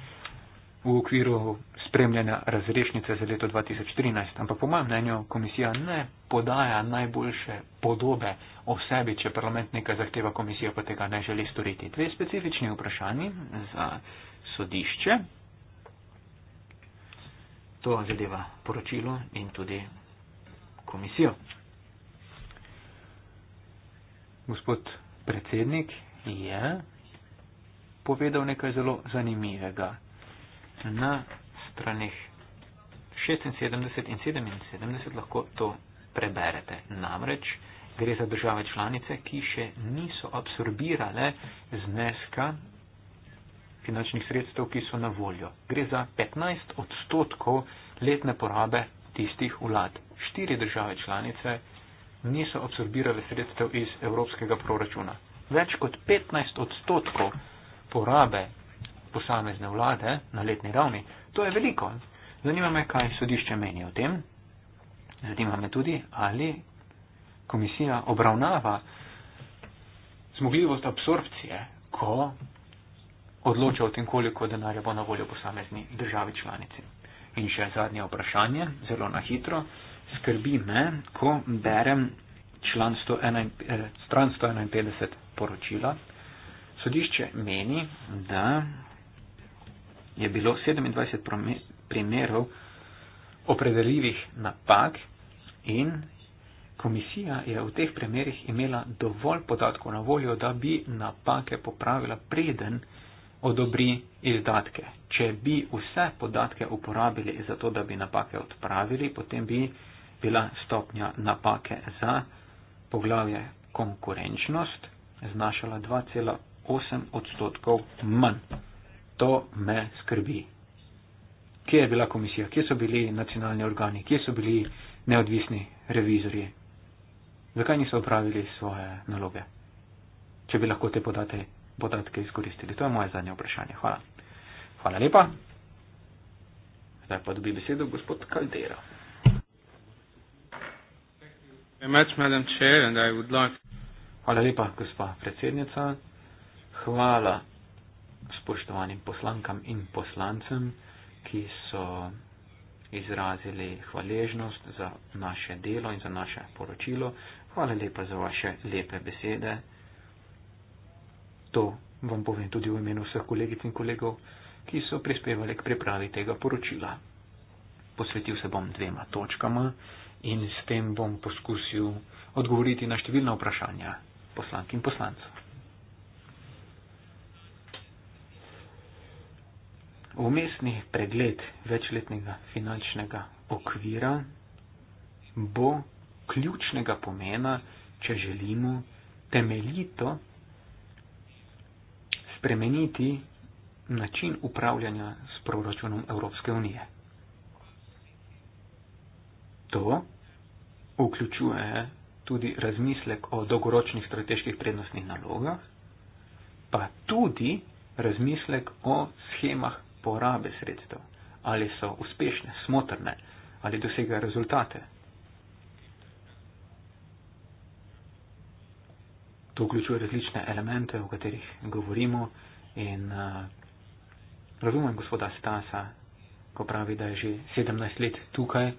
v okviru spremljanja razrešnice za leto 2013. Ampak po mojem mnenju komisija ne podaja najboljše podobe o sebi, če parlament nekaj zahteva, komisija pa tega ne želi storiti. Dve specifični vprašanji za sodišče. To zadeva poročilo in tudi komisijo. Gospod predsednik je povedal nekaj zelo zanimivega na stranih 76 in 77 lahko to preberete. Namreč gre za države članice, ki še niso absorbirale zneska finančnih sredstev, ki so na voljo. Gre za 15 odstotkov letne porabe tistih vlad. Štiri države članice niso absorbirale sredstev iz evropskega proračuna. Več kot 15 odstotkov porabe posamezne vlade na letni ravni. To je veliko. Zanima me, kaj sodišče meni o tem. Zanima me tudi, ali komisija obravnava zmogljivost absorpcije, ko odloča o tem, koliko denarja bo na voljo posamezni državi članici. In še zadnje vprašanje, zelo na hitro. Skrbi me, ko berem član 101, eh, stran 151 poročila. Sodišče meni, da je bilo 27 primerov opredeljivih napak in komisija je v teh primerih imela dovolj podatkov na voljo, da bi napake popravila preden odobri izdatke. Če bi vse podatke uporabili za to, da bi napake odpravili, potem bi bila stopnja napake za poglavje konkurenčnost znašala 2,8 odstotkov manj. To me skrbi. Kje je bila komisija, kje so bili nacionalni organi, kje so bili neodvisni revizorji? Zakaj niso opravili svoje naloge? Če bi lahko te podate, podatke izkoristili. To je moje zadnje vprašanje. Hvala. Hvala lepa. Zdaj pa dobi besedo gospod Kaldera. Hvala lepa, gospa predsednica. Hvala spoštovanim poslankam in poslancem, ki so izrazili hvaležnost za naše delo in za naše poročilo. Hvala lepa za vaše lepe besede. To vam povem tudi v imenu vseh kolegic in kolegov, ki so prispevali k pripravi tega poročila. Posvetil se bom dvema točkama in s tem bom poskusil odgovoriti na številna vprašanja poslank in poslancev. Vmesni pregled večletnega finančnega okvira bo ključnega pomena, če želimo temeljito spremeniti način upravljanja s proračunom Evropske unije. To vključuje tudi razmislek o dolgoročnih strateških prednostnih nalogah, pa tudi razmislek o schemah porabe sredstev, ali so uspešne, smotrne, ali dosegajo rezultate. To vključuje različne elemente, o katerih govorimo in uh, razumem gospoda Stasa, ko pravi, da je že 17 let tukaj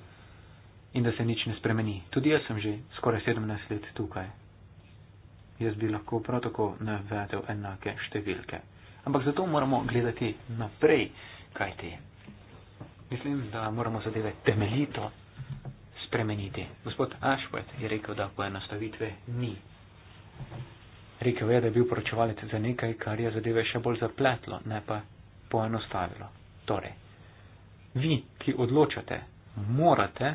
in da se nič ne spremeni. Tudi jaz sem že skoraj 17 let tukaj. Jaz bi lahko prav tako navedel enake številke ampak zato moramo gledati naprej, kaj ti. Mislim, da moramo zadeve temeljito spremeniti. Gospod Ashworth je rekel, da poenostavitve ni. Rekel je, da je bil poročevalec za nekaj, kar je zadeve še bolj zapletlo, ne pa poenostavilo. Torej, vi, ki odločate, morate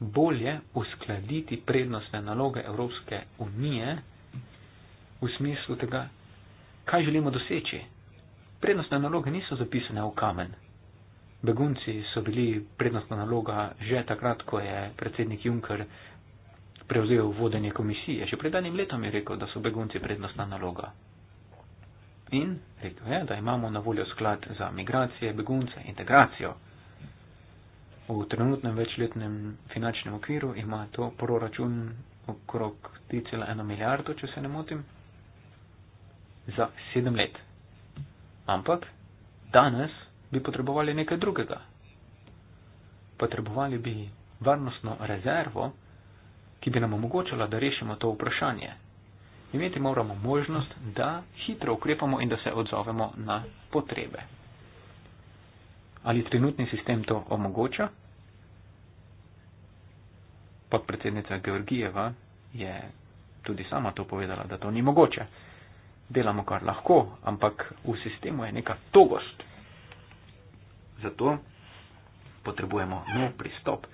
bolje uskladiti prednostne naloge Evropske unije v smislu tega, kaj želimo doseči. Prednostne naloge niso zapisane v kamen. Begunci so bili prednostna naloga že takrat, ko je predsednik Juncker prevzel vodenje komisije. Še pred enim letom je rekel, da so begunci prednostna naloga. In rekel je, da imamo na voljo sklad za migracije, begunce, integracijo. V trenutnem večletnem finančnem okviru ima to proračun okrog 3,1 milijardo, če se ne motim za sedem let. Ampak danes bi potrebovali nekaj drugega. Potrebovali bi varnostno rezervo, ki bi nam omogočala, da rešimo to vprašanje. Imeti moramo možnost, da hitro ukrepamo in da se odzovemo na potrebe. Ali trenutni sistem to omogoča? Podpredsednica Georgijeva je tudi sama to povedala, da to ni mogoče delamo, kar lahko, ampak v sistemu je neka togost. Zato potrebujemo nov pristop,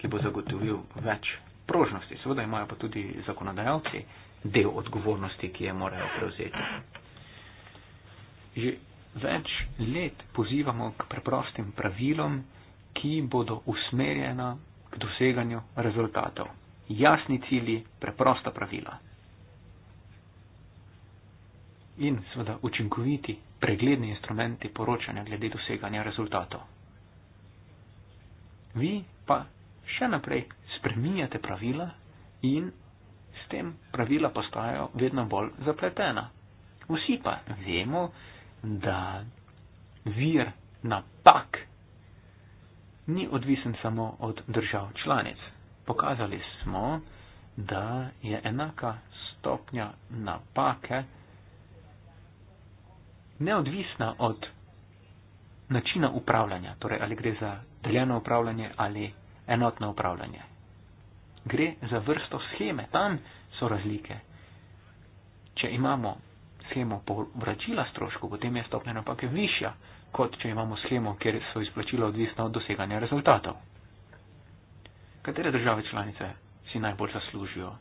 ki bo zagotovil več prožnosti. Seveda imajo pa tudi zakonodajalci del odgovornosti, ki je morajo prevzeti. Že več let pozivamo k preprostim pravilom, ki bodo usmerjena k doseganju rezultatov. Jasni cilji, preprosta pravila in seveda učinkoviti, pregledni instrumenti poročanja glede doseganja rezultatov. Vi pa še naprej spreminjate pravila in s tem pravila postajajo vedno bolj zapletena. Vsi pa vemo, da vir napak ni odvisen samo od držav članic. Pokazali smo, da je enaka stopnja napake, neodvisna od načina upravljanja, torej ali gre za deljeno upravljanje ali enotno upravljanje. Gre za vrsto scheme, tam so razlike. Če imamo schemo povračila stroškov, potem je stopnja napake višja, kot če imamo schemo, kjer so izplačila odvisna od doseganja rezultatov. Katere države članice si najbolj zaslužijo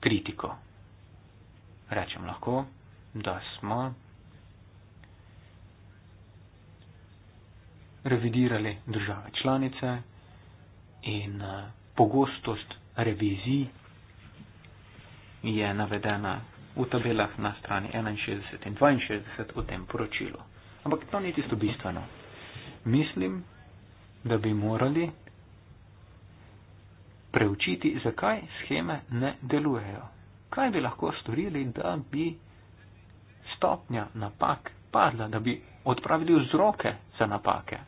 kritiko? Rečem lahko, da smo revidirali države članice in eh, pogostost revizij je navedena v tabelah na strani 61 in 62 v tem poročilu. Ampak to ni tisto bistveno. Mislim, da bi morali preučiti, zakaj scheme ne delujejo. Kaj bi lahko storili, da bi stopnja napak padla, da bi odpravili vzroke za napake.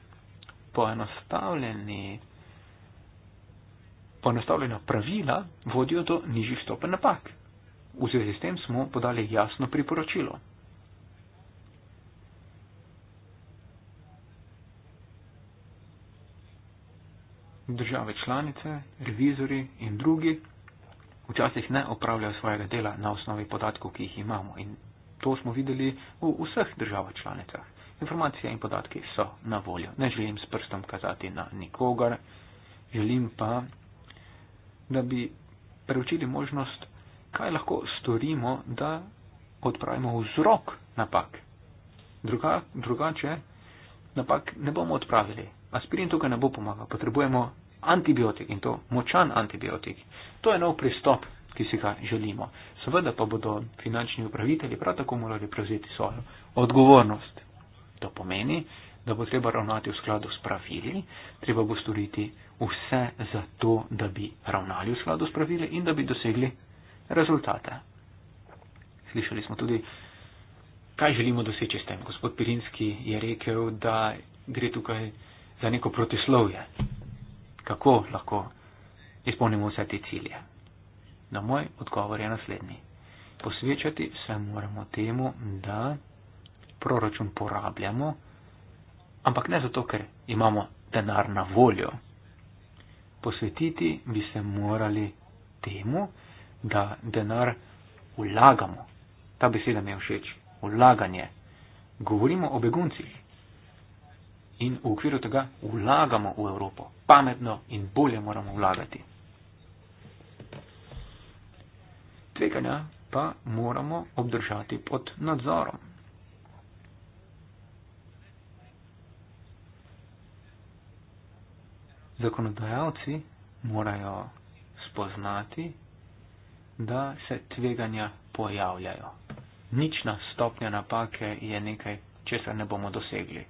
Poenostavljeni, poenostavljena pravila vodijo do nižjih stopen napak. V zvezi s tem smo podali jasno priporočilo. Države članice, revizori in drugi včasih ne opravljajo svojega dela na osnovi podatkov, ki jih imamo in To smo videli v vseh državah članicah. Informacije in podatki so na voljo. Ne želim s prstom kazati na nikogar, želim pa, da bi preučili možnost, kaj lahko storimo, da odpravimo vzrok napak. Druga, drugače napak ne bomo odpravili. Aspirin tukaj ne bo pomagal. Potrebujemo antibiotik in to močan antibiotik. To je nov pristop ki si ga želimo. Seveda pa bodo finančni upravitelji prav tako morali prevzeti svojo odgovornost. To pomeni, da bo treba ravnati v skladu s pravili, treba bo storiti vse za to, da bi ravnali v skladu s pravili in da bi dosegli rezultate. Slišali smo tudi, kaj želimo doseči s tem. Gospod Pirinski je rekel, da gre tukaj za neko protislovje. Kako lahko izpolnimo vse te cilje? Na moj odgovor je naslednji. Posvečati se moramo temu, da proračun porabljamo, ampak ne zato, ker imamo denar na voljo. Posvetiti bi se morali temu, da denar vlagamo. Ta beseda mi je všeč. Vlaganje. Govorimo o beguncih in v okviru tega vlagamo v Evropo. Pametno in bolje moramo vlagati. tveganja pa moramo obdržati pod nadzorom. Zakonodajalci morajo spoznati, da se tveganja pojavljajo. Nična stopnja napake je nekaj, česar ne bomo dosegli.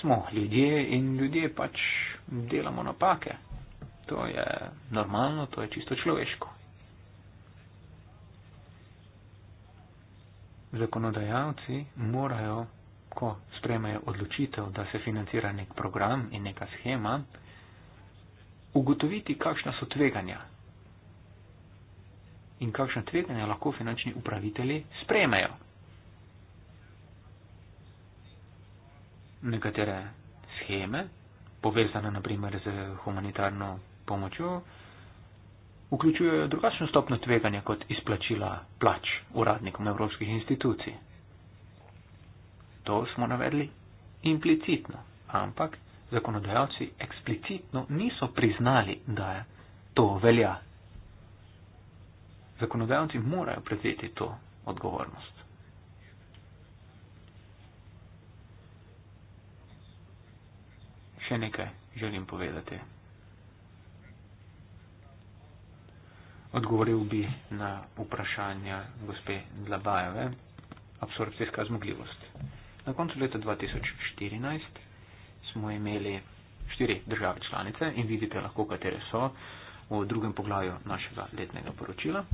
Smo ljudje in ljudje pač delamo napake. To je normalno, to je čisto človeško. zakonodajalci morajo, ko spremejo odločitev, da se financira nek program in neka schema, ugotoviti, kakšna so tveganja in kakšna tveganja lahko finančni upravitelji spremejo. Nekatere scheme, povezane naprimer z humanitarno pomočjo, vključujejo drugačno stopno tveganja kot izplačila plač uradnikom evropskih institucij. To smo navedli implicitno, ampak zakonodajalci eksplicitno niso priznali, da je to velja. Zakonodajalci morajo prevzeti to odgovornost. Še nekaj želim povedati. odgovoril bi na vprašanja gospe Dlabajeve, absorpcijska zmogljivost. Na koncu leta 2014 smo imeli štiri države članice in vidite lahko, katere so v drugem poglavju našega letnega poročila.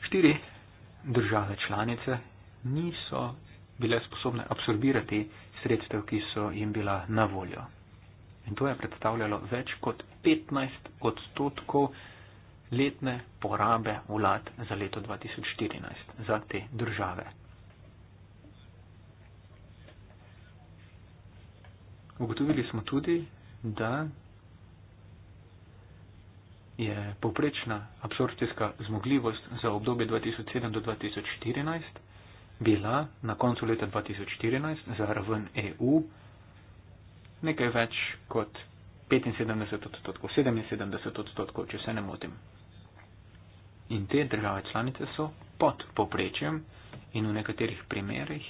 Štiri države članice niso bile sposobne absorbirati sredstev, ki so jim bila na voljo. In to je predstavljalo več kot 15 odstotkov letne porabe vlad za leto 2014 za te države. Ugotovili smo tudi, da je povprečna absorpcijska zmogljivost za obdobje 2007 do 2014 bila na koncu leta 2014 za raven EU nekaj več kot 75 odstotkov, 77 odstotkov, če se ne motim. In te države članice so pod poprečjem in v nekaterih primerjih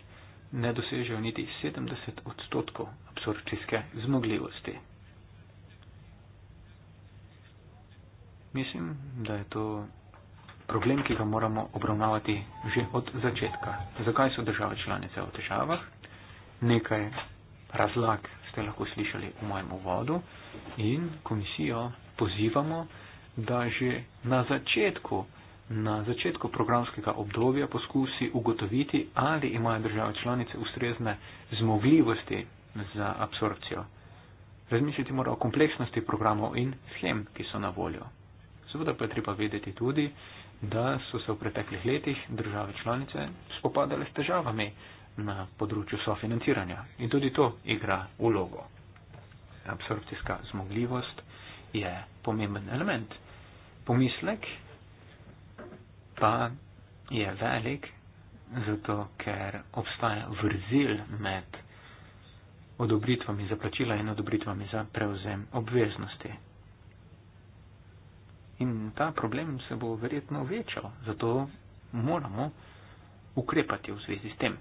ne dosežejo niti 70 odstotkov absorpcijske zmogljivosti. Mislim, da je to problem, ki ga moramo obravnavati že od začetka. Zakaj so države članice v težavah? Nekaj razlag ste lahko slišali v mojem uvodu, in komisijo pozivamo, da že na začetku, na začetku programskega obdobja poskusi ugotoviti, ali imajo države članice ustrezne zmogljivosti za absorpcijo. Razmišljati mora o kompleksnosti programov in schem, ki so na voljo. Seveda pa je treba vedeti tudi, da so se v preteklih letih države članice spopadale s težavami, na področju sofinanciranja. In tudi to igra vlogo. Absorpcijska zmogljivost je pomemben element. Pomislek pa je velik, zato ker obstaja vrzel med odobritvami za plačila in odobritvami za prevzem obveznosti. In ta problem se bo verjetno večal, zato moramo ukrepati v zvezi s tem.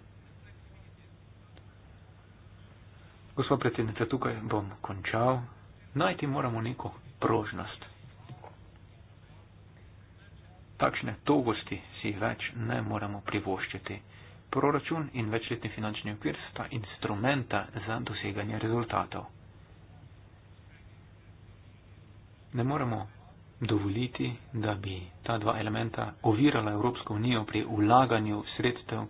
Gospod predsednica, tukaj bom končal. Najti moramo neko prožnost. Takšne togosti si več ne moramo privoščiti. Proračun in večletni finančni okvir sta instrumenta za doseganje rezultatov. Ne moramo dovoliti, da bi ta dva elementa ovirala Evropsko unijo pri ulaganju sredstev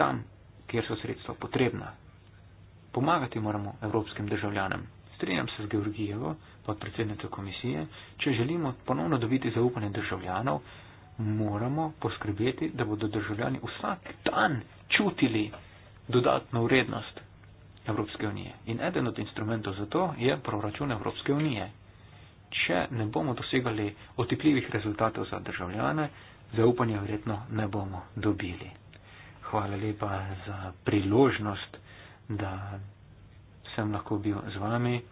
tam, kjer so sredstva potrebna pomagati moramo evropskim državljanem. Strenjam se z Georgijevo, podpredsednico komisije, če želimo ponovno dobiti zaupanje državljanov, moramo poskrbeti, da bodo državljani vsak dan čutili dodatno vrednost Evropske unije. In eden od instrumentov za to je proračun Evropske unije. Če ne bomo dosegali otipljivih rezultatov za državljane, zaupanja verjetno ne bomo dobili. Hvala lepa za priložnost da sem lahko bil z vami.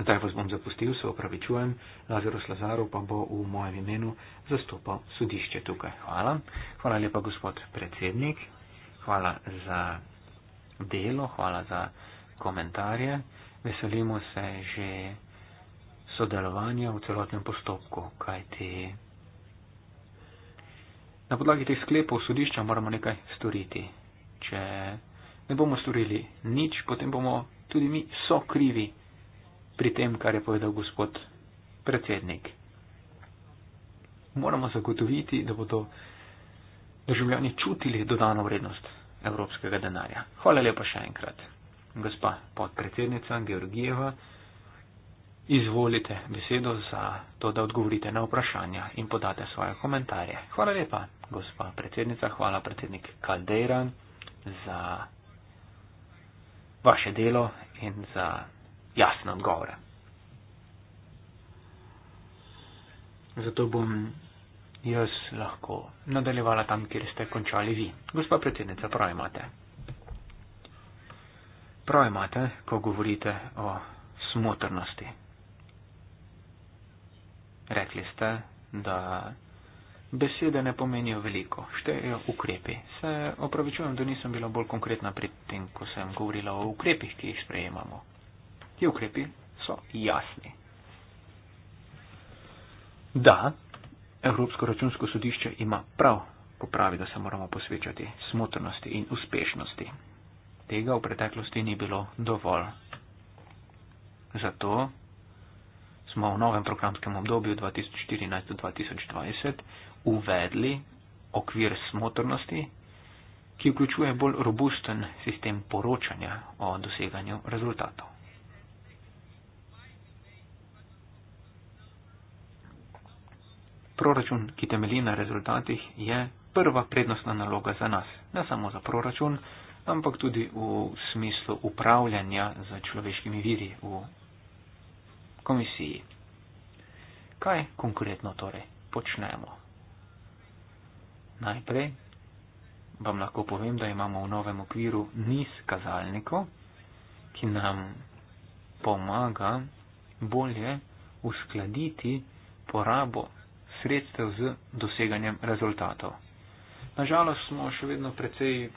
Zdaj vas bom zapustil, se opravičujem, Lazarus Lazaru pa bo v mojem imenu zastopal sodišče tukaj. Hvala. Hvala lepa, gospod predsednik. Hvala za delo, hvala za komentarje. Veselimo se že sodelovanja v celotnem postopku, kajti na podlagi teh sklepov sodišča moramo nekaj storiti. Če ne bomo storili nič, potem bomo tudi mi so krivi pri tem, kar je povedal gospod predsednik. Moramo zagotoviti, da bodo državljani čutili dodano vrednost evropskega denarja. Hvala lepa še enkrat. Gospa podpredsednica Georgijeva, izvolite besedo za to, da odgovorite na vprašanja in podate svoje komentarje. Hvala lepa, gospa predsednica. Hvala predsednik Kaldeiran za vaše delo in za jasne odgovore. Zato bom jaz lahko nadaljevala tam, kjer ste končali vi. Gospa predsednica, prav imate. Prav imate, ko govorite o smotrnosti. Rekli ste, da besede ne pomenijo veliko, štejejo ukrepi. Se opravičujem, da nisem bila bolj konkretna pri tem, ko sem govorila o ukrepih, ki jih sprejemamo. Ti ukrepi so jasni. Da, Evropsko računsko sodišče ima prav, ko pravi, da se moramo posvečati smotrnosti in uspešnosti. Tega v preteklosti ni bilo dovolj. Zato smo v novem programskem obdobju 2014-2020 uvedli okvir smotrnosti, ki vključuje bolj robusten sistem poročanja o doseganju rezultatov. Proračun, ki temelji na rezultatih, je prva prednostna naloga za nas, ne samo za proračun, ampak tudi v smislu upravljanja z človeškimi viri v komisiji. Kaj konkretno torej počnemo? Najprej vam lahko povem, da imamo v novem okviru niz kazalnikov, ki nam pomaga bolje uskladiti porabo sredstev z doseganjem rezultatov. Nažalost smo še vedno precej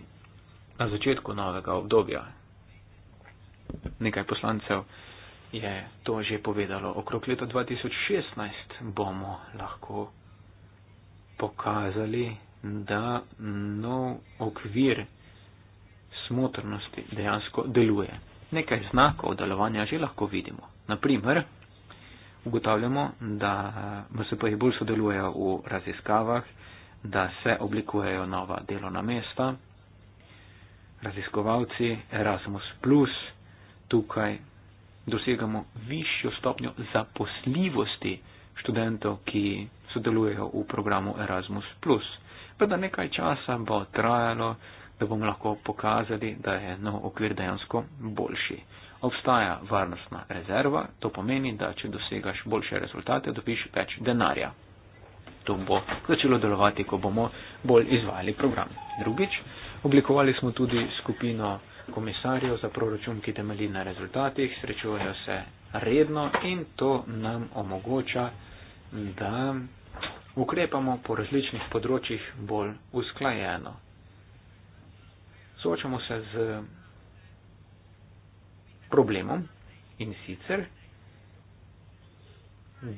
na začetku novega obdobja. Nekaj poslancev je to že povedalo. Okrog leta 2016 bomo lahko pokazali da nov okvir smotrnosti dejansko deluje. Nekaj znakov delovanja že lahko vidimo. Naprimer, ugotavljamo, da MSP-ji bolj sodelujejo v raziskavah, da se oblikujejo nova delovna mesta. Raziskovalci Erasmus Plus tukaj dosegamo višjo stopnjo zaposljivosti študentov, ki sodelujejo v programu Erasmus pa da nekaj časa bo trajalo, da bomo lahko pokazali, da je nov okvir dejansko boljši. Obstaja varnostna rezerva, to pomeni, da če dosegaš boljše rezultate, dobiš več denarja. To bo začelo delovati, ko bomo bolj izvajali program. Drugič, oblikovali smo tudi skupino komisarjev za proračun, ki temelji na rezultatih, srečujejo se redno in to nam omogoča, da ukrepamo po različnih področjih bolj usklajeno. Soočamo se z problemom in sicer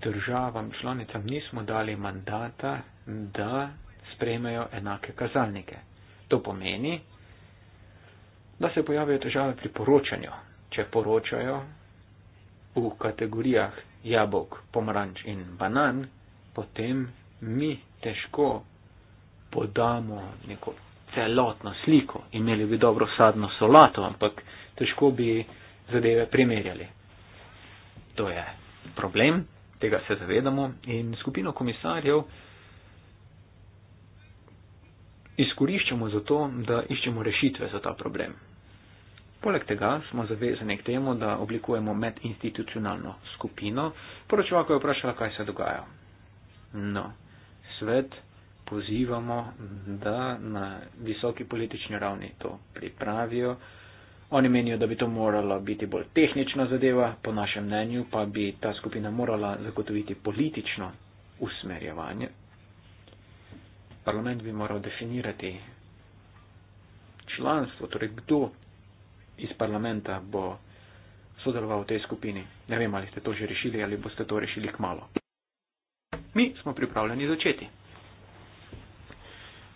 državam članicam nismo dali mandata, da sprejmejo enake kazalnike. To pomeni, da se pojavijo težave pri poročanju, če poročajo v kategorijah jabolk, pomaranč in banan, potem mi težko podamo neko celotno sliko. Imeli bi dobro sadno solato, ampak težko bi zadeve primerjali. To je problem, tega se zavedamo in skupino komisarjev izkoriščamo zato, da iščemo rešitve za ta problem. Poleg tega smo zavezani k temu, da oblikujemo medinstitucionalno skupino. Poročevalka je vprašala, kaj se dogaja. No, svet pozivamo, da na visoki politični ravni to pripravijo. Oni menijo, da bi to morala biti bolj tehnična zadeva, po našem mnenju pa bi ta skupina morala zagotoviti politično usmerjevanje. Parlament bi moral definirati članstvo, torej kdo iz parlamenta bo sodeloval v tej skupini. Ne vem, ali ste to že rešili ali boste to rešili k malo mi smo pripravljeni začeti.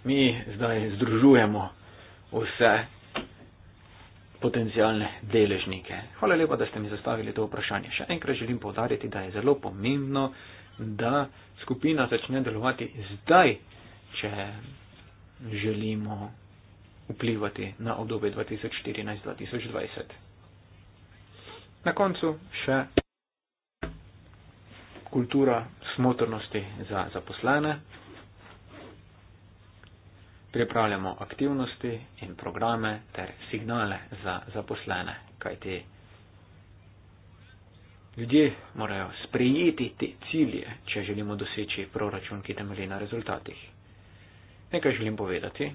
Mi zdaj združujemo vse potencijalne deležnike. Hvala lepa, da ste mi zastavili to vprašanje. Še enkrat želim povdariti, da je zelo pomembno, da skupina začne delovati zdaj, če želimo vplivati na obdobje 2014-2020. Na koncu še kultura smotrnosti za zaposlene. Pripravljamo aktivnosti in programe ter signale za zaposlene, kajti ljudje morajo sprejeti te cilje, če želimo doseči proračun, ki temelji na rezultatih. Nekaj želim povedati.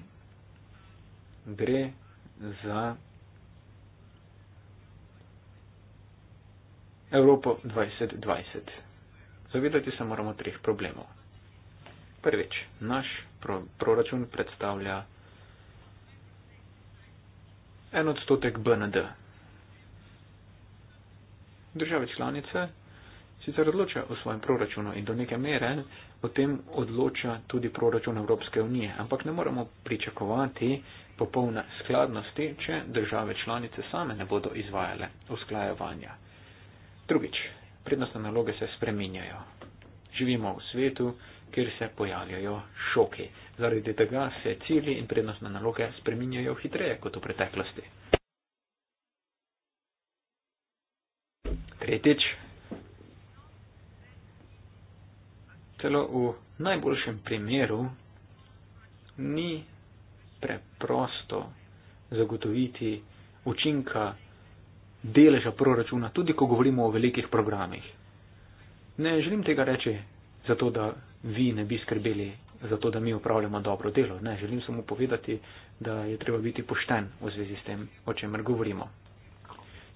Gre za Evropo 2020. Zavedati se moramo treh problemov. Prvič, naš pro, proračun predstavlja en odstotek BND. Države članice sicer odloča o svojem proračunu in do neke mere o tem odloča tudi proračun Evropske unije, ampak ne moremo pričakovati popolne skladnosti, če države članice same ne bodo izvajale usklajevanja. Drugič, prednostne naloge se spreminjajo. Živimo v svetu, kjer se pojavljajo šoki. Zaradi tega se cilji in prednostne naloge spreminjajo hitreje kot v preteklosti. Tretjič, celo v najboljšem primeru ni preprosto zagotoviti učinka deleža proračuna, tudi ko govorimo o velikih programih. Ne želim tega reči zato, da vi ne bi skrbeli za to, da mi upravljamo dobro delo. Ne želim samo povedati, da je treba biti pošten v zvezi s tem, o čemer govorimo.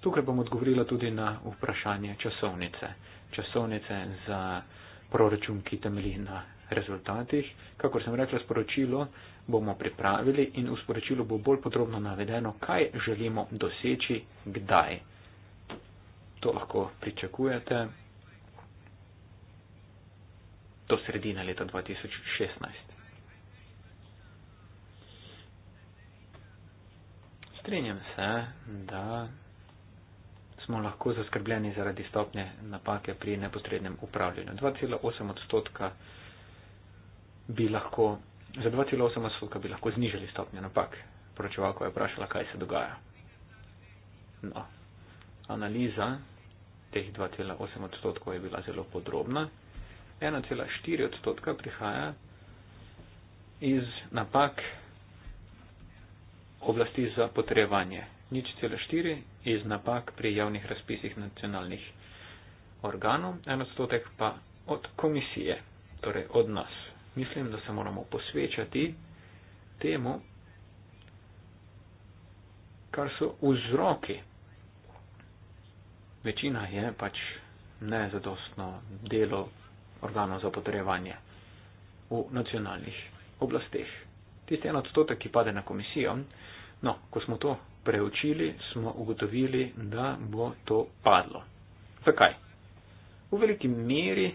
Tukaj bom odgovorila tudi na vprašanje časovnice. Časovnice za proračun, ki temelji na rezultatih. Kakor sem rekla, sporočilo bomo pripravili in v sporočilu bo bolj podrobno navedeno, kaj želimo doseči, kdaj. To lahko pričakujete do sredine leta 2016. Strenjam se, da smo lahko zaskrbljeni zaradi stopnje napake pri neposrednem upravljanju. 2,8 odstotka bi lahko Za 2,8 odstotka bi lahko znižali stopnjo napak. Poročevalko je vprašala, kaj se dogaja. No. Analiza teh 2,8 odstotkov je bila zelo podrobna. 1,4 odstotka prihaja iz napak oblasti za potrebovanje. Nič cela štiri iz napak pri javnih razpisih nacionalnih organov, en odstotek pa od komisije, torej od nas, mislim, da se moramo posvečati temu, kar so vzroki. Večina je pač nezadostno delo organov za potrejevanje v nacionalnih oblasteh. Tisti en odstotek, ki pade na komisijo, no, ko smo to preučili, smo ugotovili, da bo to padlo. Zakaj? V veliki meri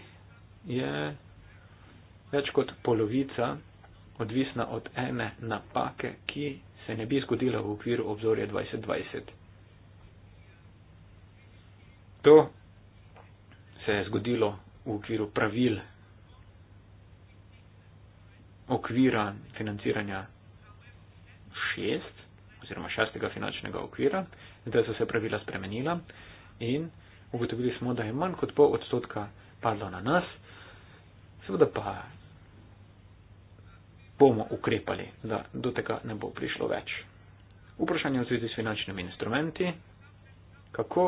je več kot polovica odvisna od ene napake, ki se ne bi zgodila v okviru obzorja 2020. To se je zgodilo v okviru pravil okvira financiranja 6 oziroma 6. finančnega okvira, zdaj so se pravila spremenila in ugotovili smo, da je manj kot pol odstotka padlo na nas, seveda pa bomo ukrepali, da do tega ne bo prišlo več. Vprašanje v zvezi s finančnimi instrumenti, kako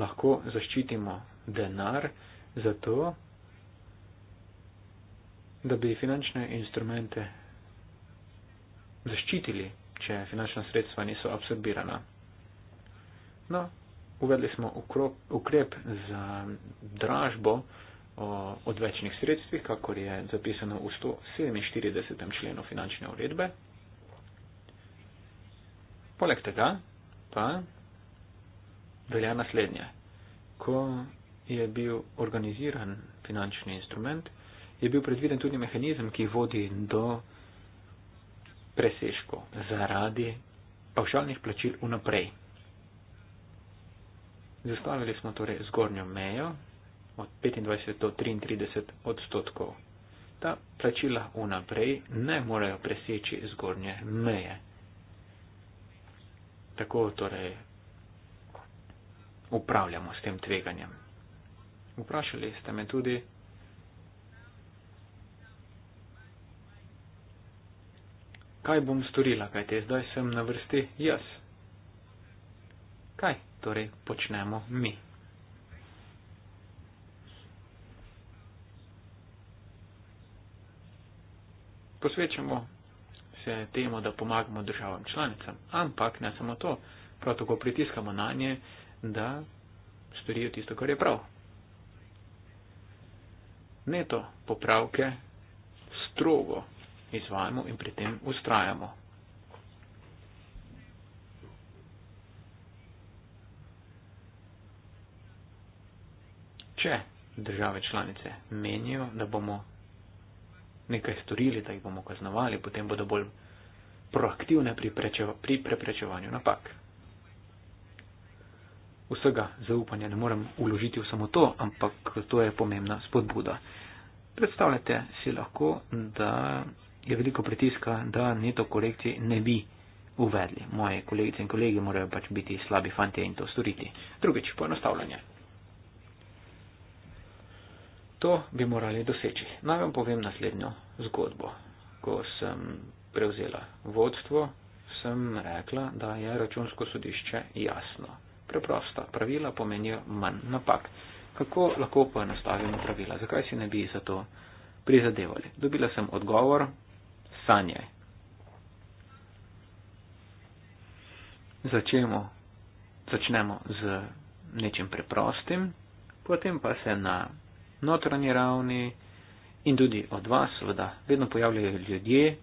lahko zaščitimo denar za to, da bi finančne instrumente zaščitili, če finančna sredstva niso absorbirana. No, uvedli smo ukrop, ukrep za dražbo, odvečnih sredstvih, kakor je zapisano v 147. členu finančne uredbe. Poleg tega pa velja naslednje. Ko je bil organiziran finančni instrument, je bil predviden tudi mehanizem, ki vodi do presežkov zaradi pavšalnih plačil vnaprej. Zastavili smo torej zgornjo mejo od 25 do 33 odstotkov. Ta plačila vnaprej ne morejo preseči zgornje meje. Tako torej upravljamo s tem tveganjem. Vprašali ste me tudi, kaj bom storila, kaj te zdaj sem na vrsti jaz. Kaj torej počnemo mi? posvečamo se temu, da pomagamo državam članicam, ampak ne samo to, prav tako pritiskamo na nje, da storijo tisto, kar je prav. Neto popravke strogo izvajamo in pri tem ustrajamo. Če države članice menijo, da bomo nekaj storili, da jih bomo kaznovali, potem bodo bolj proaktivne pri, prečeva, pri preprečevanju napak. Vsega zaupanja ne morem uložiti v samo to, ampak to je pomembna spodbuda. Predstavljate si lahko, da je veliko pritiska, da neto kolekcije ne bi uvedli. Moje kolegice in kolegi morajo pač biti slabi fanti in to storiti. Drugič, poenostavljanje to bi morali doseči. Naj vam povem naslednjo zgodbo. Ko sem prevzela vodstvo, sem rekla, da je računsko sodišče jasno. Preprosta pravila pomenijo manj napak. Kako lahko poenostavimo pravila? Zakaj si ne bi za to prizadevali? Dobila sem odgovor sanje. Začemo, začnemo z nečim preprostim, potem pa se na notranji ravni in tudi od vas, seveda, vedno pojavljajo ljudje,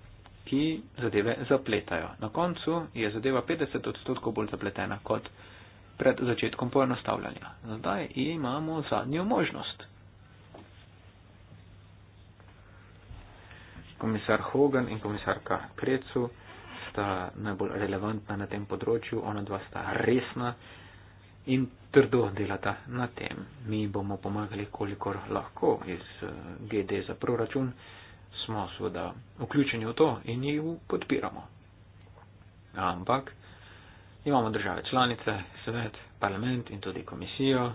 ki zadeve zapletajo. Na koncu je zadeva 50 odstotkov bolj zapletena kot pred začetkom poenostavljanja. Zdaj imamo zadnjo možnost. Komisar Hogan in komisarka Krecu sta najbolj relevantna na tem področju, ona dva sta resna in trdo delata na tem. Mi bomo pomagali, kolikor lahko iz eh, GD za proračun, smo seveda vključeni v to in jih podpiramo. Ampak imamo države članice, svet, parlament in tudi komisijo.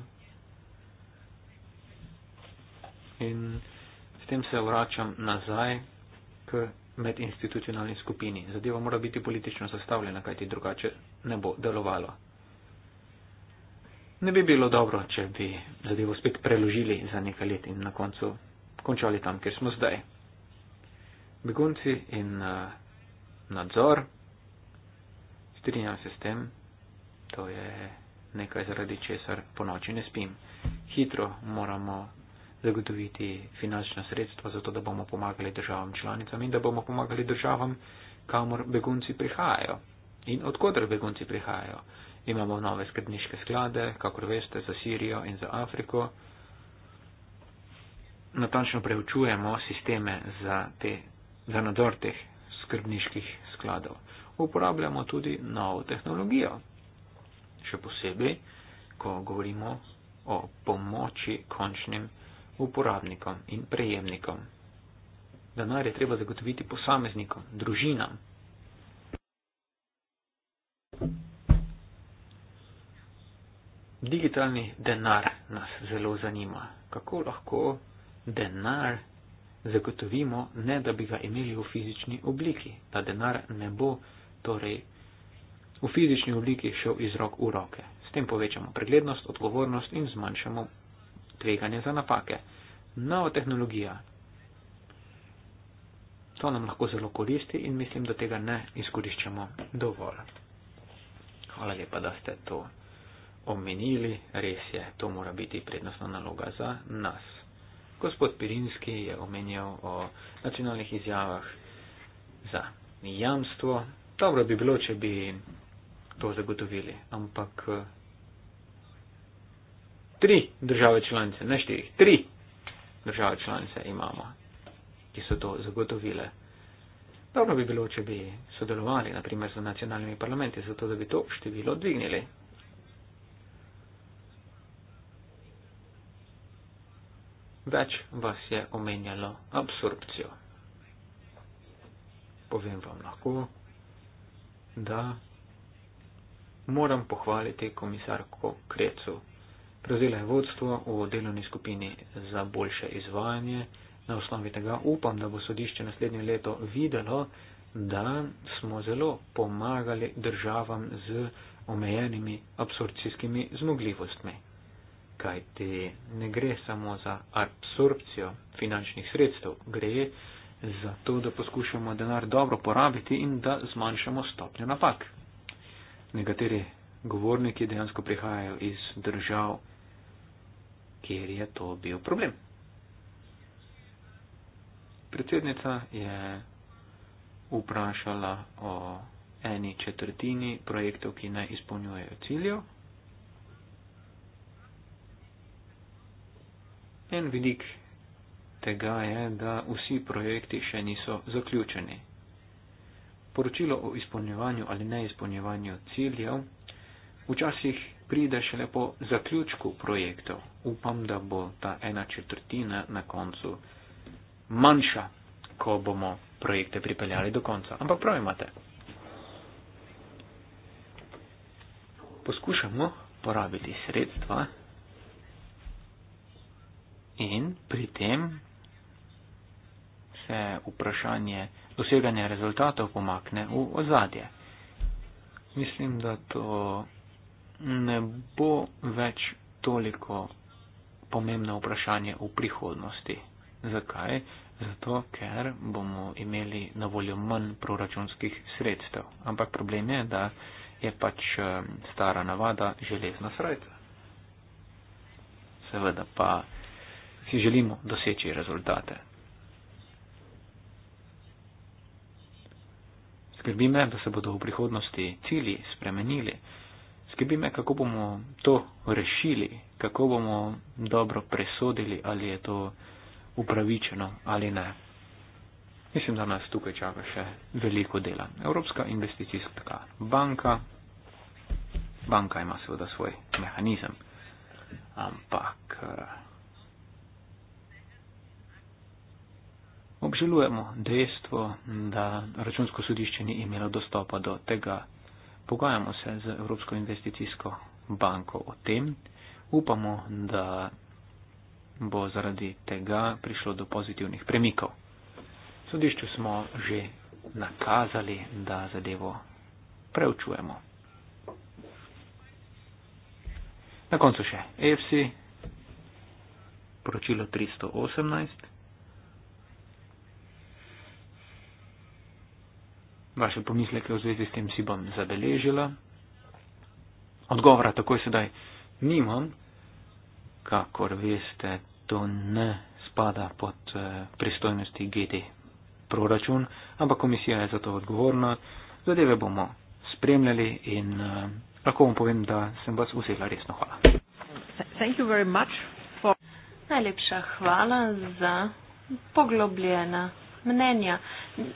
In s tem se vračam nazaj k medinstitucionalni skupini. Zadeva mora biti politično zastavljena, kajti drugače ne bo delovalo ne bi bilo dobro, če bi zadevo spet preložili za nekaj let in na koncu končali tam, kjer smo zdaj. Begunci in uh, nadzor, strinjam se s tem, to je nekaj zaradi česar po noči ne spim. Hitro moramo zagotoviti finančna sredstva, zato da bomo pomagali državam članicam in da bomo pomagali državam, kamor begunci prihajajo in odkudr begunci prihajajo imamo nove skrbniške sklade, kakor veste, za Sirijo in za Afriko. Natančno preučujemo sisteme za, te, za nadzor teh skrbniških skladov. Uporabljamo tudi novo tehnologijo, še posebej, ko govorimo o pomoči končnim uporabnikom in prejemnikom. Denar je treba zagotoviti posameznikom, družinam, digitalni denar nas zelo zanima. Kako lahko denar zagotovimo, ne da bi ga imeli v fizični obliki? Ta denar ne bo torej v fizični obliki šel iz rok v roke. S tem povečamo preglednost, odgovornost in zmanjšamo tveganje za napake. Nova tehnologija. To nam lahko zelo koristi in mislim, da tega ne izkoriščamo dovolj. Hvala lepa, da ste to omenili, res je, to mora biti prednostna naloga za nas. Gospod Pirinski je omenjal o nacionalnih izjavah za jamstvo. Dobro bi bilo, če bi to zagotovili, ampak eh, tri države članice, ne štiri, tri države članice imamo, ki so to zagotovile. Dobro bi bilo, če bi sodelovali, naprimer, z nacionalnimi parlamenti, zato da bi to število dvignili. več vas je omenjalo absorpcijo. Povem vam lahko, da moram pohvaliti komisarko Krecu. Prevzela je vodstvo v delovni skupini za boljše izvajanje. Na osnovi tega upam, da bo sodišče naslednje leto videlo, da smo zelo pomagali državam z omejenimi absorpcijskimi zmogljivostmi kajti ne gre samo za absorpcijo finančnih sredstev, gre za to, da poskušamo denar dobro porabiti in da zmanjšamo stopnjo napak. Nekateri govorniki dejansko prihajajo iz držav, kjer je to bil problem. Predsednica je vprašala o eni četrtini projektov, ki ne izpolnjujejo ciljev, En vidik tega je, da vsi projekti še niso zaključeni. Poročilo o izpolnjevanju ali neizpolnjevanju ciljev včasih pride šele po zaključku projektov. Upam, da bo ta ena četrtina na koncu manjša, ko bomo projekte pripeljali do konca. Ampak prav imate. Poskušamo porabiti sredstva in pri tem se vprašanje doseganja rezultatov pomakne v ozadje. Mislim, da to ne bo več toliko pomembno vprašanje v prihodnosti. Zakaj? Zato, ker bomo imeli na voljo manj proračunskih sredstev. Ampak problem je, da je pač eh, stara navada železna srca. Seveda pa si želimo doseči rezultate. Skrbi me, da se bodo v prihodnosti cilji spremenili. Skrbi me, kako bomo to rešili, kako bomo dobro presodili, ali je to upravičeno ali ne. Mislim, da nas tukaj čaka še veliko dela. Evropska investicijska banka, banka ima seveda svoj mehanizem, ampak. Uh, Obžalujemo dejstvo, da računsko sodišče ni imelo dostopa do tega. Pogajamo se z Evropsko investicijsko banko o tem. Upamo, da bo zaradi tega prišlo do pozitivnih premikov. Sodišču smo že nakazali, da zadevo preučujemo. Na koncu še EFSI, poročilo 318. vaše pomisleke v zvezi s tem si bom zabeležila. Odgovora takoj sedaj nimam, kakor veste, to ne spada pod eh, pristojnosti GD proračun, ampak komisija je za to odgovorna. Zadeve bomo spremljali in uh, lahko vam povem, da sem vas vzela resno. Hvala. For... Najlepša hvala za poglobljena mnenja.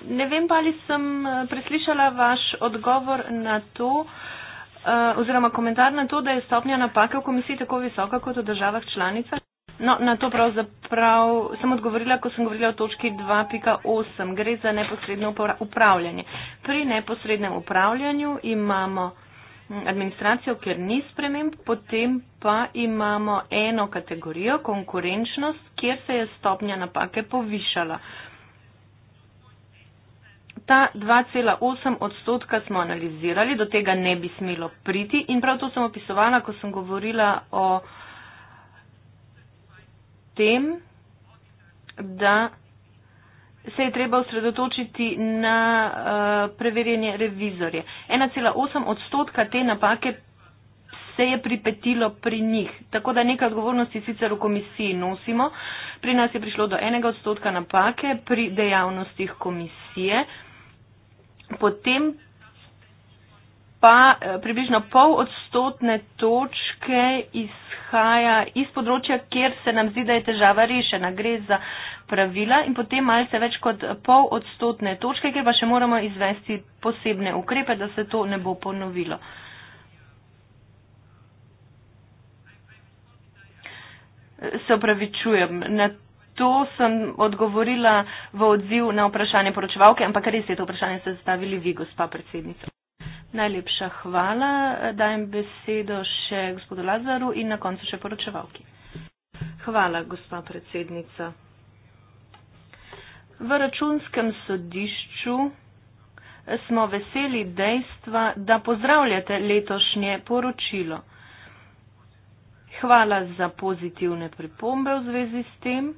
Ne vem pa, ali sem eh, preslišala vaš odgovor na to, eh, oziroma komentar na to, da je stopnja napake v komisiji tako visoka kot v državah članicah. No, na to pravzaprav sem odgovorila, ko sem govorila o točki 2.8. Gre za neposredno upravljanje. Pri neposrednem upravljanju imamo hm, administracijo, kjer ni sprememb, potem pa imamo eno kategorijo, konkurenčnost, kjer se je stopnja napake povišala. Uh, Ta 2,8 odstotka smo analizirali, do tega ne bi smelo priti in prav to sem opisovala, ko sem govorila o tem, da se je treba osredotočiti na uh, eh, preverjenje revizorje. 1,8 odstotka te napake se je pripetilo pri njih. Tako da nekaj odgovornosti sicer v komisiji nosimo. Pri nas je prišlo do enega odstotka napake pri dejavnostih komisije. Uh, potem pa eh, približno pol odstotne točke izhaja iz področja, kjer se nam zdi, da je težava rešena. Gre za pravila in potem malce več kot pol odstotne točke, kjer pa še moramo izvesti posebne ukrepe, da se to ne bo ponovilo. Se opravičujem, na To sem odgovorila v odziv na vprašanje poročevalke, ampak res je to vprašanje ste zastavili vi, gospa predsednica. Najlepša hvala. Dajem besedo še gospodu Lazaru in na koncu še poročevalki. Hvala, gospa predsednica. V računskem sodišču smo veseli dejstva, da pozdravljate letošnje poročilo. Hvala za pozitivne pripombe v zvezi s tem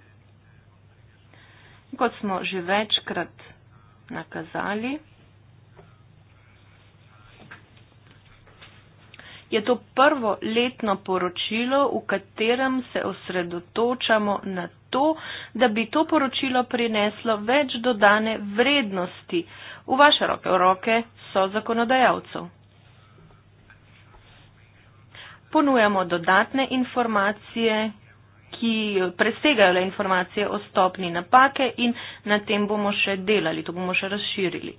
kot smo že večkrat nakazali, je to prvo letno poročilo, v katerem se osredotočamo na to, da bi to poročilo prineslo več dodane vrednosti v vaše roke, v roke so zakonodajalcev. Ponujamo dodatne informacije, ki presegajo le informacije o stopni napake in na tem bomo še delali, to bomo še razširili.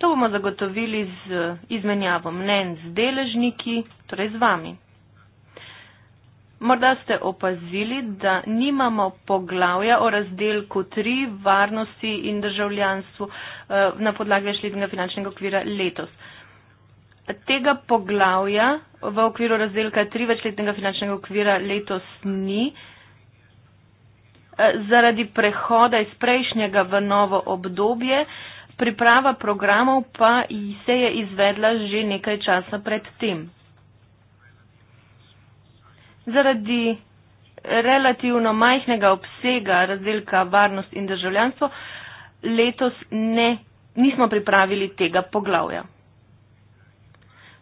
To bomo zagotovili z izmenjavo mnen z deležniki, torej z vami. Morda ste opazili, da nimamo poglavja o razdelku 3 varnosti in državljanstvu eh, na podlagi šlednega finančnega okvira letos. Tega poglavja v okviru razdelka tri večletnega finančnega okvira letos ni. Eh, zaradi prehoda iz prejšnjega v novo obdobje, priprava programov pa se je izvedla že nekaj časa predtem. Zaradi relativno majhnega obsega razdelka varnost in državljanstvo letos ne, nismo pripravili tega poglavja.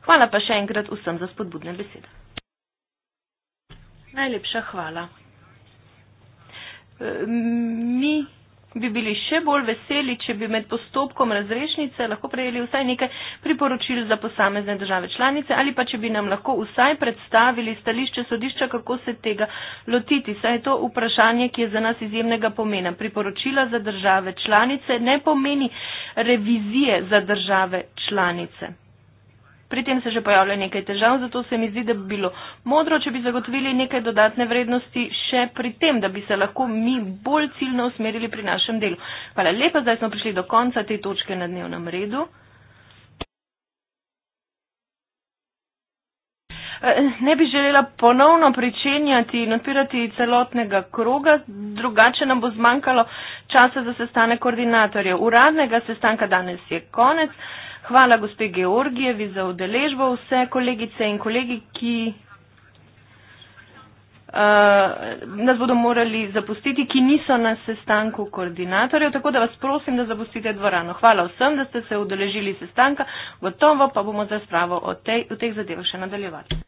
Hvala pa še enkrat vsem za spodbudne besede. Najlepša hvala. E, mi bi bili še bolj veseli, če bi med postopkom razrešnice lahko prejeli vsaj nekaj priporočil za posamezne države članice ali pa če bi nam lahko vsaj predstavili stališče sodišča, kako se tega lotiti. Saj je to vprašanje, ki je za nas izjemnega pomena. Priporočila za države članice ne pomeni revizije za države članice. Pri tem se že pojavlja nekaj težav, zato se mi zdi, da bi bilo modro, če bi zagotovili nekaj dodatne vrednosti še pri tem, da bi se lahko mi bolj ciljno usmerili pri našem delu. Hvala lepa, zdaj smo prišli do konca te točke na dnevnem redu. Eh, ne bi želela ponovno pričenjati in odpirati celotnega kroga, drugače nam bo zmanjkalo časa za sestanek koordinatorjev. Uradnega sestanka danes je konec. Hvala gospe Georgijevi za udeležbo vse kolegice in kolegi, ki Uh, nas bodo morali zapustiti, ki niso na sestanku koordinatorjev, tako da vas prosim, da zapustite dvorano. Hvala vsem, da ste se udeležili sestanka, gotovo pa bomo z razpravo o, tej, o teh zadevah še nadaljevali.